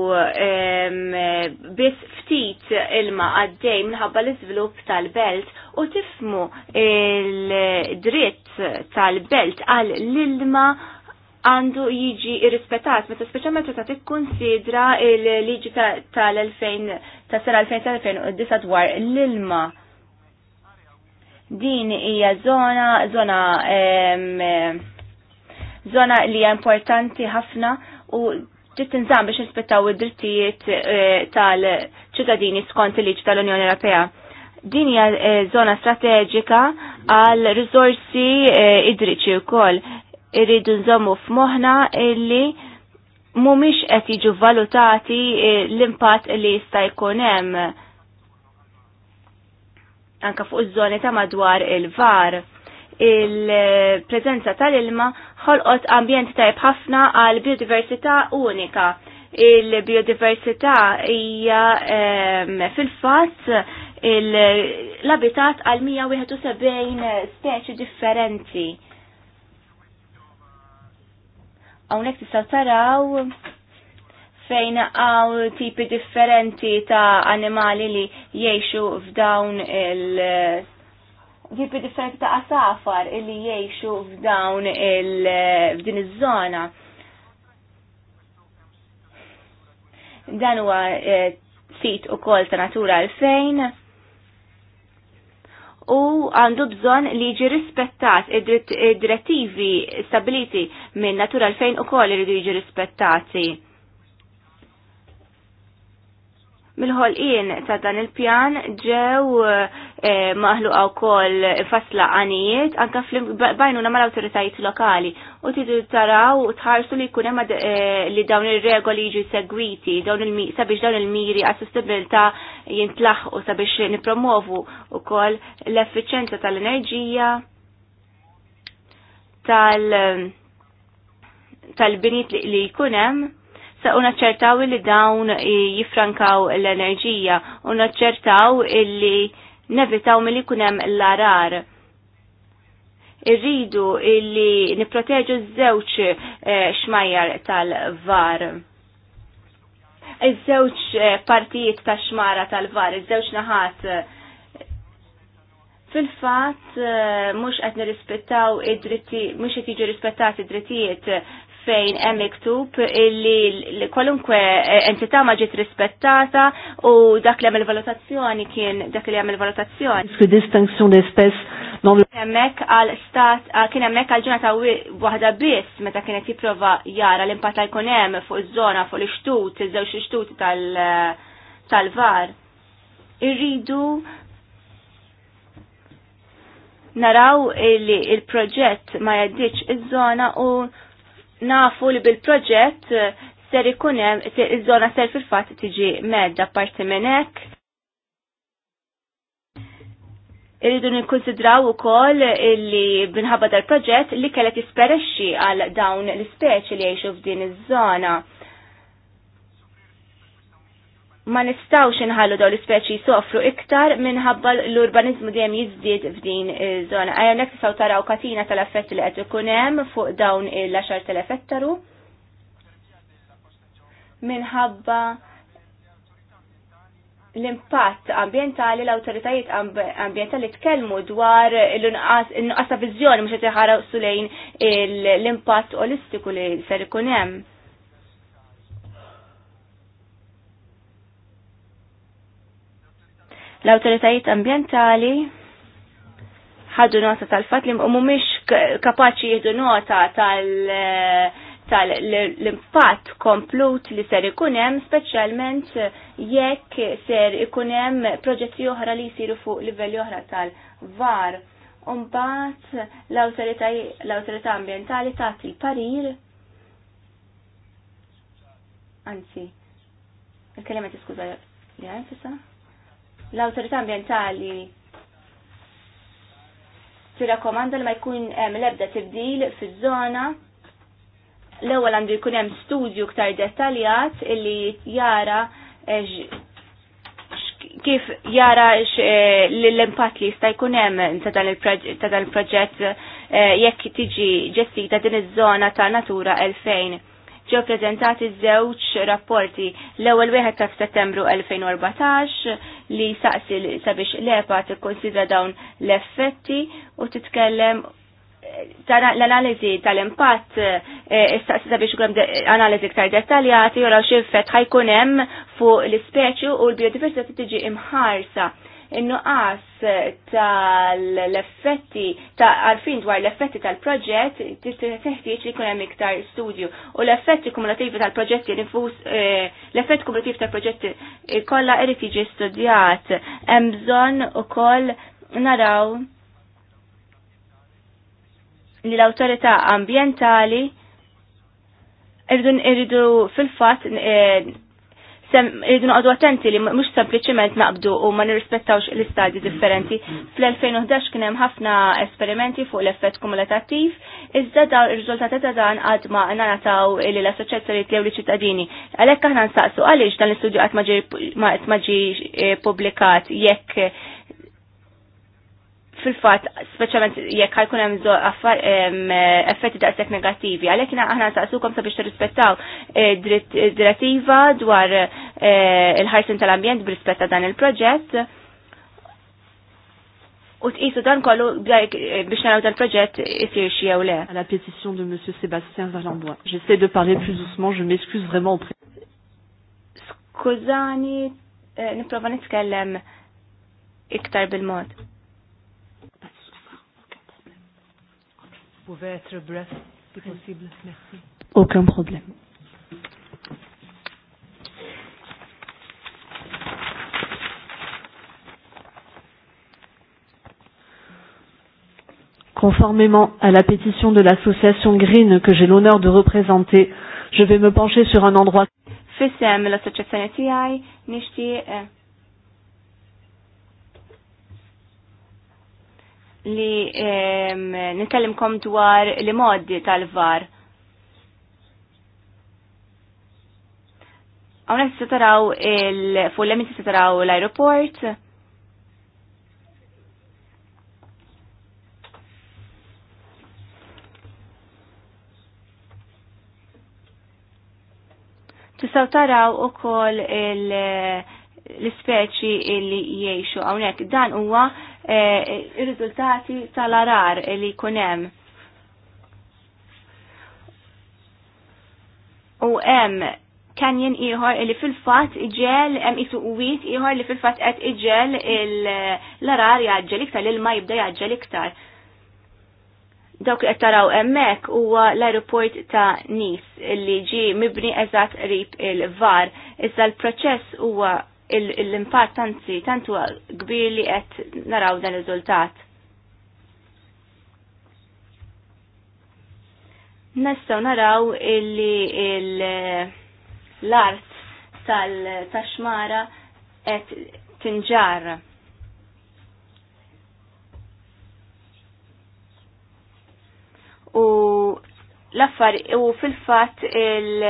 bis ftit ilma għaddej minħabba l-izvilup tal-belt u tifmu il-dritt tal-belt għal l-ilma għandu jiġi irrispetat, meta speċjalment meta tikkonsidra il-liġi tal-2000 ta' sena 2009 dwar l-ilma. Din hija zona zona zona li hija importanti ħafna u trid biex nispettaw id-drittijiet eh, tal-ċittadini skont il-liġ tal-Unjoni Ewropea. Din hija żona eh, strateġika għal riżorsi eh, idriċi wkoll. Irridu nżommu f'moħħna illi mhumiex qed jiġu valutati l-impatt li jista' jkun hemm anka fuq iż-żoni ta' madwar il-var. il var il-prezenza tal-ilma ħolqot ambjent tajb ħafna għal biodiversità unika. Il-biodiversità hija fil-fatt l-abitat għal 171 speċi differenti. Hawnhekk tistaw taraw fejn għaw tipi differenti ta' animali li jiexu f'dawn il- jipi differenti ta' asafar illi jiexu f'dawn il-din iż-żona. Dan huwa e, sit u kol ta' natura għalfejn u għandu bżon li ġi rispettat id-direttivi stabiliti minn natura għalfejn u kol irridu jiġi rispettati. Mil-ħolqien ta' dan il-pjan ġew għaw eh, wkoll fasla għanijiet anka bajnuna mal-awtoritajiet lokali u tidu taraw u tħarsu li jkun hemm eh, li dawn ir-regoli jiġu segwiti sabiex dawn il-miri għas sustabilta u sabiex nipromovu wkoll l-effiċenza efficienza tal- eh, tal-binit li jkun hemm sa' unaċċertaw li dawn jifrankaw l-enerġija, unaċċertaw illi nevitaw mill-li kunem l-arar. Irridu illi niproteġu z-żewċ eh, xmajjar tal-var. Iż-żewċ eh, partijiet ta' xmara tal-var, iż-żewċ naħat fil-fat eh, mux għed nirrispettaw id-dritti, mux għed jiġu rispettati id-drittijiet fejn hemm miktub li kwalunkwe eh, entità ma ġiet rispettata u dak li hemm il valutazzjoni kien dak li hemm il valutazzjoni. Ske hemmhekk għal stat ah, kien hemmhekk għal ġurnata waħda biss meta kienet jipprova jara l-impatt li jkun hemm fuq iż-żona fuq l-ixtut, iż-żewġ ixtut eh, tal-var. Irridu naraw li il-proġett ma jeddiċ iż-żona u nafu li bil-proġett eh, ser ikun hemm iż-żona ser fil-fatt tiġi medda parti minn hekk. Irridu nikkonsidraw ukoll li minħabba dal-proġett li kellet jisperexxi għal dawn l-ispeċi li jgħixu f'din iż-żona ma nistawx inħallu daw l-ispeċi soffru iktar minħabba l-urbanizmu dejjem jiżdied f'din iż-żona. Eh, nek tisaw taraw katina tal-affetti li qed ikun hemm fuq dawn il tal ettaru. Minħabba l-impatt ambientali l-autoritajiet ambientali tkellmu dwar l-inqas ta' viżjoni mhux qed iħaraw sulejn l-impatt olistiku li ser ikun hemm L-autoritajiet ambientali ħadu nota tal-fat li mhumiex kapaċi jihdu nota tal- tal-impatt komplut li ser ikun hemm speċjalment jekk ser ikun hemm proġetti oħra li jsiru fuq livelli oħra tal-var. Umbat l-autorità ambientali tagħti l-parir anzi, il-kelima tiskuza li għanfisa? l-autorità ambientali tirakomanda li ma jkun hemm l-ebda tibdil fiż-żona l-ewwel għandu jkun hemm studju ktar dettaljat illi jara eh, kif jara eh, l-impatt li jista' jkun hemm ta' dan il-proġett eh, jekk tiġi ġestita din iż-żona ta' Natura 2000 ġew prezentati żewġ rapporti. L-ewwel wieħed ta' Settembru 2014 li saqsi sabiex l-EPA tikkonsidra dawn l-effetti u titkellem l-analizi tal-impatt e, istaqsi sabiex ukoll analiżi ktar dettaljati u raw xi effett ħajkun hemm fuq l-ispeċi u l-biodiversità tiġi imħarsa in-nuqqas tal-effetti ta' dwar l-effetti tal-proġett teħtieġ li jkun hemm iktar studju u l-effetti kumulativi tal-proġetti eh, l effetti kumulativi tal-proġetti kollha irid jiġi studjat hemm bżonn ukoll naraw li l-awtorità ambjentali irridu fil-fatt eh, irridu noqogħdu attenti li mhux sempliċiment naqbdu u ma nirrispettawx l-istadji differenti. Fl-2011 kien hemm ħafna esperimenti fuq l-effett kumulattiv, iżda daw ir-riżultati ta' dan għad ma nataw lil assoċjazzjonijiet jew liċ-ċittadini. Għalhekk aħna nsaqsu għaliex dan l-istudju qatt ma ġie eh, publikat jekk fil-fat, specialment jekk ħajkun hemm effetti daqshekk negattivi, għalhekk aħna nsaqsukom sabiex tirrispettaw eh, eh, direttiva dwar eh, il-ħarsin tal-ambjent b'rispett rispetta dan il-proġett.
U tqisu dan kollu biex naraw dan proġett jisir xi jew le. La petition de Monsieur Sébastien Valenbois. J'essaie de parler plus doucement, je m'excuse vraiment
Skużani, nipprova nitkellem
iktar bil-mod. pouvez être bref si possible. Merci.
Aucun problème. Conformément à la pétition de l'association Green que j'ai l'honneur de représenter, je vais me pencher sur un endroit.
Fissem li nitkellimkom dwar li modi tal-var. Għawna se taraw il-fullemi se taraw l-aeroport. Tistaw taraw u koll l-speċi li jiexu għawnek dan huwa E, ir-riżultati tal-arar li kunem. U hemm jen ieħor li fil-fatt iġel hemm isu uwit ieħor li fil-fatt qed iġel l-arar jaġġel iktar l ma jibda jaġġel iktar. Dawk qed taraw hemmhekk huwa l-aeroport ta' Nis li ġi mibni eżatt rib il-var. iżda l-proċess huwa l-impatt tanzi tantu kbir li qed naraw dan ir-riżultat. Nistgħu naraw illi l-art tal-taxmara qed tinġar. U l-affar u fil-fatt il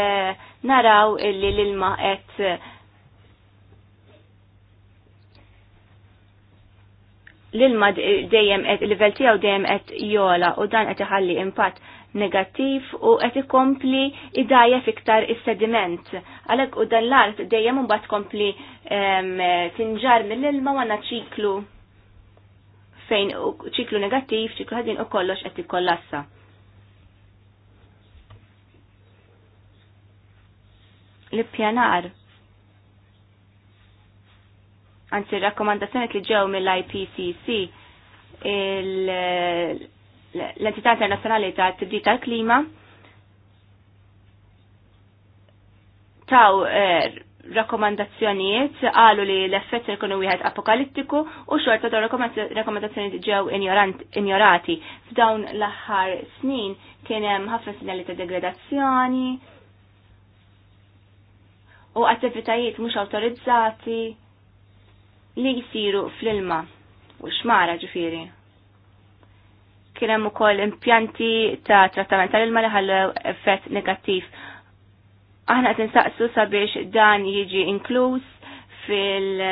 naraw illi l-ilma qed l-ilma dejjem qed livell tiegħu dejjem qed jola u dan qed iħalli impatt negattiv u qed ikompli idajja fiktar is-sediment. Għalhekk u dan l-art dejjem imbagħad kompli tinġar mill-ilma għandna ċiklu fejn ċiklu negattiv, ċiklu ħadin u kollox qed ikkollassa. L-ippjanar anzi rakkomandazzjoni li ġew mill-IPCC l-entità internazzjonali ta' tibdil tal-klima taw eh, rakkomandazzjonijiet għalu li l-effett se jkunu wieħed apokalittiku u xorta ta' rakkomandazzjonijiet ġew injorati. F'dawn l-aħħar snin kien hemm ħafna sinjali ta' degradazzjoni u attivitajiet mhux awtorizzati li jisiru fl-ilma u xmara ġifiri. Kienem u koll impjanti ta' trattament tal-ilma li ħallew effett negattiv. Aħna qed insaqsu sabiex dan jiġi inkluż fil-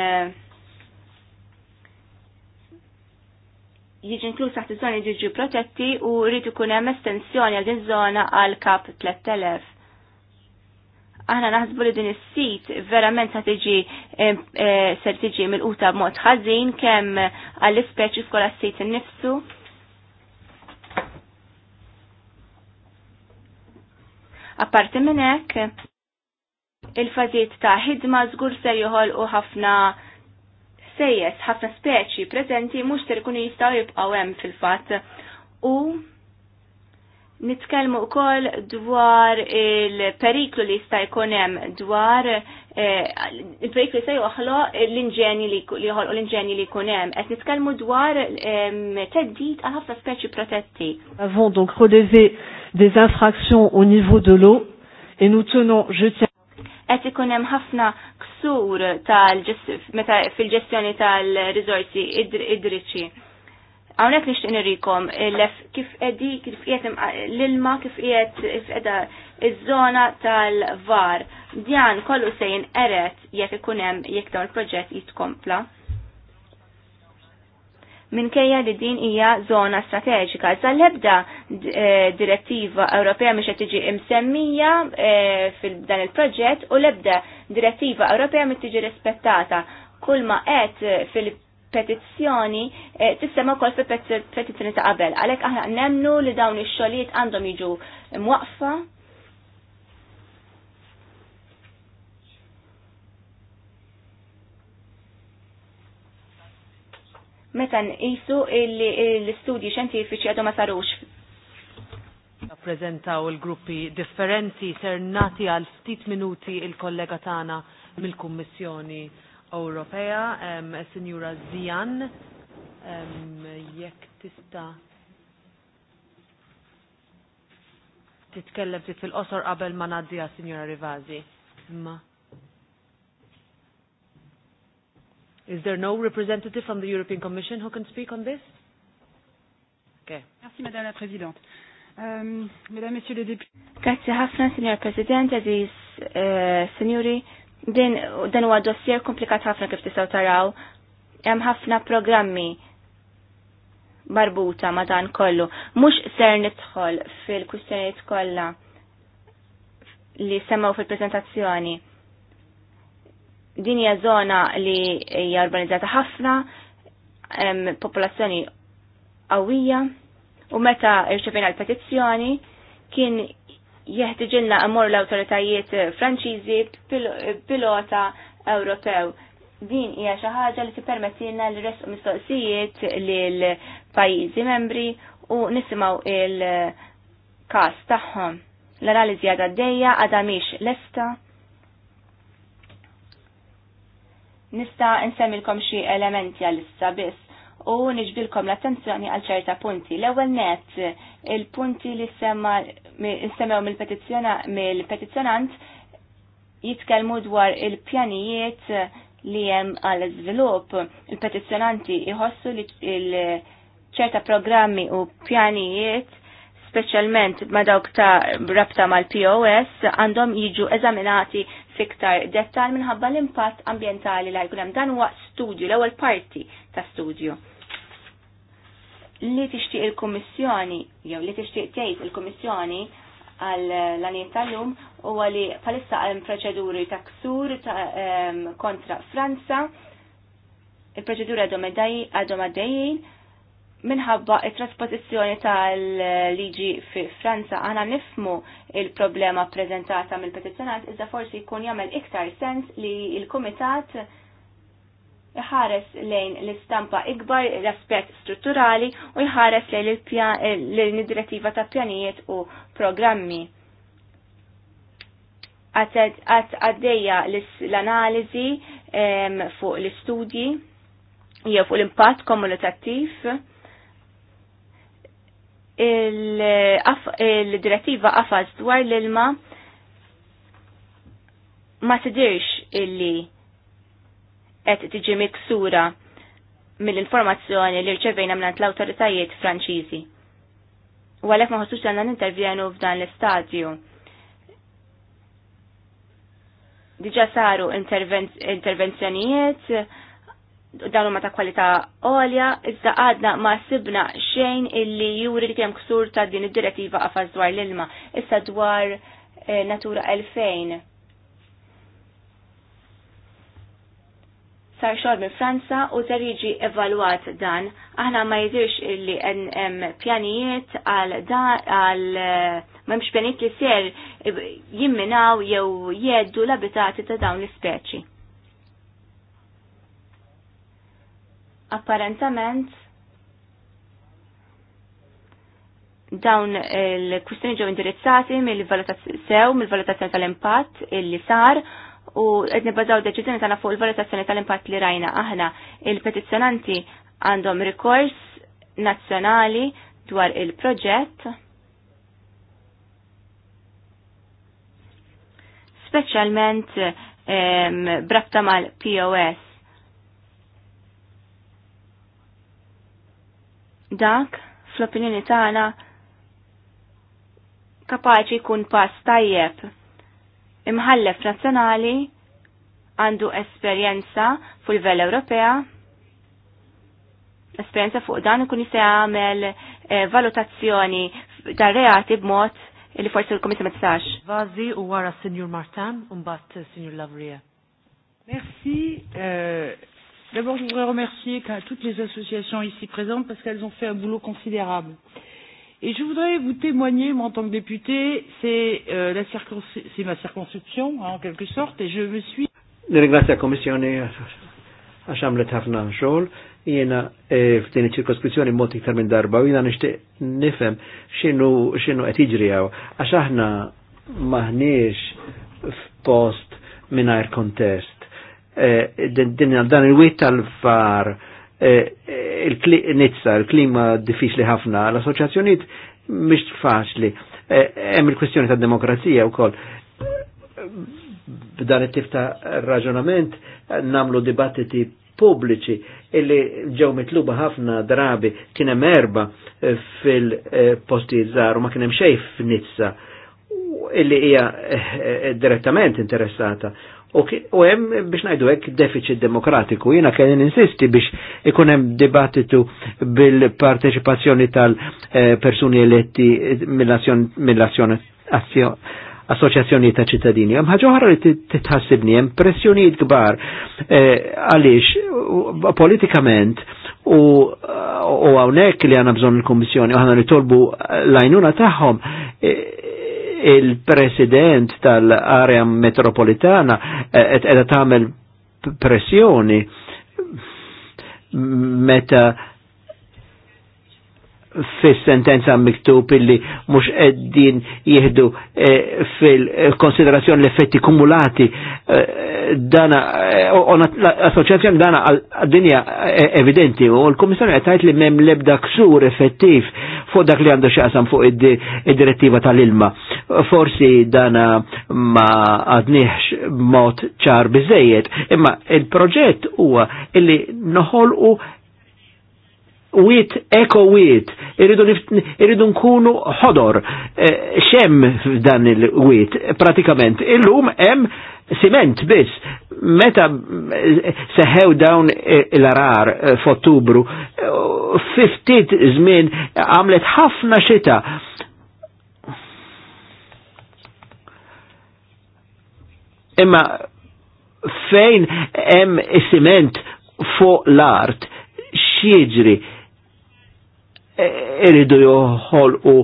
jiġi inkluż taħt iż-żoni ġiġi protetti u rrid ikun hemm estensjoni għal din żona għal kap 3000 Aħna naħsbu li din is-sit verament sa tiġi eh, eh, ser tiġi mill-quta b'mod ħażin kemm għall-ispeċi skola s-sit innifsu. Apparti minn hekk, il-fażiet ta' ħidma żgur ser joħolqu ħafna sejjes, ħafna speċi preżenti mhux ser ikunu jistgħu jibqgħu hemm fil-fatt u Nitkellmu wkoll dwar il-periklu li jista' jkun hemm dwar eh, il-periklu se joħlo l-inġeni li jħolqu l-inġeni li jkun hemm. Qed nitkellmu dwar ehm, teddit għal ħafna speċi protetti.
Avons donc relevé des infractions au niveau de l'eau et nous tenons, je tiens
qed ikun hemm ħafna ksur tal meta fil-ġestjoni tal-riżorsi idriċi. Idr Għawnek nishtiq nirikom kif eddi, kif qiegħed l-ilma, kif qiegħed edha iż-żona tal-var. Djan kollu sejn eret jekk ikun hemm jekk dawn il-proġett jitkompla. Minkejja li din hija żona strateġika, zal ebda eh, direttiva Ewropea miex qed tiġi msemmija eh, fil-dan il-proġett u l-ebda direttiva Ewropea mhix tiġi rispettata. Kull ma qed fil- petizzjoni e, tistema kol fi petizzjoni ta' qabel. Għalhekk aħna nemnu li dawn ix-xogħlijiet għandhom jiġu mwaqfa meta nqisu l-istudji xentifiċi għadhom ma sarux.
Rappreżentaw il-gruppi differenti ser nati għal ftit minuti il-kollega tagħna mill-Kummissjoni Ewropea, um, Sinjura Zian, jekk tista' titkellem ftit fil-qosor qabel ma ngħaddiha Sinjura Rivazi. Imma. Is there no representative from the European Commission who can speak on this? Okay. Merci Madame la Présidente.
Um, Mesdames, Messieurs les députés.
Grazie ħafna, Signor President, Aziz, uh, Signori. Din dan huwa dossier komplikat ħafna kif tistgħu taraw. Hemm ħafna programmi barbuta ma dan kollu. Mhux ser nidħol fil-kwistjonijiet kollha li semmaw fil preżentazzjoni Din hija żona li hija urbanizzata ħafna, popolazzjoni qawwija u meta rċevina l-petizzjoni kien jeħtiġilna għamur l-autoritajiet franċiżi pilota Ewropew. Din hija xi ħaġa li tippermettilna li resq mistoqsijiet lil pajjiżi membri u nisimgħu il-każ tagħhom. L-analiżi għadha għaddejja għadha miex lesta. Nista' nsemmilkom xi elementi għal issa biss u niġbilkom l-attenzjoni għal ċerta punti. L-ewwel net il-punti li semma semmew mill-petizzjonant jitkellmu dwar il-pjanijiet li hemm għal iżvilupp. Il-petizzjonanti iħossu li ċerta programmi u pjanijiet speċjalment ma dawk ta' rabta mal-POS għandhom jiġu eżaminati fiktar dettal minħabba l-impatt ambientali li jkun hemm dan huwa studju l-ewwel parti ta' studju li tixtieq il-Kummissjoni jew li tixtieq tgħid il-Kummissjoni għal l-għaniet tal-lum u għali palissa għal proċeduri ta' ksur ehm, kontra Franza, il-proċedura għadhom għaddejjin minħabba il-trasposizjoni tal-liġi fi Franza għana nifmu il-problema prezentata mill petizzjonat iżda forsi jkun jagħmel iktar sens li il-Kumitat il il kumitat jħares lejn l-istampa ikbar, l-aspet strutturali u jħares lejn l-direttiva ta' pjanijiet u programmi. għaddeja l-analizi fuq l-istudji, jew fuq l-impatt komunitattiv, il-direttiva għafaz dwar l-ilma ma t-dirx illi qed tiġi miksura mill-informazzjoni li rċevejna minn l-awtoritajiet Franċiżi. U għalhekk ma ħossux għandna nintervjenu f'dan l-istadju. Diġà saru intervenzjonijiet dan huma ta' kwalità għolja, iżda għadna ma sibna xejn illi juri li kemm ksur ta' din id-direttiva qafas dwar l-ilma, issa dwar eh, Natura 2000 sar xogħol minn Franza u ser jiġi evalwat dan. Aħna ma jidirx illi hemm pjanijiet għal dan għal eh, mx pjanijiet li ser eh, jimminaw jew jeddu l-abitati ta' dawn l-ispeċi. Apparentament dawn il-kustjoni eh, ġew indirizzati mill-valutazzjoni sew, mill-valutazzjoni tal-impatt illi sar u qed bazaw deċiżjoni tagħna fuq il-valutazzjoni tal-impatt li rajna aħna. Il-petizzjonanti għandhom rikors nazzjonali dwar il-proġett. Speċjalment brabta mal-POS. Dak, fl-opinjoni tagħna, kapaċi jkun pass tajjeb imħallef nazzjonali għandu esperjenza fuq livell Ewropea, esperjenza fuq dan ikun jista' jagħmel eh, valutazzjoni tar
reati b'mod li forsi
l-Komissja ma tistax.
Vazi u wara Sinjur Martan u mbagħad eh, Sinjur Lavrie. Merci. Euh, D'abord, je voudrais remercier toutes les associations ici présentes parce qu'elles ont fait un boulot considérable. Euh, Et je voudrais vous
témoigner, moi en tant que député, c'est euh, la ma circonscription hein, en quelque sorte, et je me suis.
Nirringrazzja Kommissjoni għax Chambre ħafna xogħol, jena eh, f'din iċ-ċirkoskrizzjoni mod iktar minn darba u jiena nixtieq nifhem x'inhu x'inhu qed jiġri hawn għax aħna maħniex f'post mingħajr kontest. Eh, din dan il-wit tal-far Eh, eh, il-Nizza, il-klima diffiċli ħafna, l-assoċjazzjoniet mhix faċli. Eh, hemm il-kwestjoni ta' demokrazija wkoll. B'dan it-tif ta' raġunament namlu dibattiti pubbliċi illi ġew mitluba ħafna drabi kien hemm erba fil-postijiet żgħar u ma kien hemm xejn f'Nizza illi hija direttament interessata U hemm biex ngħidu hekk deficit demokratiku. Jiena kelli ninsisti biex ikun hemm dibattitu bil-parteċipazzjoni tal-persuni eh, eletti mill-azzjoni assoċjazzjoni ta' ċittadini. Hemm ħaġa oħra li titħassibni, hemm pressjonijiet kbar eh, għaliex politikament u hawnhekk li għandna bżonn il-Kummissjoni u ħana nitolbu l-għajnuna tagħhom eh, il-president tal-area metropolitana qed eh, tagħmel pressjoni meta fis-sentenza miktub illi mhux qegħdin jieħdu eh, fil-konsiderazzjoni l-effetti kumulati eh, dana dana eh, l-assoċjazzjoni dana għal dinja evidenti u l-Kummissjoni qed tgħid li mem l-ebda ksur effettiv fuq dak li għandu xaqsam fuq id-direttiva tal-ilma. Forsi dana ma għadniħx mod ċar bizzejiet, imma il-proġett huwa illi noħolqu wit eko wit, irridu nkunu ħodor, eh, xem dan il-wit, pratikament. Illum hemm siment biss, meta eh, seħew dawn eh, l-arar f'Ottubru, fiftit żmien għamlet ħafna xita. Imma fejn hemm is-siment fuq l-art xieġri iridu joħolqu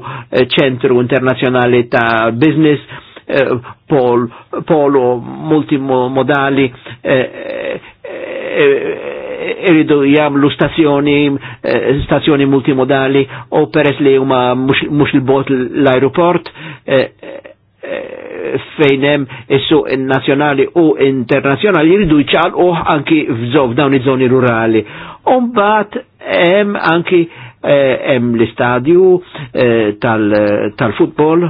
ċentru internazjonali ta' business, eh, pol, polo multimodali, eh, eh, iridu jamlu stazzjoni, stazzjoni multimodali, u peres li huma mux il-bot l-aeroport, fejnem issu nazjonali u internazjonali jiridu jċalqu anki f'żof dawn iż-żoni rurali. Umbat hemm anki hemm eh, l-istadju eh, tal-futbol.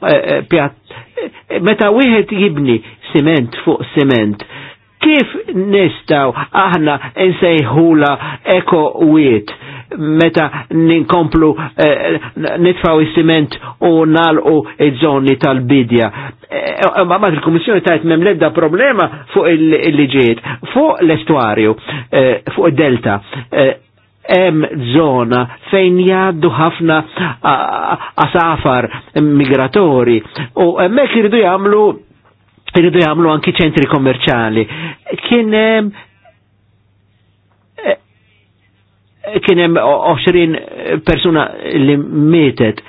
Eh, eh, tal eh, meta wieħed jibni siment fuq siment, kif nistaw aħna nsejħula eko wiet? meta ninkomplu eh, nitfaw is-siment u nalqu iż-żoni tal-bidja. Eh, eh ma il komissjoni tajt mem ledda problema fuq il-liġiet, fuq l-estuarju, eh, fuq il-delta. Eh, hemm zona fejn jgħaddu ħafna asafar migratori u hemmhekk iridu jagħmlu iridu jagħmlu anki ċentri kommerċali. Kien hemm kienem 20 persuna li mietet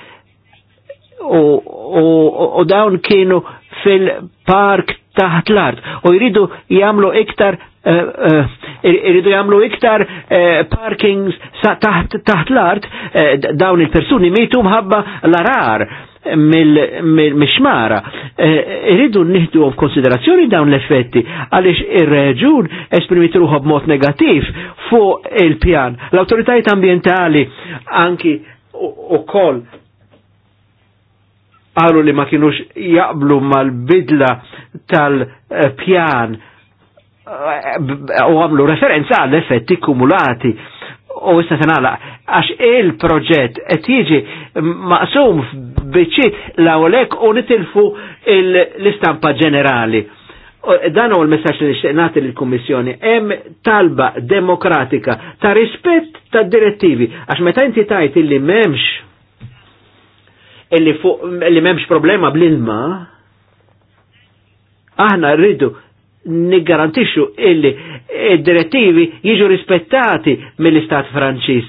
u dawn kienu fil-park taħt l-art u jridu jamlu iktar eh, eh, irridu jamlu iktar eh, parkings taħt l-art dawn il-persuni mitu mħabba l-arar mill mixmara eh, Irridu għom konsiderazzjoni dawn l-effetti għaliex ir-reġun esprimitru għob b'mod negativ fuq il-pjan. l autoritajt ambientali anki u koll għalu li ma kienux jaqblu mal-bidla tal-pjan eh, u għamlu referenza għall-effetti kumulati u issa sanala għax il-proġett qed jiġi maqsum biċċiet lawlek u nitilfu l-istampa ġenerali. Dan u l messaġġ li nixtieq l-Kummissjoni, hemm talba demokratika ta' rispett ta' direttivi, għax meta inti tajt illi m'hemmx illi fuq m'hemmx problema bl-ilma, aħna rridu niggarantixxu illi id-direttivi jiġu rispettati mill-Istat Franċiż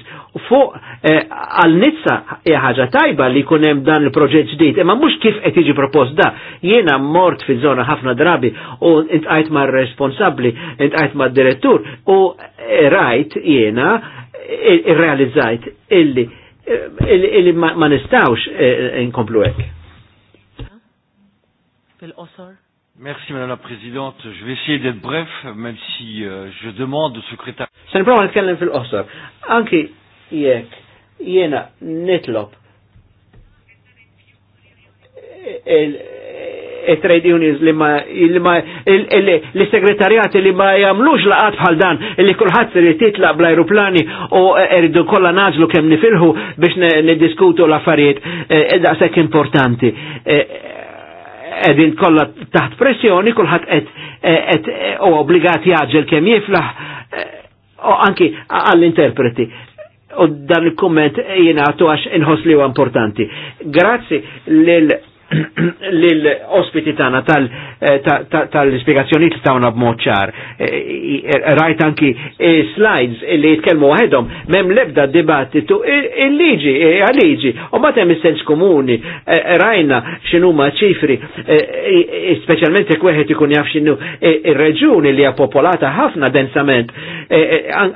fuq eh, għal nizza ħaġa tajba li kunem dan il-proġett ġdijt, imma mux kif qed jiġi propost da. jena mort fi zona ħafna drabi u intqajt ma' responsabli, intqajt ma' direttur u rajt jena irrealizzajt illi
illi
ma nistawx eh, inkomplu hekk.
Fil-qosor?
Merci Madame la Présidente. Je vais essayer d'être bref, même si euh, je demande au secrétaire. le niprofa nitkellem fil-qosor.
Anki jekk jiena nitlob il-trade unions li ma li segretarjati li ma jamlux laqat bħal dan li kullħat li titla bl-aeroplani u eridu kolla naġlu kem nifilhu biex nidiskutu l-affarijiet e, e, sekk importanti. E, edin kolla taħt pressjoni kullħat et u obbligat jaġel kem jiflaħ u anki għall-interpreti u dan il-komment jenatu għax inħos li importanti. Grazzi lil l-ospiti tana tal-spiegazzjoni eh, tal-tawna b-moċar. Eh, eh, rajt anki slides li jitkelmu għahedom, mem lebda dibattitu il-liġi, għal-liġi, u matem il-sens komuni, rajna xinuma ċifri, specialment jek ikun jaf xinu il-reġuni li popolata ħafna densament,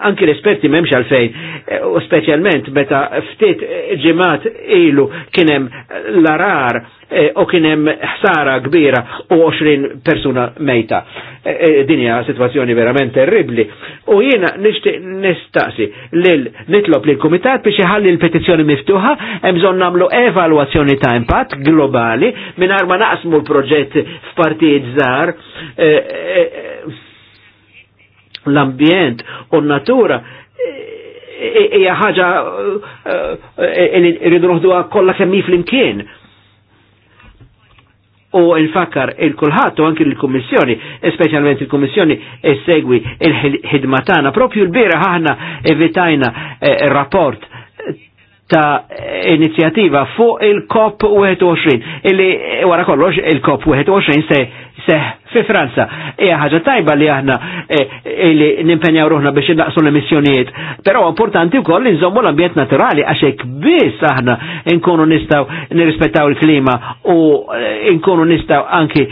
anki l-esperti memx għalfejn, u specialment meta ftit ġimat ilu kienem l-arar Eh, u kienem ħsara kbira u 20 persuna mejta. Eh, eh, Dinja situazzjoni verament terribli. U jiena nishtiq nistaqsi lil nitlob lil kumitat biex iħalli l-petizzjoni miftuħa hemm bżonn nagħmlu evalwazzjoni ta' impatt globali mingħajr ma naqsmu l-proġett f'partijiet żgħar l-ambjent u n-natura hija ħaġa li rridu noħduha kollha kemm flimkien u il-fakkar il-kulħat u anki l-Kommissjoni, specialment il-Kommissjoni segwi il-ħidma Propju l-bira ħahna evitajna eh, il rapport ta' inizjativa fuq il-COP 21, illi wara kollox il-COP 21 se seħ fi Franza. Ija ħagġa tajba li aħna eh, eh, li nimpenjaw ruħna biex naqsu l-emissjonijiet, però importanti wkoll li nżommu l-ambjent naturali għaxek hekk biss aħna nkunu nistgħu nirrispettaw il-klima u eh, nkunu nistgħu anki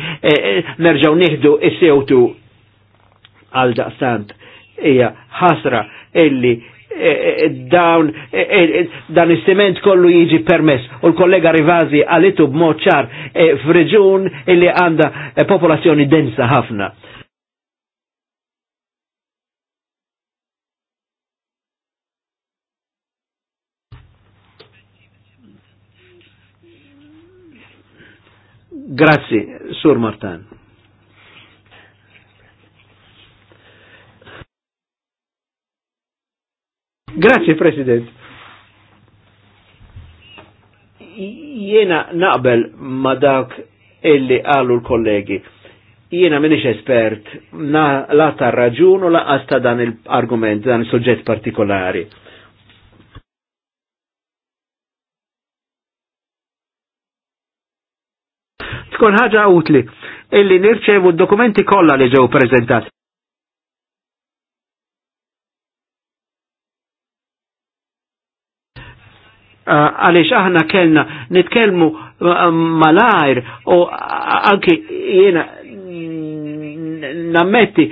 nerġaw nieħdu is-CO2 għal daqstant Ija ħasra illi E, e, e, dawn dan istiment kollu jiġi permess u l-kollega Rivazi għalitu b'mod ċar f'reġun illi għanda popolazzjoni densa ħafna. Grazie, Sur Martan. Grazie, President. Jena naqbel ma dak illi għallu l-kollegi. Jena minix espert, na la ta' raġun u la asta dan il-argument, dan il suġġett partikolari. Tkun ħaġa utli illi nirċevu d-dokumenti kollha li ġew prezentati. Eh, għaliex aħna kellna nitkellmu eh, malajr u anki jena nammetti,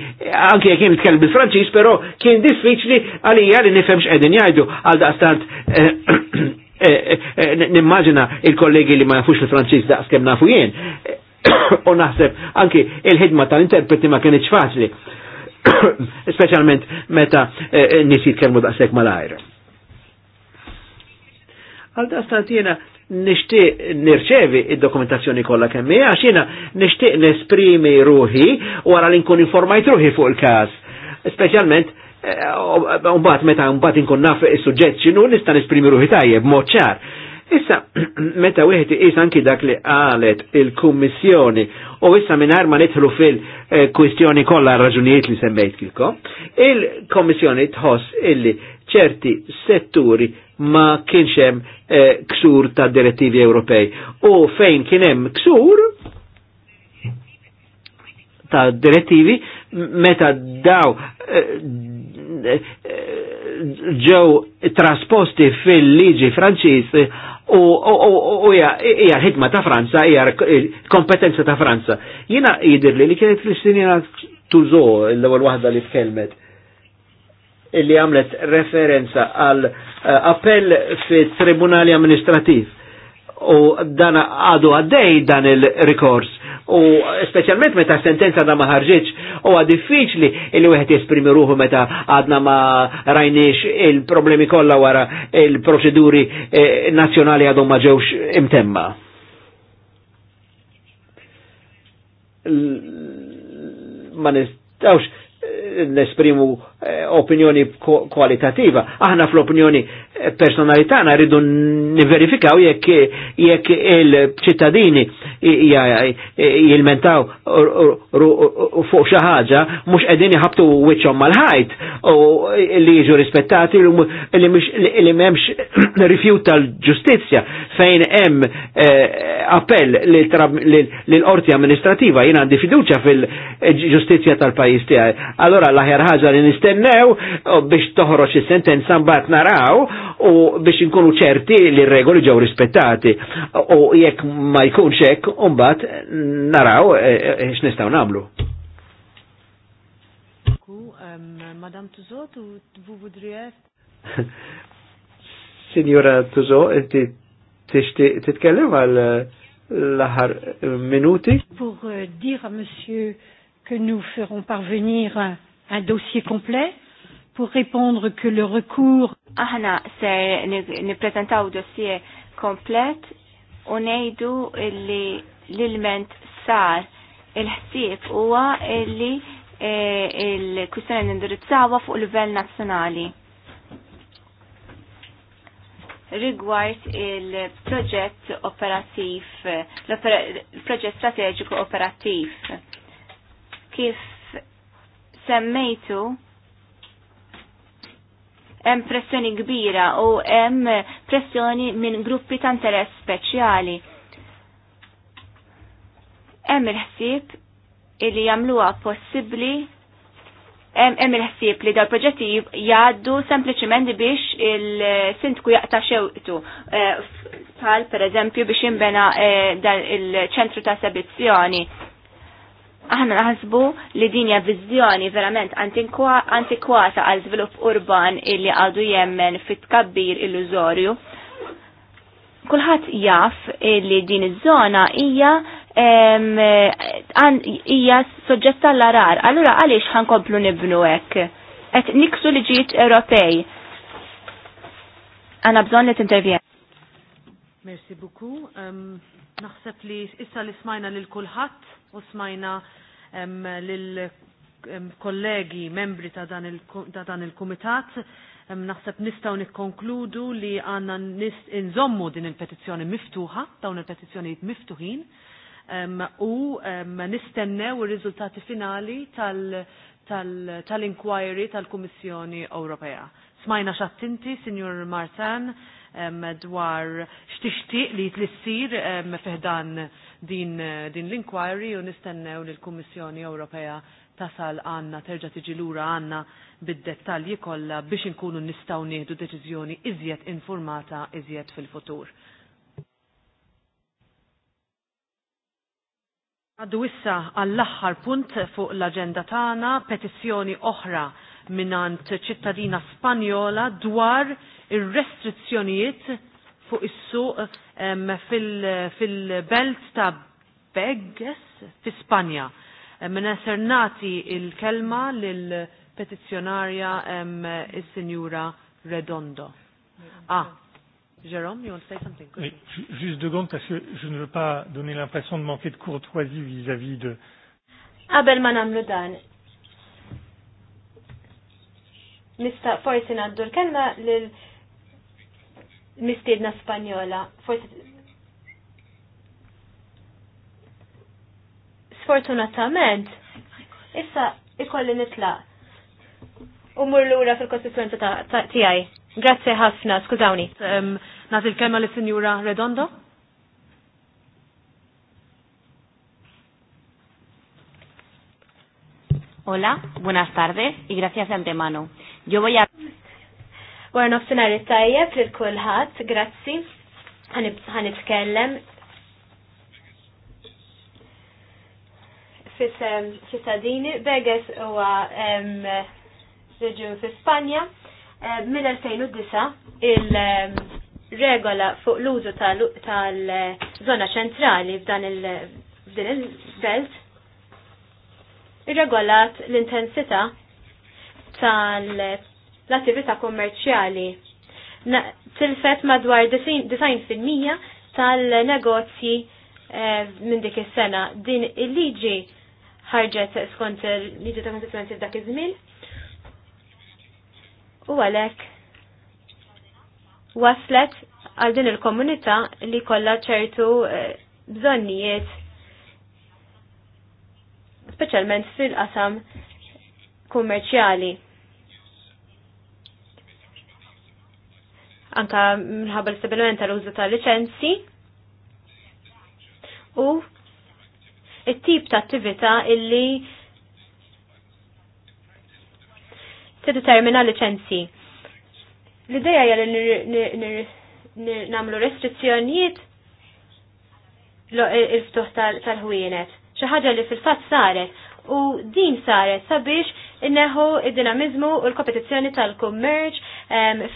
anki jek jien nitkellem bil-Franċiż, però kien diffiċli għalija li nifhem x'qegħdin jgħidu għal daqstant eh, nimmaġina il-kollegi li ma jafux il-Franċiż daqskemm nafu jien. U naħseb anki il-ħidma tal-interpreti ma kienx faċli, speċjalment meta nisit kelmu daqshekk mal-ajr. Għal da jena nishtiq nirċevi id-dokumentazzjoni kollha kemm hija għax jiena nixtieq nesprimi ruħi wara li nkun informajt ruħi fuq il-każ. Speċjalment eh, mbagħad meta mbagħad inkun naf is-suġġett x'inhu nista' nesprimi ruħi tajjeb mod ċar. Issa meta wieħed iqis anki dak li qalet il-Kummissjoni u issa mingħajr ma nidħlu fil-kwistjoni kollha raġunijiet li semmejt kilkom, il-Kommissjoni tħoss illi ċerti setturi ma kienx hemm eh, ksur ta' direttivi Ewropej. U fejn kien hemm ksur ta' direttivi meta daw eh, eh, ġew trasposti fil-liġi Franċiż u hija ħidma ta' Franza, hija kompetenza ta' Franza. Jiena jidir li kienet kienet Kristina tużo l-ewwel waħda li tkellmet illi għamlet referenza għal eh, appell fi tribunali amministrativ u dan għadu għaddej dan il-rikors u specialment meta sentenza da ma ħarġitx u diffiċli li wieħed jesprimi ruħu meta għadna ma rajniex il-problemi kollha wara il-proċeduri eh, nazzjonali għadhom ma ġewx imtemma. Ma nistawx eh, nesprimu Eh, opinjoni kwalitativa. Aħna fl-opinjoni eh, personalità rridu niverifikaw jekk jekk il-ċittadini jilmentaw fuq xi ħaġa mhux qegħdin iħabtu wiċċhom mal-ħajt u li jiġu rispettati li m'hemmx rifjut tal-ġustizzja fejn hemm eh, appell lill-qorti amministrativa jien għandi fiduċja fil-ġustizzja tal-pajjiż tiegħi. Allora l-aħjar ħaġa li nistem nistennew biex toħroġ is-sentenza mbagħad naraw u biex inkunu ċerti li r-regoli ġew rispettati. U jekk ma jkunx hekk, mbagħad naraw e, e, e, x nistgħu nagħmlu.
Madam Tuzot
u Tvu Budrijev?
Signora Tuzo, inti titkellem għal eh, l-aħar eh, minuti?
Pour eh, dire à monsieur que nous ferons parvenir un dossier complet pour répondre que le recours aħna se nippreżentaw dossier
komplet u ngħidu li l-ilment sar il-ħsieb huwa li e, il-kwistjoni nindirizzawa fuq livell nazzjonali. Rigward il-proġett operattiv, il-proġett strateġiku operattiv, kif semmejtu hemm pressjoni kbira u hemm pressjoni minn gruppi ta' interess speċjali. Hemm il-ħsieb illi jagħmluha possibbli hemm il-ħsieb li dal proġetti jgħaddu sempliċiment biex il-sindku jaqta' xewqtu bħal eh, pereżempju biex jinbena eh, il-ċentru ta' sebizzjoni aħna naħsbu li din hija viżjoni verament antikwata għal żvilupp urban illi għadu jemmen fit tkabbir illużorju. Kulħadd jaf li din iż-żona hija hija soġġetta l-arar. Allura għaliex ħankomplu nibnu hekk? Qed niksu li ġiet Ewropej. Għana bżonn li tintervjen.
Merci beaucoup. Naħseb li issa li smajna lil kulħadd u smajna lill-kollegi membri ta' dan il-Kumitat. Naħseb nistaw nikkonkludu li għanna nżommu din il-petizzjoni miftuħa, dawn il-petizzjonijiet miftuħin, u nistennew ir-riżultati finali tal- tal-inquiry inquiry tal komissjoni kummissjoni Ewropea. Smajna xattinti, Signor Martan, dwar xtixtiq li tlissir um, fiħdan din, eh, din l-inquiry u nistennew li l-Kummissjoni Ewropea tasal għanna terġa tiġi lura għanna bid-dettalji kollha biex inkunu nistgħu nieħdu deċiżjoni iżjed informata iżjed fil-futur. Għaddu issa għall-aħħar punt fuq l-aġenda tagħna petizzjoni oħra minant ċittadina Spanjola dwar ir-restrizzjonijiet fuq is-suq fil-belt ta' Beggess fi Spanja. Minna sernati il-kelma lill-petizzjonarja il sinjura Redondo. Ah, Jérôme, you want to say something? Oui,
juste deux secondes parce que je ne veux pas donner l'impression de manquer de courtoisie vis-à-vis -vis de.
Qabel ah, ma le dan. Nista' forse, ngħaddu l-kelma lil mistiedna Spanjola. Forsi sfortunatament issa ikolli nitlaq u mur lura fil-kostituenza tiegħi. Grazie ħafna, skużawni. Nagħti l-kelma li signora Redondo. Hola, buenas tardes y gracias de antemano. Yo voy a... Wara nofsinhar tajjeb lil kulħadd, grazzi. Ħanitkellem fis-cittadini. Beges huwa reġun fi Spanja. Eh, mill-2009 il-regola fuq l-użu tal-zona ċentrali f'dan il-belt irregolat l-intensità tal l-attività kommerċjali. Tilfet madwar 90% tal-negozji eh, minn dik is-sena. Din il-liġi ħarġet skont il-liġi ta' konsekwenzi f'dak iż-żmien. U għalhekk waslet għal din il-komunità li kollha ċertu eh, bżonnijiet speċjalment fil-qasam kummerċjali. anka minħabba l-istabilment tal-użu ta' licenzi u it-tip ta' attività illi t-determina licenzi. L-ideja jgħal li namlu restrizzjonijiet il-ftuħ tal-ħwienet. ħaġa li fil-fat saret u din saret sabiex inneħu id-dinamizmu u l-kompetizzjoni tal-kummerċ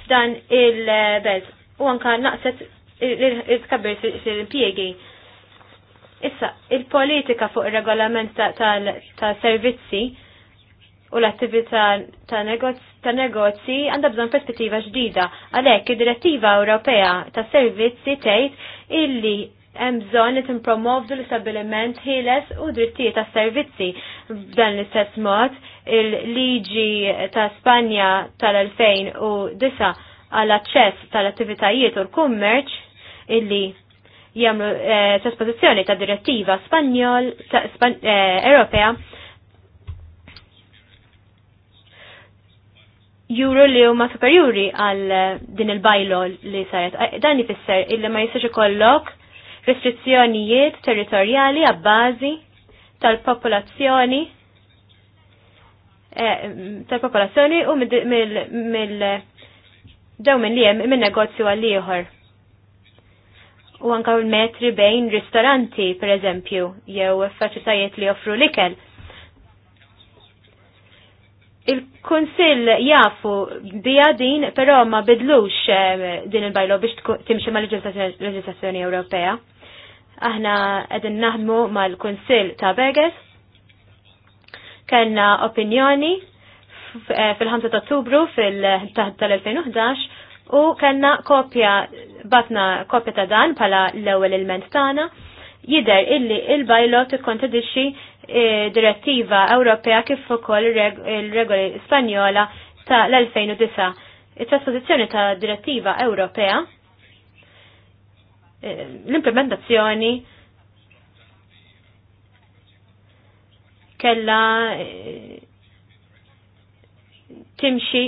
f'dan il-belt u anka naqset il-tkabbir fil-impiegi. Issa, il-politika fuq il-regolament tal-servizzi u l-attività ta' negozi għandha bżonn perspettiva ġdida. Għalhekk id-Direttiva Ewropea tas Servizzi tgħid illi hemm bżonn li timpromovdu l-istabbiliment ħieles u drittijiet tas-servizzi b'dan l-istess mod il-liġi ta' Spanja tal-2009 għal aċċess tal-attivitajiet u l-kummerċ illi jagħmlu eh, trasposizzjoni ta' direttiva Spanjol ta' eh, Ewropea juru li huma superjuri għal eh, din il-bajlo li saret. Dan jfisser illi ma jistax ikollok restrizzjonijiet territorjali għabbażi tal-popolazzjoni Eh, tal-popolazzjoni u mill daw minn li hemm minn negozju għal ieħor. U anka l-metri bejn ristoranti, per eżempju, jew faċitajiet li joffru l-ikel. Il-Kunsill jafu bija din, però ma bidlux eh, din il-bajlo biex timxi ma' leġislazzjoni Ewropea. Aħna qegħdin naħdmu mal-Kunsill ta' Beges kellna opinjoni fil-5 ta' Ottubru fil tal-2011 u kellna kopja batna kopja ta' dan pala l-ewwel ilment tagħna jider illi il-bajlot ikkontradixxi eh, direttiva Ewropea kif ukoll il-regoli Spanjola ta' l-2009. it trasposizjoni ta' direttiva Ewropea eh, l-implementazzjoni kella timxi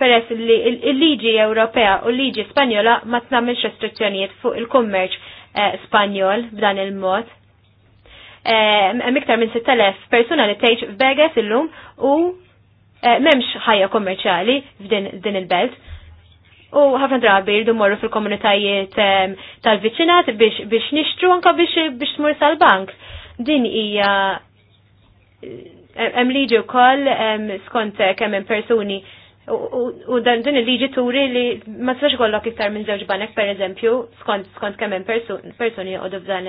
peress li il-liġi Ewropea u l-liġi Spanjola ma tnamil restrizzjonijiet fuq il-kummerċ eh, Spanjol b'dan il-mod. Eh, Miktar minn 6000 persuna li tgħix f'Beges illum u eh, m'hemmx ħajja kommerċali f'din il-belt. U ħafna drabi rridu morru fil-komunitajiet tal-viċinat biex nixtru anka biex tmur sal-bank. Din hija hemm liġi wkoll skont eh, kemm hemm persuni u dan din il-liġi turi li ma tistax kollok iktar minn żewġ banek pereżempju skont skont kemm hemm persuni joqogħdu f'dan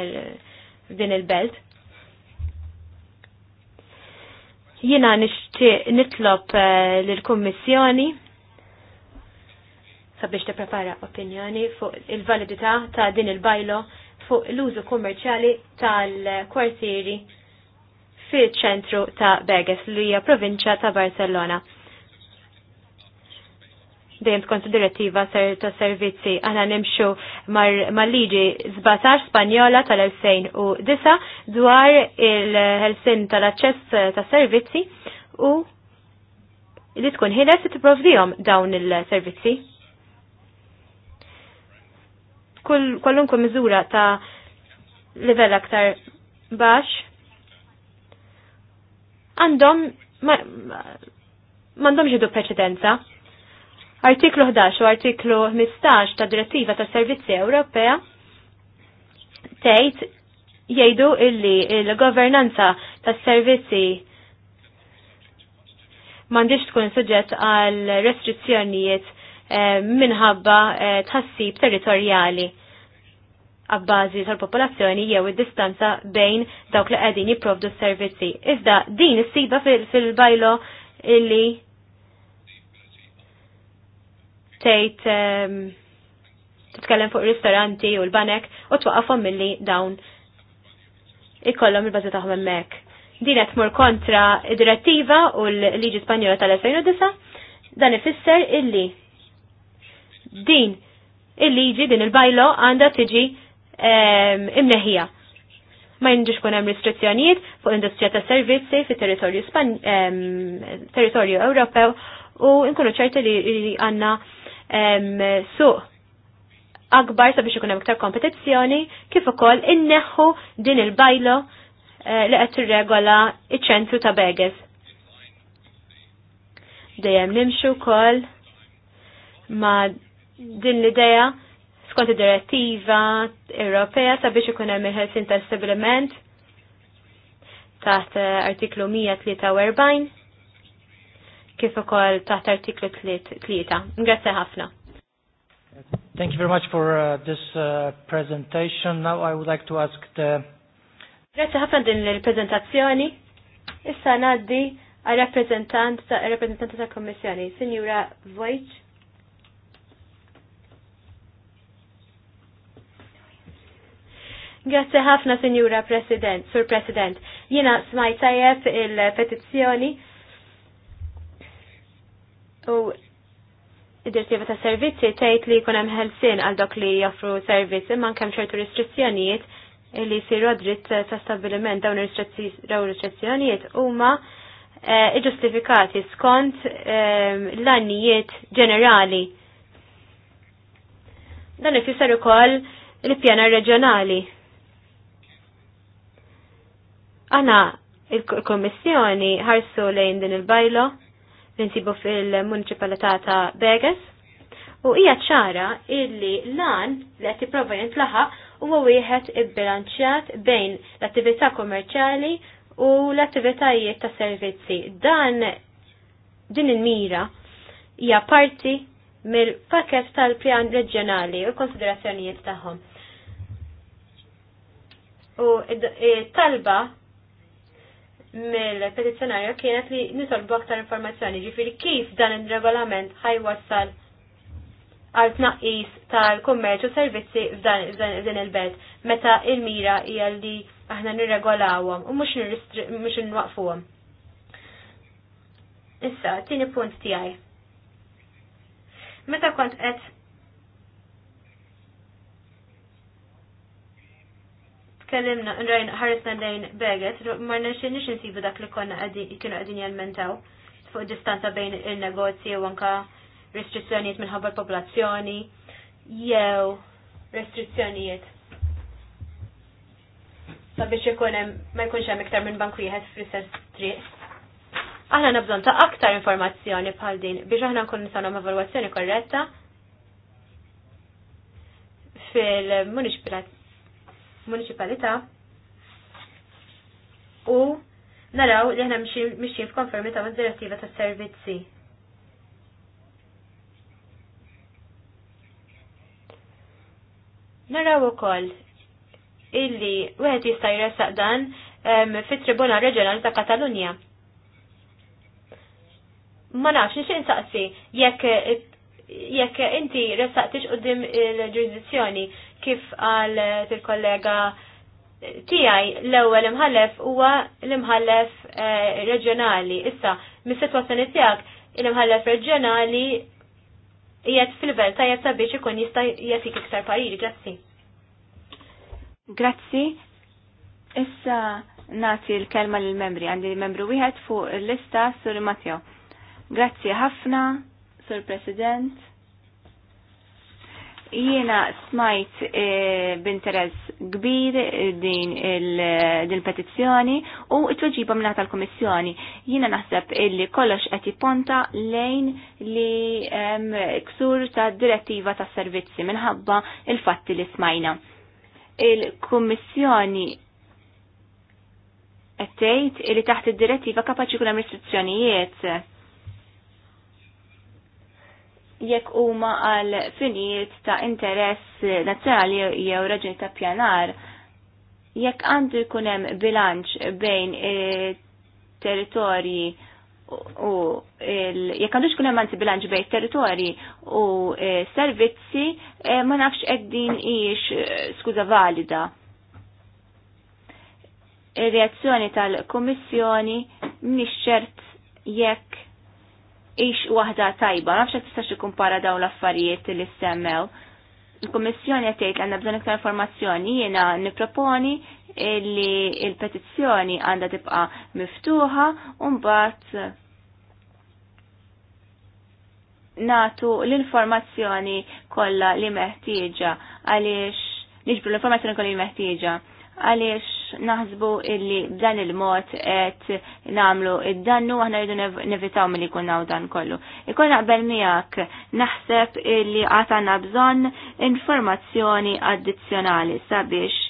din il-belt. Jiena nixtieq nitlob eh, lill-Kummissjoni sabiex tipprepara opinjoni fuq il-validità ta' din il-bajlo fuq l-użu kummerċjali tal-kwartieri fil-ċentru ta' Beges li hija provinċja ta' Barcellona. Dejjem tkun direttiva ser ta' servizzi għana nimxu mal-liġi 17 Spanjola tal-2009 dwar il-ħelsin tal-aċċess eh, ta' servizzi u li tkun ħiles tipprovdihom dawn il-servizzi. Kollunku miżura ta' livell aktar baxx għandhom m'għandhomx idu preċedenza. Artiklu 11 u artiklu 15 ta' direttiva ta' servizzi Ewropea tgħid jgħidu illi il-governanza ta' servizzi mandiġ tkun suġġett għal restrizzjonijiet eh, minħabba eh, tħassib territorjali għabbażi tal-popolazzjoni jew id-distanza bejn dawk li qegħdin jipprovdu s-servizzi. Iżda din is-siba fil-bajlo illi tgħid ehm, titkellem fuq ristoranti u l-banek u twaqafhom milli dawn ikollhom il-bażi tagħhom hemmhekk. Din qed tmur kontra id-direttiva u l-liġi Spanjola tal-2009 dan ifisser illi din il-liġi din il-bajlo għandha tiġi imneħija. Ma jindġiġ kun hemm restrizzjonijiet fuq industrija ta' servizzi fit territorju territorju Ewropew u nkunu ċerti li għanna suq akbar sabiex ikun hemm iktar kompetizzjoni kif ukoll inneħħu din il-bajlo eh, li qed tirregola iċ-ċentru ta' Beges. Dejjem nimxu wkoll ma' din l-idea skont id-direttiva Ewropea sabiex ikun hemm il-ħelsin tal-stabilment taħt eh, artiklu 143 kif ukoll taħt artiklu 3. Ingrazzja ħafna.
Thank you very much for uh, this uh, presentation. Now I would like to ask the
Grazzi ħafna din il-prezentazzjoni. Issa ngħaddi għal rappresentant ta' rappresentanti ta' Kommissjoni, Signora Vojt. Grazzi ħafna, Sinjura President, Sur President. Jina smajt tajjeb il-petizzjoni u id-dirtiva ta' servizzi tgħid li jkun hemm ħelsien għal dok li joffru servizz imma kemm ċertu restrizzjonijiet li jsiru dritt ta' stabbiliment dawn ir-restrizzjonijiet huma eh, iġustifikati skont ehm, l-annijiet ġenerali. Dan ifisser ukoll l-pjana reġjonali. Għana il-Kommissjoni ħarsu lejn din il-bajlo li insibu fil-Municipalità ta' Beges u hija ċara illi lan li qed prova jintlaħa huwa wieħed ibbilanċjat bejn l-attività kommerċjali u l-attivitajiet ta' servizzi. Dan din il-mira hija parti mill-pakket tal-pjan reġjonali u konsiderazzjonijiet tagħhom. U e, talba mill-petizzjonarja kienet li nisolbu aktar informazzjoni ġifiri kif dan il-regolament ħajwassal għal tnaqqis tal-kummerċu servizzi f'din il-belt meta il-mira hija li aħna nirregolawhom u mhux mhux nwaqfuhom. Issa, tieni punt tiegħi. Meta kont qed Kellimna nrajn ħaresna lejn beget, ma nix nsibu dak li konna kienu għadin jalmentaw fuq distanza bejn il-negozji u anka restrizzjonijiet minħabba l-popolazzjoni jew restrizzjonijiet sabiex ikun hemm ma jkunx hemm iktar minn bank wieħed fl-istess triq. Aħna nabżon ta' aktar informazzjoni bħal din biex aħna nkun nistgħu evalwazzjoni korretta fil-mhux munix municipalità u naraw li ħna mixin f'konformità mad direttiva tas servizzi. Naraw ukoll illi wieħed jista' jressaq dan fit-Tribunal Reġjonali ta' Katalunja. Ma nafx nixi insaqsi jekk jekk inti ressaqtix qudiem il-ġurisdizzjoni kif qalet il-kollega tiegħi l-ewwel imħallef huwa l-imħallef eh, reġjonali. Issa, mis-sitwazzjoni tiegħek l-imħallef reġjonali jgħet fil-vel ta' jgħet sabiex ikun jista' jgħetik iktar pariri, grazzi.
Grazzi. Issa nati l-kelma l-membri, għandi membru wieħed fuq il-lista Sur Matteo. Grazzi ħafna, Sur President. Jiena smajt eh, b'interess kbir eh, eh, din il-petizzjoni u it-tweġiba minna tal-Komissjoni. Jiena naħseb illi kollox qed jipponta lejn li ksur ta' direttiva ta' servizzi minħabba il-fatti li smajna. Il-Kummissjoni qed tgħid li taħt id-direttiva kapaċi kull hemm restrizzjonijiet jekk huma għal finijiet ta' interess nazzjonali jew raġuni ta' pjanar. Jekk għandu jkun hemm bilanċ bejn e, territorji u jekk għandux kun hemm bilanċ bejn territorji u e, servizzi e, ma nafx eddin din skuza skuża valida. reazzjoni tal-Kummissjoni mhix ċert jekk ix waħda tajba, nafx qed tistax kumpara dawn l-affarijiet li semmew. Il-Kummissjoni qed tgħid bżon bżonn iktar informazzjoni, jiena nipproponi li il-petizzjoni għandha tibqa' miftuħa u mbagħad natu l-informazzjoni kollha li meħtieġa għaliex niġbru l-informazzjoni kollha li meħtieġa għaliex naħsbu illi dan il-mod qed namlu id-dannu aħna jidu nevitaw milli jkun naw dan kollu. Ikonna naqbel miegħek naħseb illi għatana bżonn informazzjoni addizzjonali sabiex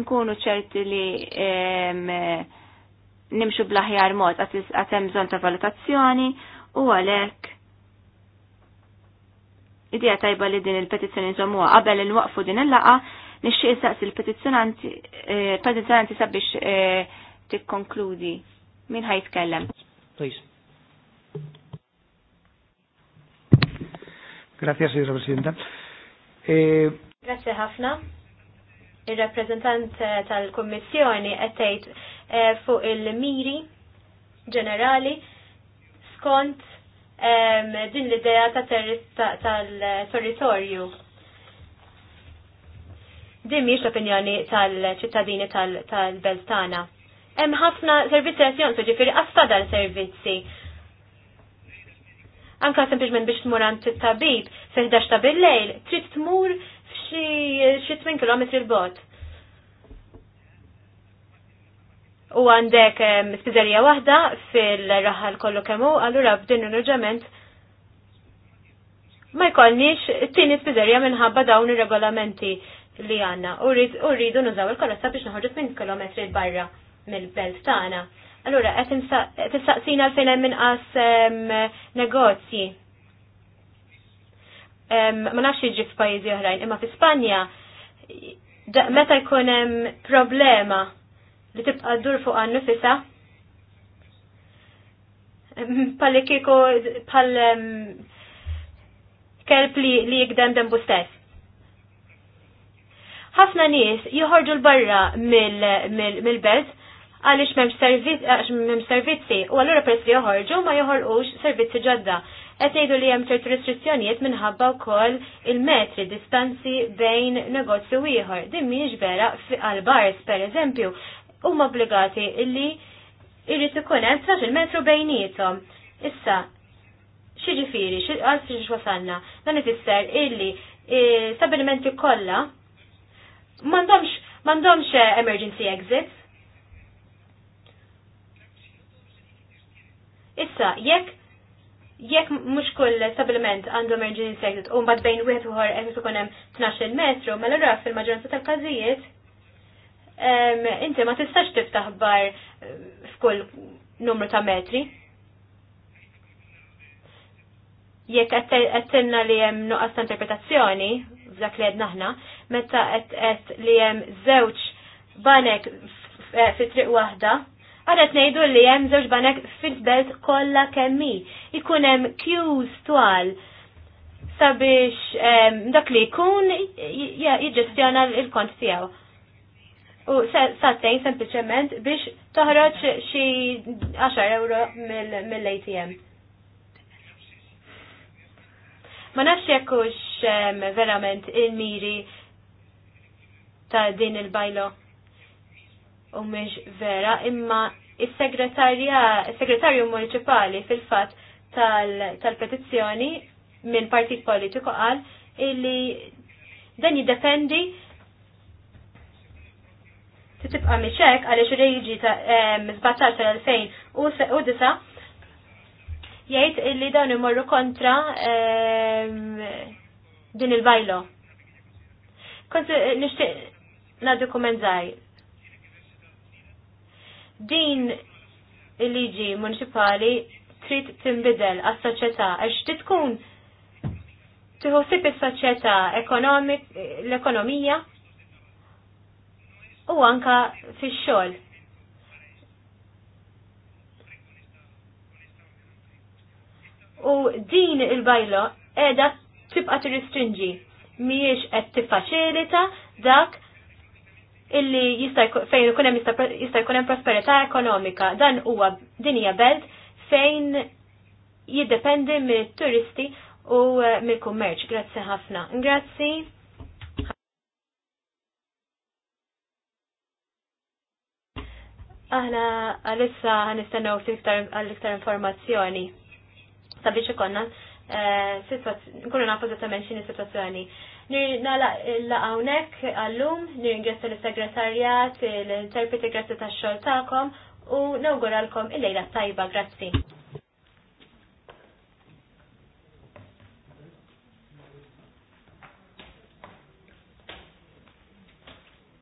nkunu ċerti li nimxu blaħjar mod għatem bżonn ta' valutazzjoni u għalhekk Idija tajba li din il-petizzjoni nżommuha qabel il-waqfu din il-laqa Nixxie saqsi l-petizjonanti eh, sabiex eh, tikkonkludi. Min ħajtkellem?
Please. Grazie, signora Presidenta. Eh,
Grazie ħafna. Il-rappresentant tal-Kommissjoni għettejt fuq il-miri ġenerali skont ehm, din l-idea tal-territorju. Din mhix l-opinjoni tal-ċittadini tal-belt tagħna. Hemm ħafna servizzi qed jonsu ġifieri qasfada l-servizzi. Anka sempliċement biex tmur għand tit-tabib, se ħdax ta' bil-lejl, trid tmur f'xi 8 km l bot U għandek spiżerija waħda fil-raħal kollu kemmu, allura b'din il-raġament ma jkollniex t-tini spiżerija minħabba dawn ir-regolamenti li għanna u rridu nużaw il-karozza biex noħorġu 8 km barra mill-belt tagħna. Allura qed tistaqsina għalfejn hemm inqas negozji. Ma nafx jiġi f'pajjiżi oħrajn, imma fi Spanja meta jkun hemm problema li tibqa' dur fuq għan-nifisa, palli kieku pal kelb li jikdem dembu stess ħafna nies jħorġu l-barra mill-belt għaliex m'hemmx servizzi u allura peress li joħorġu ma joħorqux servizzi ġodda. Qed jgħidu li hemm ċertu restrizzjonijiet minħabba wkoll il-metri distanzi bejn negozju ieħor. Din mhijiex vera għal-bars pereżempju huma obbligati illi irrid ikun hemm il-metru bejnietom. Issa, xi ġifieri, għal xi wasalna, dan ifisser illi eh, stabilimenti kollha mandomx, mandomx eh, emergency exits. Issa, jekk jekk mhux kull stabilment għandu emergency exit u mbagħad bejn wieħed uħor qed ikun hemm 12 metru, mela ra fil-maġġoranza tal-każijiet inti ma tistax tiftaħ bar eh, f'kull numru ta' metri. Jekk qed għattilna li hemm nuqqas ta' interpretazzjoni f'dak li għedna meta qed qed li hemm żewġ banek fi triq waħda, għadet ngħidu li hemm żewġ banek fil-belt kollha kemmi. Ikun hemm kjuż twal sabiex dak li jkun jiġġestjona l-kont tiegħu. U sattejn sempliċement biex toħroġ xi 10 euro mill-ATM. Ma nafx jekkux verament il-miri ta' din il-bajlo u mhix vera, imma il-segretarju municipali fil-fat tal-petizzjoni tal minn partit politiku qal illi dan jiddependi titibqa miċek għaliex reġi ta' 17 tal-2009 jgħid illi dawn imorru kontra din il-bajlo. Kont nadu dokument Din il-liġi municipali trid timbidel għas soċjetà għax trid tkun tħossib is-soċjetà
l-ekonomija
u anka fix-xogħol. U din il-bajlo qiegħda tibqa' tirristrinġi mhijiex qed tiffaċilita dak illi jista' fejn ikun hemm jista' jkun hemm prosperità ekonomika. Dan huwa din hija belt fejn jiddependi mit-turisti u eh, mill-kummerċ. Grazzi ħafna. Grazzi. Aħna għalissa ħanistennew għal iktar informazzjoni sabiex ikonna eh, nkunu nafu eżattament x'inhi situazzjoni. Nalaq għawnek għallum, nirringrazza l-segretarjat, l-interpreti grazzi ta' xoltakom u nawguralkom il-lejla tajba, grazzi.